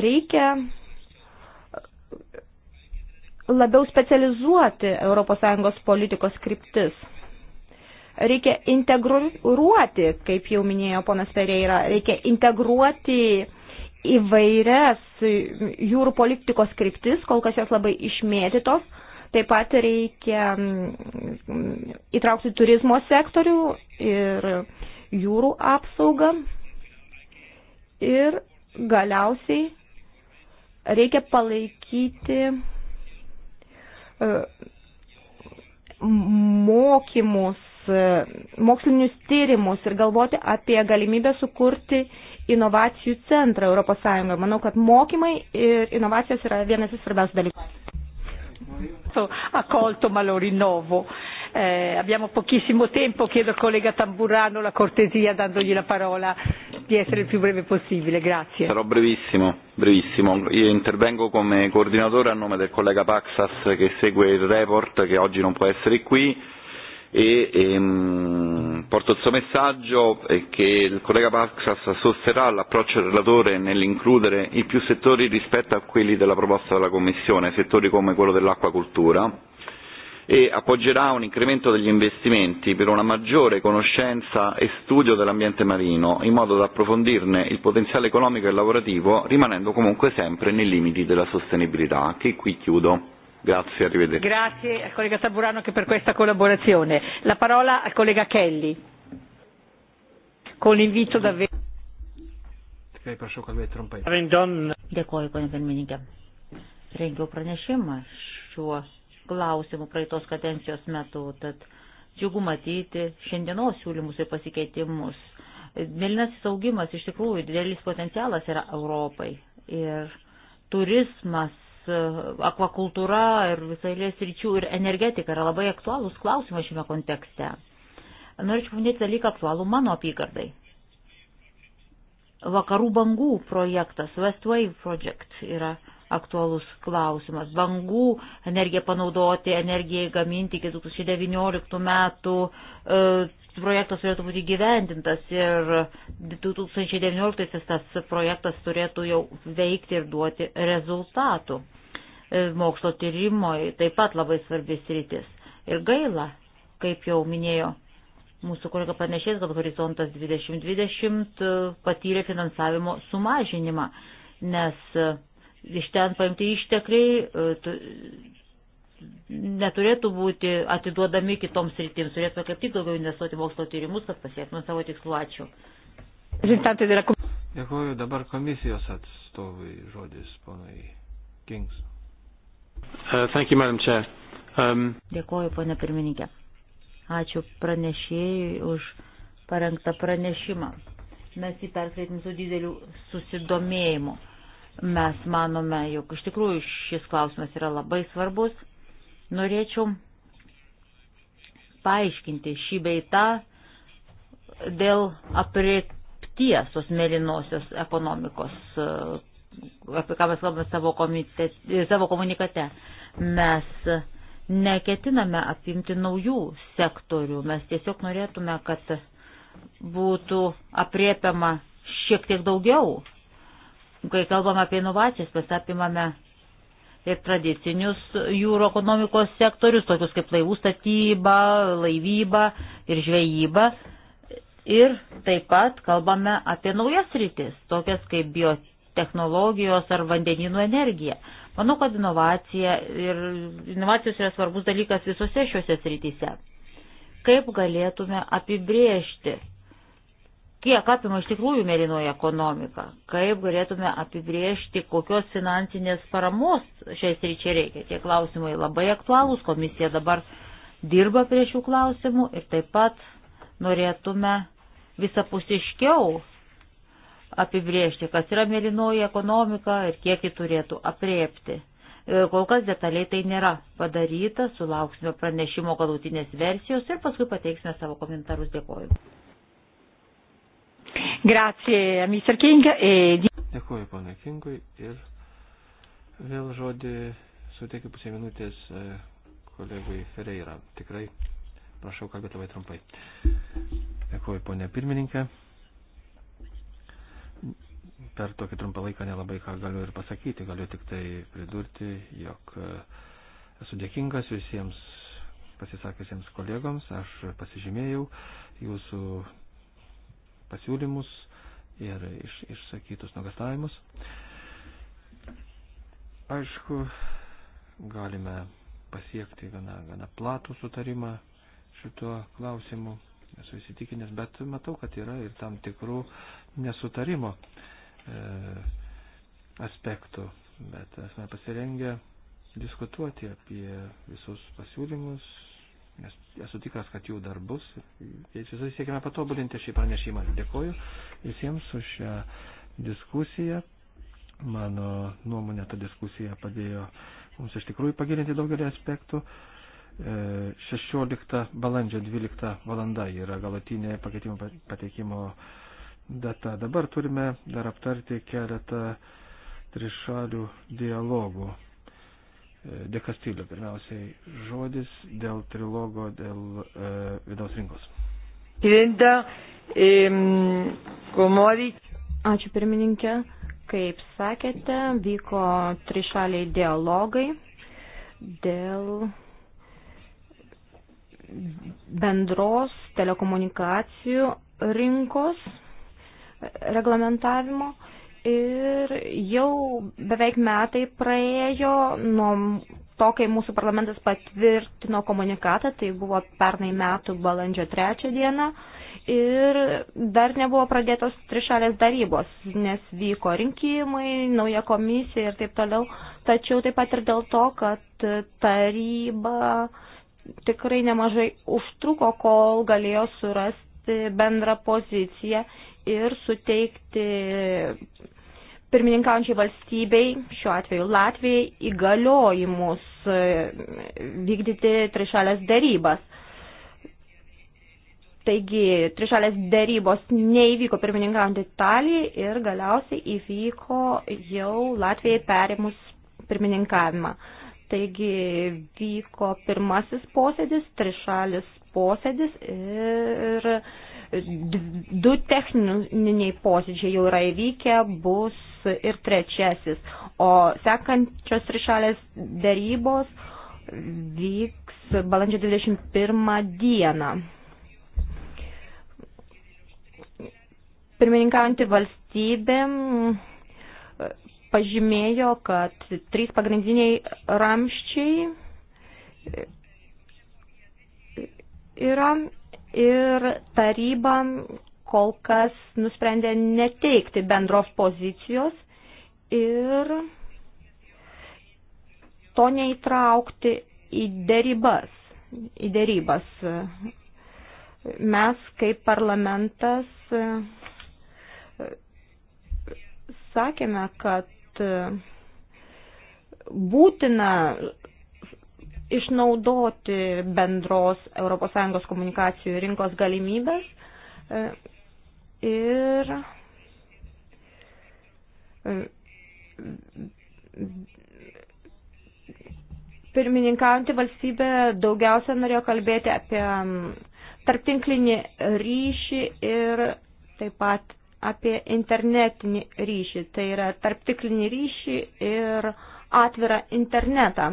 Reikia labiau specializuoti ES politikos kryptis. Reikia integruoti, kaip jau minėjo ponas Pereira, reikia integruoti įvairias jūrų politikos kryptis, kol kas jos labai išmėtytos. Taip pat reikia mm, įtraukti turizmo sektorių ir jūrų apsaugą. Ir galiausiai reikia palaikyti E, mokymus, e, mokslinius tyrimus ir galvoti apie galimybę sukurti inovacijų centrą ES. Manau, kad mokymai ir inovacijos yra vienas iš svarbiausių dalykų. Accolto, ma lo rinnovo. Eh, abbiamo pochissimo tempo, chiedo al collega Tamburrano la cortesia dandogli la parola di essere il più breve possibile. Grazie. Sarò brevissimo, brevissimo. Io intervengo come coordinatore a nome del collega Paxas che segue il report che oggi non può essere qui e ehm, porto il suo messaggio eh, che il collega Paxas sosterrà l'approccio del relatore nell'includere i più settori rispetto a quelli della proposta della Commissione, settori come quello dell'acquacultura e appoggerà un incremento degli investimenti per una maggiore conoscenza e studio dell'ambiente marino, in modo da approfondirne il potenziale economico e lavorativo, rimanendo comunque sempre nei limiti della sostenibilità, che qui chiudo. Grazie, arrivederci. Grazie al collega Saburano anche per questa collaborazione. La parola al collega Kelly, con l'invito davvero. Tikrai prašau kalbėti trumpai. Dėkoju, ponė pirmininkė. Rengiau pranešimą šiuo klausimų praeitos kadencijos metu, tad džiugu matyti šiandienos siūlymus ir pasikeitimus. Mėlynasis augimas iš tikrųjų didelis potencialas yra Europai ir turizmas, akvakultūra ir visai lės ryčių ir energetika yra labai aktualūs klausimai šiame kontekste. Norėčiau paminėti dalyką aktualų mano apygardai. Vakarų bangų projektas, West Wave Project yra aktualus klausimas. Bangų energiją panaudoti, energijai gaminti iki 2019 metų e, projektas turėtų būti gyvendintas ir 2019 tas projektas turėtų jau veikti ir duoti rezultatų. E, mokslo tyrimoje taip pat labai svarbis rytis. Ir gaila, kaip jau minėjo mūsų kolega panešės, kad horizontas 2020 e, patyrė finansavimo sumažinimą, nes e, iš ten paimti ištekliai e, neturėtų būti atiduodami kitoms rytims, turėtume kaip tik daugiau investuoti mokslo tyrimus, kad pasiektume savo tikslų. Ačiū. Dėkuoju dabar komisijos atstovui žodis, ponai Kings. Uh, thank you, Madam Chair. Um... Dėkuoju, ponė pirmininkė. Ačiū pranešėjai už parengtą pranešimą. Mes jį perskaitim su dideliu susidomėjimu. Uh, Mes manome, jog iš tikrųjų šis klausimas yra labai svarbus. Norėčiau paaiškinti šį beitą dėl apriepties tos mėlynosios ekonomikos, apie ką mes kalbame savo, komite, savo komunikate. Mes neketiname apimti naujų sektorių, mes tiesiog norėtume, kad būtų apriepiama šiek tiek daugiau Kai kalbame apie inovacijas, mes apimame ir tradicinius jūro ekonomikos sektorius, tokius kaip laivų statyba, laivyba ir žvejyba. Ir taip pat kalbame apie naujas rytis, tokias kaip biotehnologijos ar vandeninų energija. Manau, kad inovacija ir inovacijos yra svarbus dalykas visose šiuose srityse. Kaip galėtume apibriežti kiek apima iš tikrųjų mėlynoji ekonomika, kaip galėtume apibriežti, kokios finansinės paramos šiais ryčiai reikia. Tie klausimai labai aktualūs, komisija dabar dirba prie šių klausimų ir taip pat norėtume visapusiškiau apibriežti, kas yra mėlynoji ekonomika ir kiek ji turėtų apriepti. E, kol kas detaliai tai nėra padaryta, sulauksime pranešimo galutinės versijos ir paskui pateiksime savo komentarus. Dėkoju. Grazie, Mr. King. E... Dėkuoju, pana Kingui. Ir vėl žodį suteikiu pusę minutės e, kolegui Ferreira. Tikrai prašau kalbėti labai trumpai. Dėkuoju, ponė pirmininkė. Per tokį trumpą laiką nelabai ką galiu ir pasakyti, galiu tik tai pridurti, jog e, esu dėkingas visiems pasisakiusiems kolegoms, aš pasižymėjau jūsų pasiūlymus ir iš, išsakytus nuogastavimus. Aišku, galime pasiekti gana, gana platų sutarimą šituo klausimu, esu įsitikinęs, bet matau, kad yra ir tam tikrų nesutarimo e, aspektų, bet esame pasirengę diskutuoti apie visus pasiūlymus, Nes esu tikras, kad jų dar bus. Jais visai siekime patobulinti šį pranešimą. Dėkoju visiems už šią diskusiją. Mano nuomonė ta diskusija padėjo mums iš tikrųjų pagilinti daugelį aspektų. 16 e, balandžio 12 valanda yra galatinė pakeitimo pateikimo data. Dabar turime dar aptarti keletą trišalių dialogų. Dekastilio pirmiausiai žodis dėl trilogo, dėl e, vidaus rinkos. Ačiū pirmininkė. Kaip sakėte, vyko trišaliai dialogai dėl bendros telekomunikacijų rinkos reglamentavimo. E, ir jau beveik metai praėjo nuo to, kai mūsų parlamentas patvirtino komunikatą, tai buvo pernai metų balandžio trečią dieną ir dar nebuvo pradėtos trišalės darybos, nes vyko rinkimai, nauja komisija ir taip toliau, tačiau taip pat ir dėl to, kad taryba tikrai nemažai užtruko, kol galėjo surasti bendrą poziciją ir suteikti pirmininkaujančiai valstybei, šiuo atveju Latvijai, įgaliojimus e, vykdyti trišalės darybas. Taigi, trišalės darybos neįvyko pirmininkaujant Italijai ir galiausiai įvyko jau Latvijai perimus pirmininkavimą. Taigi, vyko pirmasis posėdis, trišalis posėdis ir Du techniniai posėdžiai jau yra įvykę, bus ir trečiasis, o sekančios trišalės darybos vyks balandžio 21 dieną. Pirmininkaujantį valstybę pažymėjo, kad trys pagrindiniai ramščiai yra ir taryba kol kas nusprendė neteikti bendros pozicijos ir to neįtraukti į dėrybas. Į dėrybas. Mes kaip parlamentas sakėme, kad būtina išnaudoti bendros ES komunikacijų rinkos galimybės e, ir e, pirmininkaujantį valstybę daugiausia norėjo kalbėti apie tarptinklinį ryšį ir taip pat apie internetinį ryšį, tai yra tarptiklinį ryšį ir atvirą internetą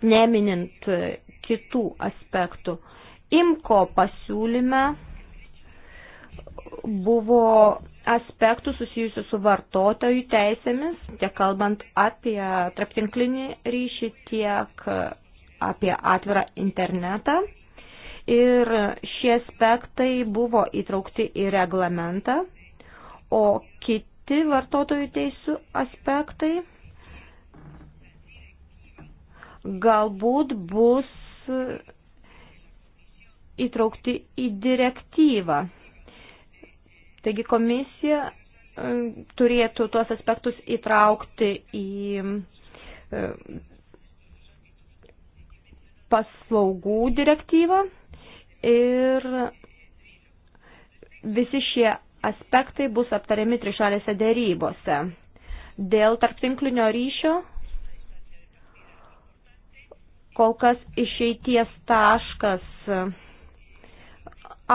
neminint kitų aspektų. Imko pasiūlyme buvo aspektų susijusių su vartotojų teisėmis, tiek kalbant apie traptinklinį ryšį, tiek apie atvirą internetą. Ir šie aspektai buvo įtraukti į reglamentą, o kiti vartotojų teisų aspektai galbūt bus įtraukti į direktyvą. Taigi komisija e, turėtų tuos aspektus įtraukti į e, paslaugų direktyvą ir visi šie aspektai bus aptariami trišalėse dėrybose. Dėl tarptinklinio ryšio kol kas išeities taškas e,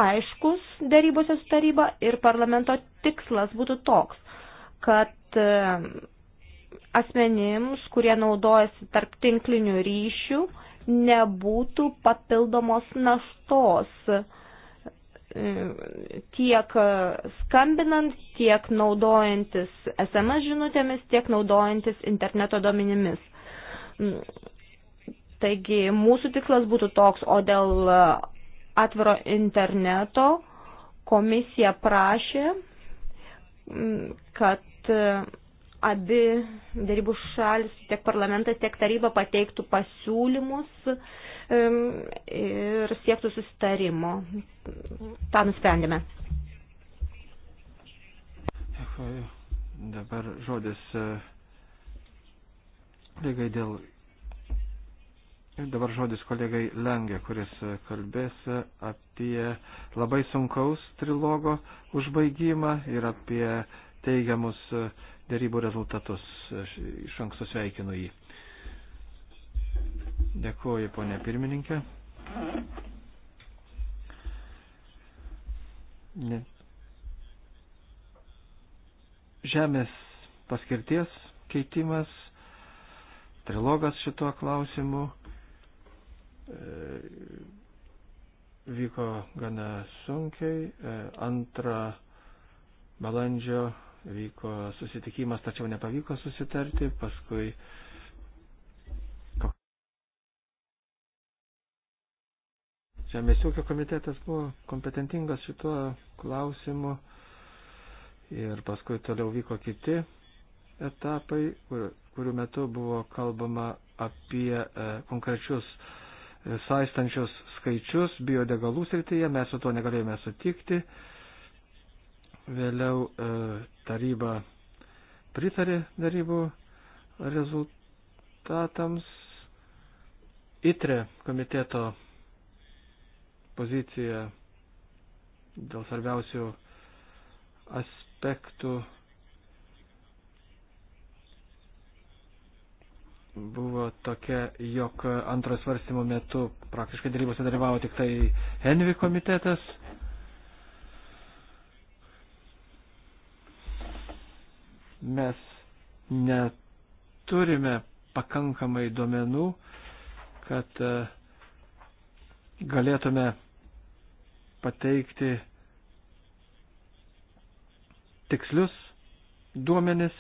aiškus darybose su taryba ir parlamento tikslas būtų toks, kad e, asmenims, kurie naudojasi tarp tinklinių ryšių, nebūtų papildomos naštos e, tiek skambinant, tiek naudojantis SMS žinutėmis, tiek naudojantis interneto domenimis Taigi mūsų tikslas būtų toks, o dėl e, atviro interneto komisija prašė, kad e, abi darybų šalis, tiek parlamentas, tiek taryba pateiktų pasiūlymus ir siektų susitarimo. Ta nusprendėme. Dabar žodis e, lygai dėl Ir dabar žodis kolegai Lengė, kuris kalbės apie labai sunkaus trilogo užbaigimą ir apie teigiamus dėrybų rezultatus. Aš iš anksto sveikinu jį. Dėkuoju, ponė pirmininkė. Ne. Žemės paskirties keitimas, trilogas šituo klausimu E, vyko gana sunkiai. E, antrą balandžio vyko susitikimas, tačiau nepavyko susitarti. Paskui Žemės ūkio komitetas buvo kompetentingas šituo klausimu ir paskui toliau vyko kiti etapai, kur, kurių metu buvo kalbama apie e, konkrečius saistančius skaičius biodegalų srityje, mes su to negalėjome sutikti. Vėliau e, taryba pritarė darybų rezultatams. ITRE komiteto pozicija dėl svarbiausių aspektų buvo tokia, jog antros svarstymo metu praktiškai darybose dalyvavo tik tai Henvi komitetas. Mes neturime pakankamai duomenų, kad e, galėtume pateikti tikslius duomenis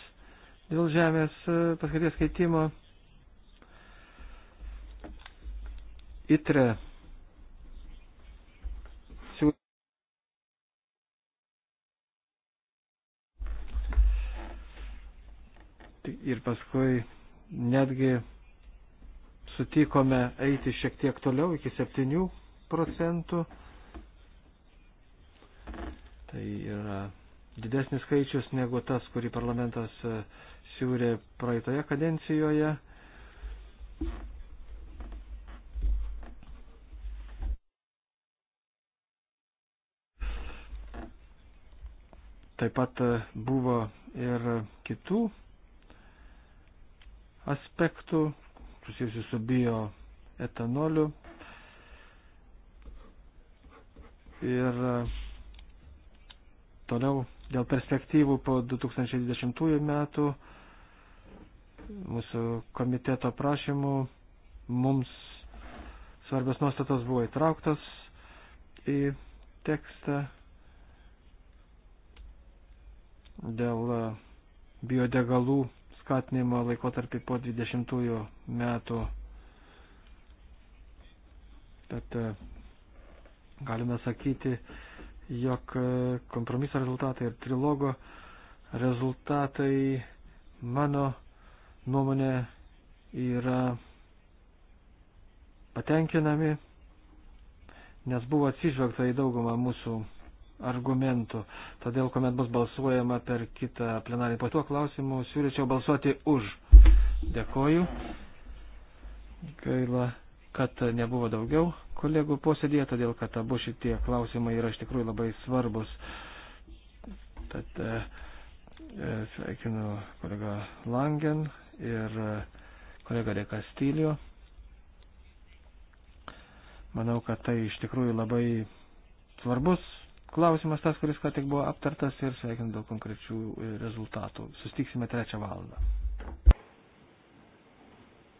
dėl žemės e, paskirties keitimo ITRE tai ir paskui netgi sutikome eiti šiek tiek toliau iki 7 procentų. Tai yra didesnis skaičius negu tas, kurį parlamentas e, siūlė praeitoje kadencijoje. Taip pat e, buvo ir kitų aspektų susijusių su bio etanoliu. Ir e, toliau dėl perspektyvų po 2020 metų mūsų komiteto prašymų mums svarbios nuostatos buvo įtrauktos į tekstą dėl e, biodegalų skatinimo laikotarpį po 20 metų. Tad e, galime sakyti, jog e, kompromiso rezultatai ir trilogo rezultatai mano nuomonė yra patenkinami, nes buvo atsižvelgta į daugumą mūsų argumentų. Todėl, kuomet bus balsuojama per kitą plenarį po tuo klausimu, siūlyčiau balsuoti už. Dėkoju. Gaila, kad nebuvo daugiau kolegų posėdėje, todėl, kad abu šitie klausimai yra iš tikrųjų labai svarbus. Tad e, e sveikinu kolega Langen ir e, kolega De Castillo. Manau, kad tai iš tikrųjų labai svarbus klausimas tas, kuris ką tik buvo aptartas ir sveikinu dėl konkrečių e, rezultatų. Sustiksime trečią valandą.